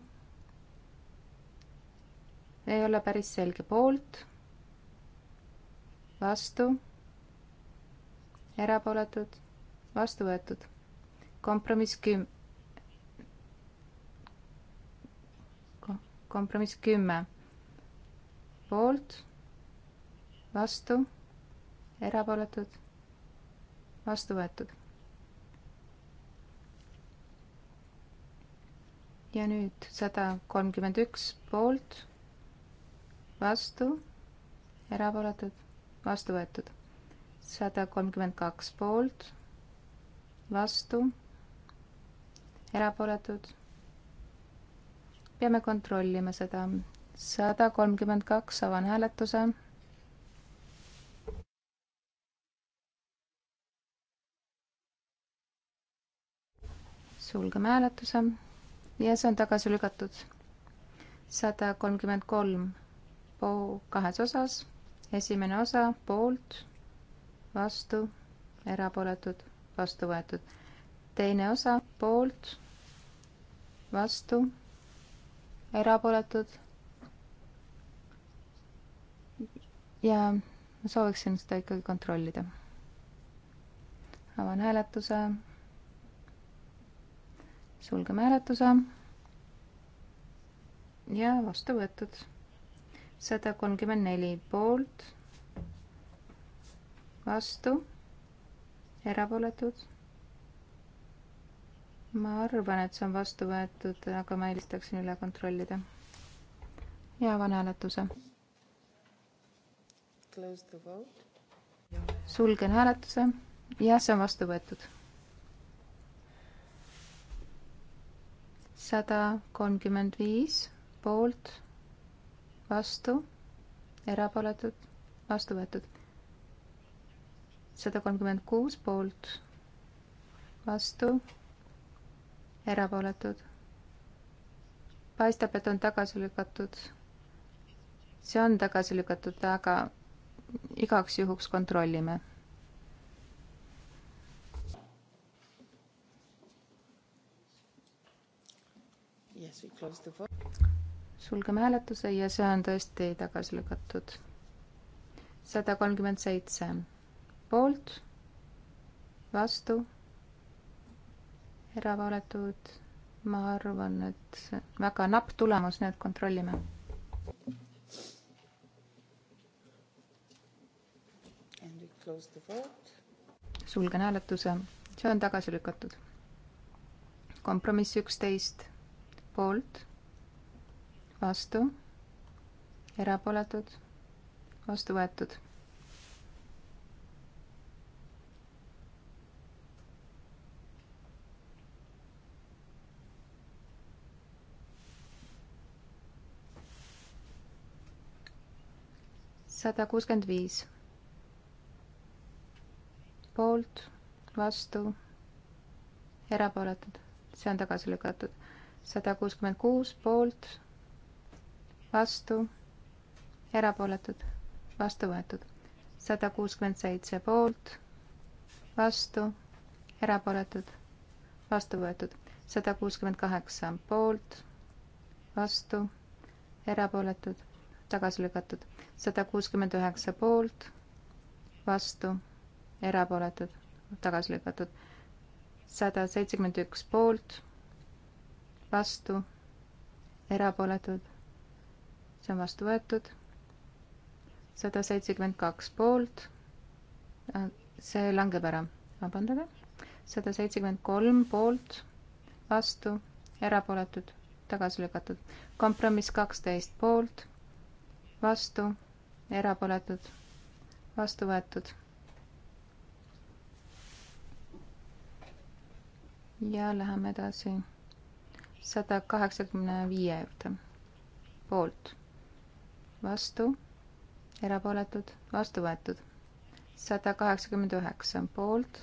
Speaker 5: ei ole päris selge, poolt, vastu erapooletud, vastu võetud. kompromiss küm-, kompromiss kümme, poolt, vastu, erapooletud, vastu võetud. ja nüüd sada kolmkümmend üks poolt, vastu, erapooletud, vastu võetud sada kolmkümmend kaks poolt, vastu, erapooletud. peame kontrollima seda. sada kolmkümmend kaks, avan hääletuse sulgeme hääletuse ja see on tagasi lükatud. sada kolmkümmend kolm po- kahes osas, esimene osa poolt, vastu, erapooletud, vastu võetud. teine osa poolt, vastu, erapooletud. ja ma sooviksin seda ikkagi kontrollida. avan hääletuse. sulgeme hääletuse. ja vastu võetud. sada kolmkümmend neli poolt vastu, erapooletud. ma arvan, et see on vastu võetud, aga ma eelistaksin üle kontrollida. ja avan hääletuse. sulgen hääletuse ja see on vastu võetud. sada kolmkümmend viis poolt, vastu, erapooletud, vastu võetud sada kolmkümmend kuus poolt, vastu, erapooletud. paistab, et on tagasi lükatud. see on tagasi lükatud, aga igaks juhuks kontrollime. sulgeme hääletuse ja see on tõesti tagasi lükatud. sada kolmkümmend seitse poolt, vastu, erapooletud. ma arvan, et väga napp tulemus, nii et kontrollime. sulgen hääletuse, see on tagasi lükatud. kompromiss üksteist, poolt, vastu, erapooletud, vastu võetud sada kuuskümmend viis. poolt, vastu, erapooletud, see on tagasi lükatud. sada kuuskümmend kuus poolt, vastu, erapooletud, vastu võetud. sada kuuskümmend seitse poolt, vastu, erapooletud, vastu võetud. sada kuuskümmend kaheksa poolt, vastu, erapooletud tagasi lükatud. sada kuuskümmend üheksa poolt, vastu, erapooletud, tagasi lükatud. sada seitsekümmend üks poolt, vastu, erapooletud, see on vastu võetud. sada seitsekümmend kaks poolt, äh, see langeb ära, vabandage. sada seitsekümmend kolm poolt, vastu, erapooletud tagasi lükatud. kompromiss kaksteist poolt, vastu, erapooletud, vastu võetud. ja läheme edasi sada kaheksakümne viie juurde. poolt, vastu, erapooletud, vastu võetud. sada kaheksakümmend üheksa poolt,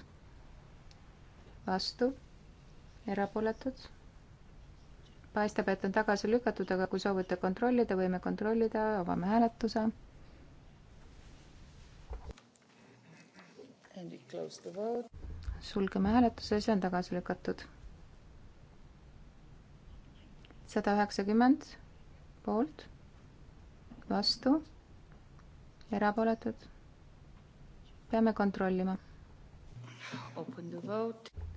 Speaker 5: vastu, erapooletud paistab, et on tagasi lükatud, aga kui soovite kontrollida, võime kontrollida, avame hääletuse. sulgeme hääletuse, see on tagasi lükatud. sada üheksakümmend poolt, vastu, erapooletud. peame kontrollima.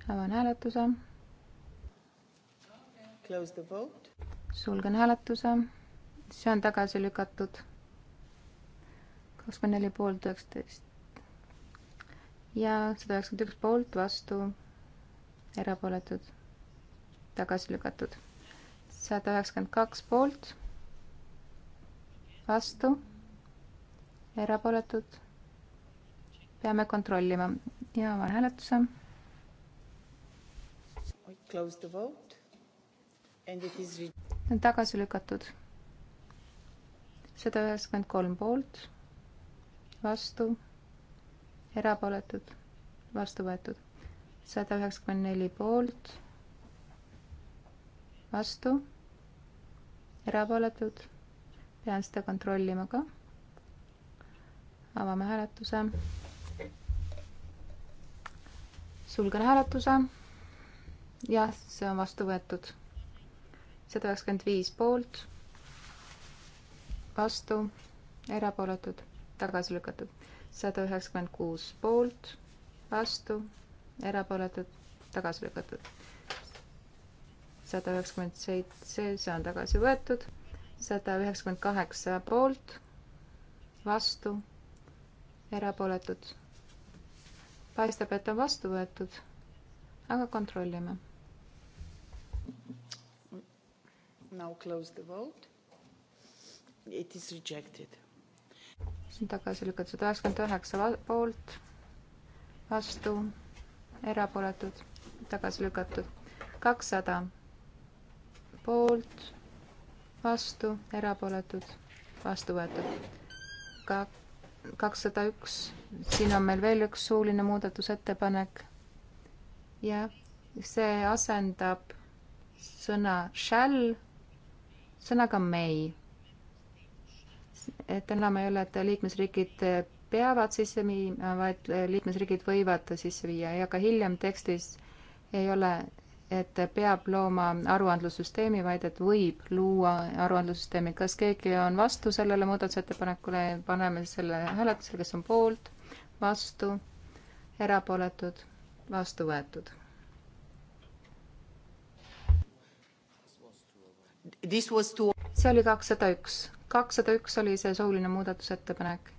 Speaker 5: avan hääletuse sulgen hääletuse, see on tagasi lükatud. kakskümmend neli poolt üheksateist ja sada üheksakümmend üks poolt, vastu, erapooletud, tagasi lükatud. sada üheksakümmend kaks poolt, vastu, erapooletud. peame kontrollima ja avan hääletuse. Close the vote on tagasi lükatud. sada üheksakümmend kolm poolt, vastu, erapooletud, vastu võetud. sada üheksakümmend neli poolt, vastu, erapooletud. pean seda kontrollima ka. avame hääletuse. sulgen hääletuse. jah, see on vastu võetud sada üheksakümmend viis poolt, vastu, erapooletud, tagasi lükatud. sada üheksakümmend kuus poolt, vastu, erapooletud, tagasi lükatud. sada üheksakümmend seitse, see on tagasi võetud. sada üheksakümmend kaheksa poolt, vastu, erapooletud. paistab, et on vastu võetud, aga kontrollime
Speaker 2: Now close the vote. It is rejected.
Speaker 5: see on tagasi lükatud sada üheksakümmend üheksa poolt, vastu, erapooletud, tagasi lükatud kakssada poolt, vastu, erapooletud, vastu võetud. ka kakssada üks, siin on meil veel üks suuline muudatusettepanek. ja see asendab sõna shall sõnaga may. et enam ei ole, et liikmesriigid peavad sisse viima, vaid liikmesriigid võivad sisse viia ja ka hiljem tekstis ei ole, et peab looma aruandlussüsteemi, vaid et võib luua aruandlussüsteemi. kas keegi on vastu sellele muudatusettepanekule, paneme selle hääletusele, kes on poolt, vastu, erapooletud, vastu võetud see oli kakssada üks, kakssada üks oli see suuline muudatusettepanek.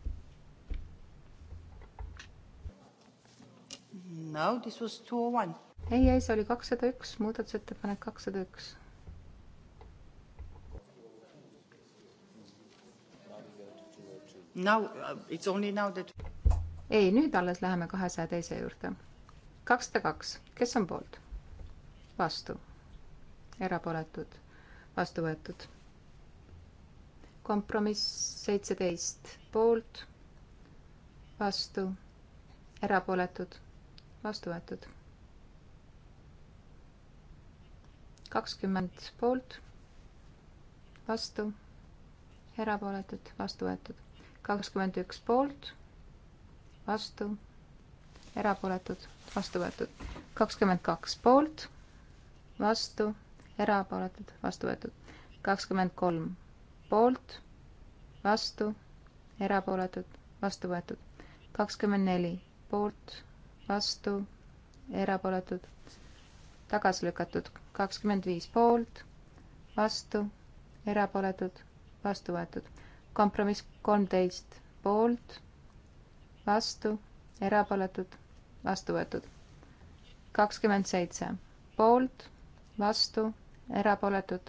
Speaker 5: No this was two oh one. ei, ei, see oli kakssada üks, muudatusettepanek kakssada üks.
Speaker 2: Now uh, it's only now that.
Speaker 5: ei, nüüd alles läheme kahesaja teise juurde. kakssada kaks, kes on poolt? vastu? erapooletud vastu võetud. kompromiss seitseteist poolt, vastu, erapooletud, vastu võetud. kakskümmend poolt, vastu, erapooletud, vastu võetud. kakskümmend üks poolt, vastu, erapooletud, vastu võetud. kakskümmend kaks poolt, vastu erapooletud, vastu võetud. kakskümmend kolm poolt, vastu, erapooletud, vastu võetud. kakskümmend neli poolt, vastu, erapooletud, tagasi lükatud. kakskümmend viis poolt, vastu, erapooletud, vastu võetud. kompromiss kolmteist poolt, vastu, erapooletud, vastu võetud. kakskümmend seitse poolt, vastu erapooletud,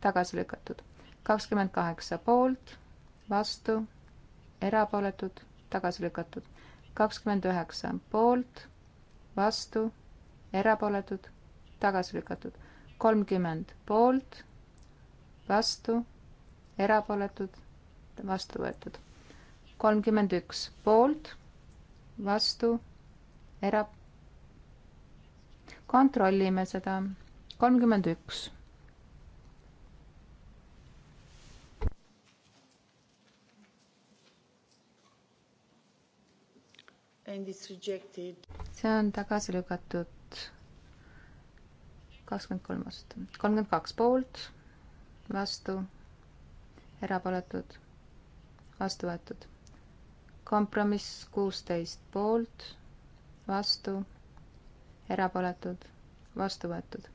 Speaker 5: tagasi lükatud. kakskümmend kaheksa poolt, vastu, erapooletud, tagasi lükatud. kakskümmend üheksa poolt, vastu, erapooletud, tagasi lükatud. kolmkümmend poolt, vastu, erapooletud, vastu võetud. kolmkümmend üks poolt, vastu, era-. kontrollime seda kolmkümmend üks. see on tagasi lükatud kakskümmend kolm vastu, kolmkümmend kaks poolt, vastu, erapooletud, vastu võetud. kompromiss kuusteist poolt, vastu, erapooletud, vastu võetud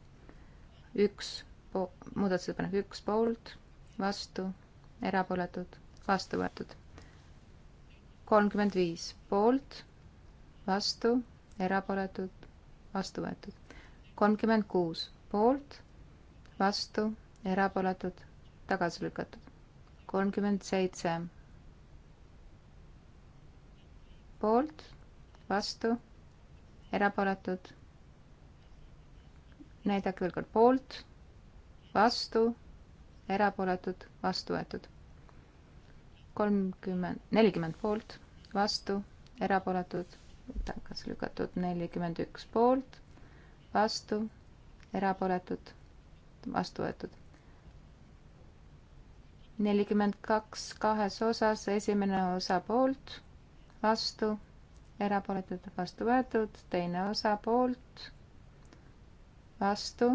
Speaker 5: üks, muudatusettepanek üks poolt, vastu, erapooletud, vastu võetud. kolmkümmend viis poolt, vastu, erapooletud, vastu võetud. kolmkümmend kuus poolt, vastu, erapooletud, tagasi lükatud. kolmkümmend seitse poolt, vastu, erapooletud näidake veel kord poolt, vastu, erapooletud, vastu võetud. kolmkümmend, nelikümmend poolt, vastu, erapooletud, tagasi lükatud, nelikümmend üks poolt, vastu, erapooletud, vastu võetud nelikümmend kaks kahes osas, esimene osa poolt, vastu, erapooletud, vastu võetud, teine osa poolt, vastu,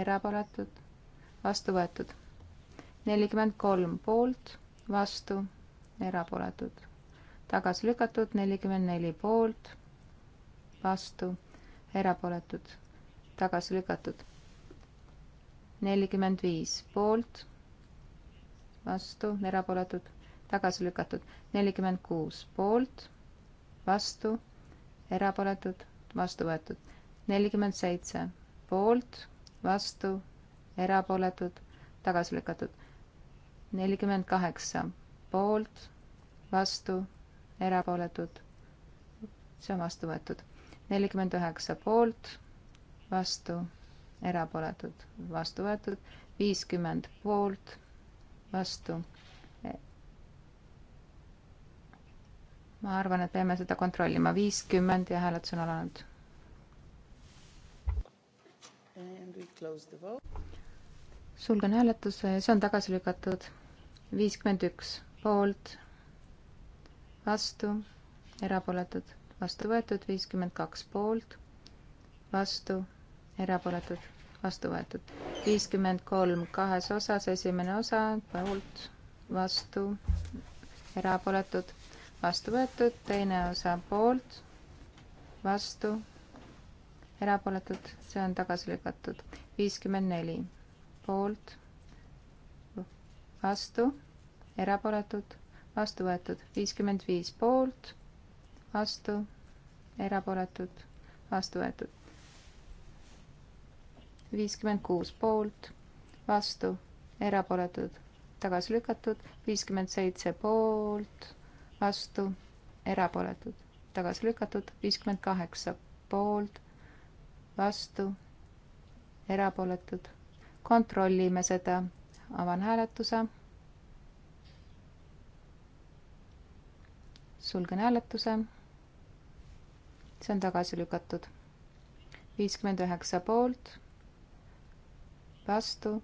Speaker 5: erapooletud, vastu võetud. nelikümmend kolm poolt, vastu, erapooletud, tagasi lükatud, nelikümmend neli poolt, vastu, erapooletud, tagasi lükatud. nelikümmend viis poolt, vastu, erapooletud, tagasi lükatud, nelikümmend kuus poolt, vastu, erapooletud, vastu võetud nelikümmend seitse poolt, vastu, erapooletud, tagasi lükatud. nelikümmend kaheksa poolt, vastu, erapooletud. see on vastu võetud. nelikümmend üheksa poolt, vastu, erapooletud, vastu võetud. viiskümmend poolt, vastu. E- ma arvan, et peame seda kontrollima. viiskümmend ja hääletus on alanud sulgen hääletuse ja see on tagasi lükatud. viiskümmend üks poolt, vastu, erapooletud, vastu võetud, viiskümmend kaks poolt, vastu, erapooletud, vastu võetud. viiskümmend kolm kahes osas, esimene osa poolt, vastu, erapooletud, vastu võetud, teine osa poolt, vastu erapooletud, see on tagasi lükatud. viiskümmend neli poolt, vastu, erapooletud, vastu võetud. viiskümmend viis poolt, vastu, erapooletud, vastu võetud. viiskümmend kuus poolt, vastu, erapooletud, tagasi lükatud. viiskümmend seitse poolt, vastu, erapooletud, tagasi lükatud. viiskümmend kaheksa poolt vastu, erapooletud. kontrollime seda. avan hääletuse. sulgen hääletuse. see on tagasi lükatud. viiskümmend üheksa poolt, vastu.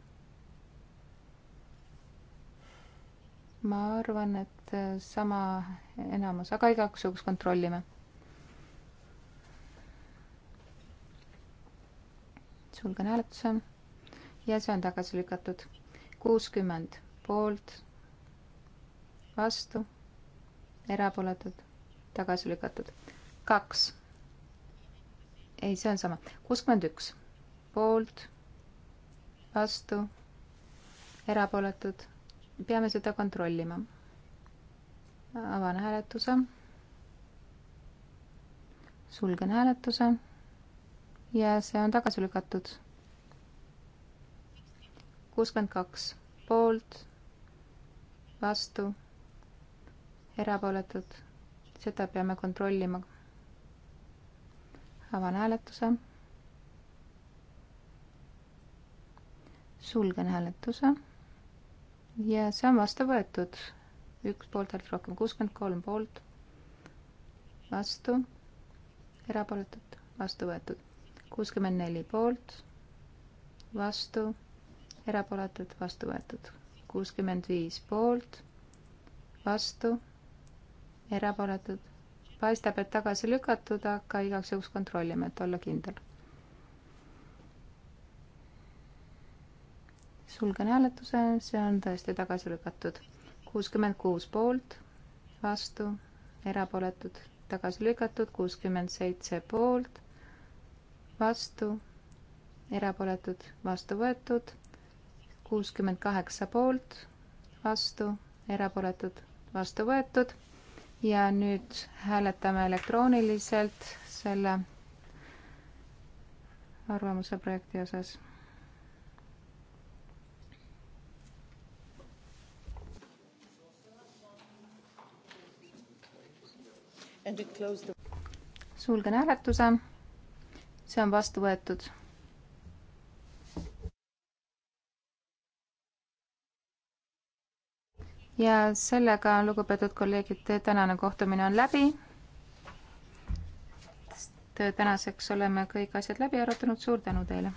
Speaker 5: ma arvan, et sama enamus, aga igaks juhuks kontrollime sulgen hääletuse ja see on tagasi lükatud. kuuskümmend poolt, vastu, erapooletud, tagasi lükatud. kaks. ei, see on sama. kuuskümmend üks poolt, vastu, erapooletud. peame seda kontrollima. avan hääletuse. sulgen hääletuse ja see on tagasi lükatud. kuuskümmend kaks poolt, vastu, erapooletud, seda peame kontrollima. avan hääletuse. sulgen hääletuse ja see on vastu võetud. üks poolthäält rohkem, kuuskümmend kolm poolt, vastu, erapooletud, vastu võetud kuuskümmend neli poolt, vastu, erapooletud, vastu võetud. kuuskümmend viis poolt, vastu, erapooletud. paistab, et tagasi lükatud, aga igaks juhuks kontrollime, et olla kindel. sulgen hääletuse, see on tõesti tagasi lükatud. kuuskümmend kuus poolt, vastu, erapooletud, tagasi lükatud, kuuskümmend seitse poolt vastu, erapooletud, vastu võetud, kuuskümmend kaheksa poolt, vastu, erapooletud, vastu võetud ja nüüd hääletame elektrooniliselt selle arvamuse projekti osas. sulgen hääletuse see on vastu võetud. ja sellega, lugupeetud kolleegid, tänane kohtumine on läbi. tänaseks oleme kõik asjad läbi arutanud, suur tänu teile!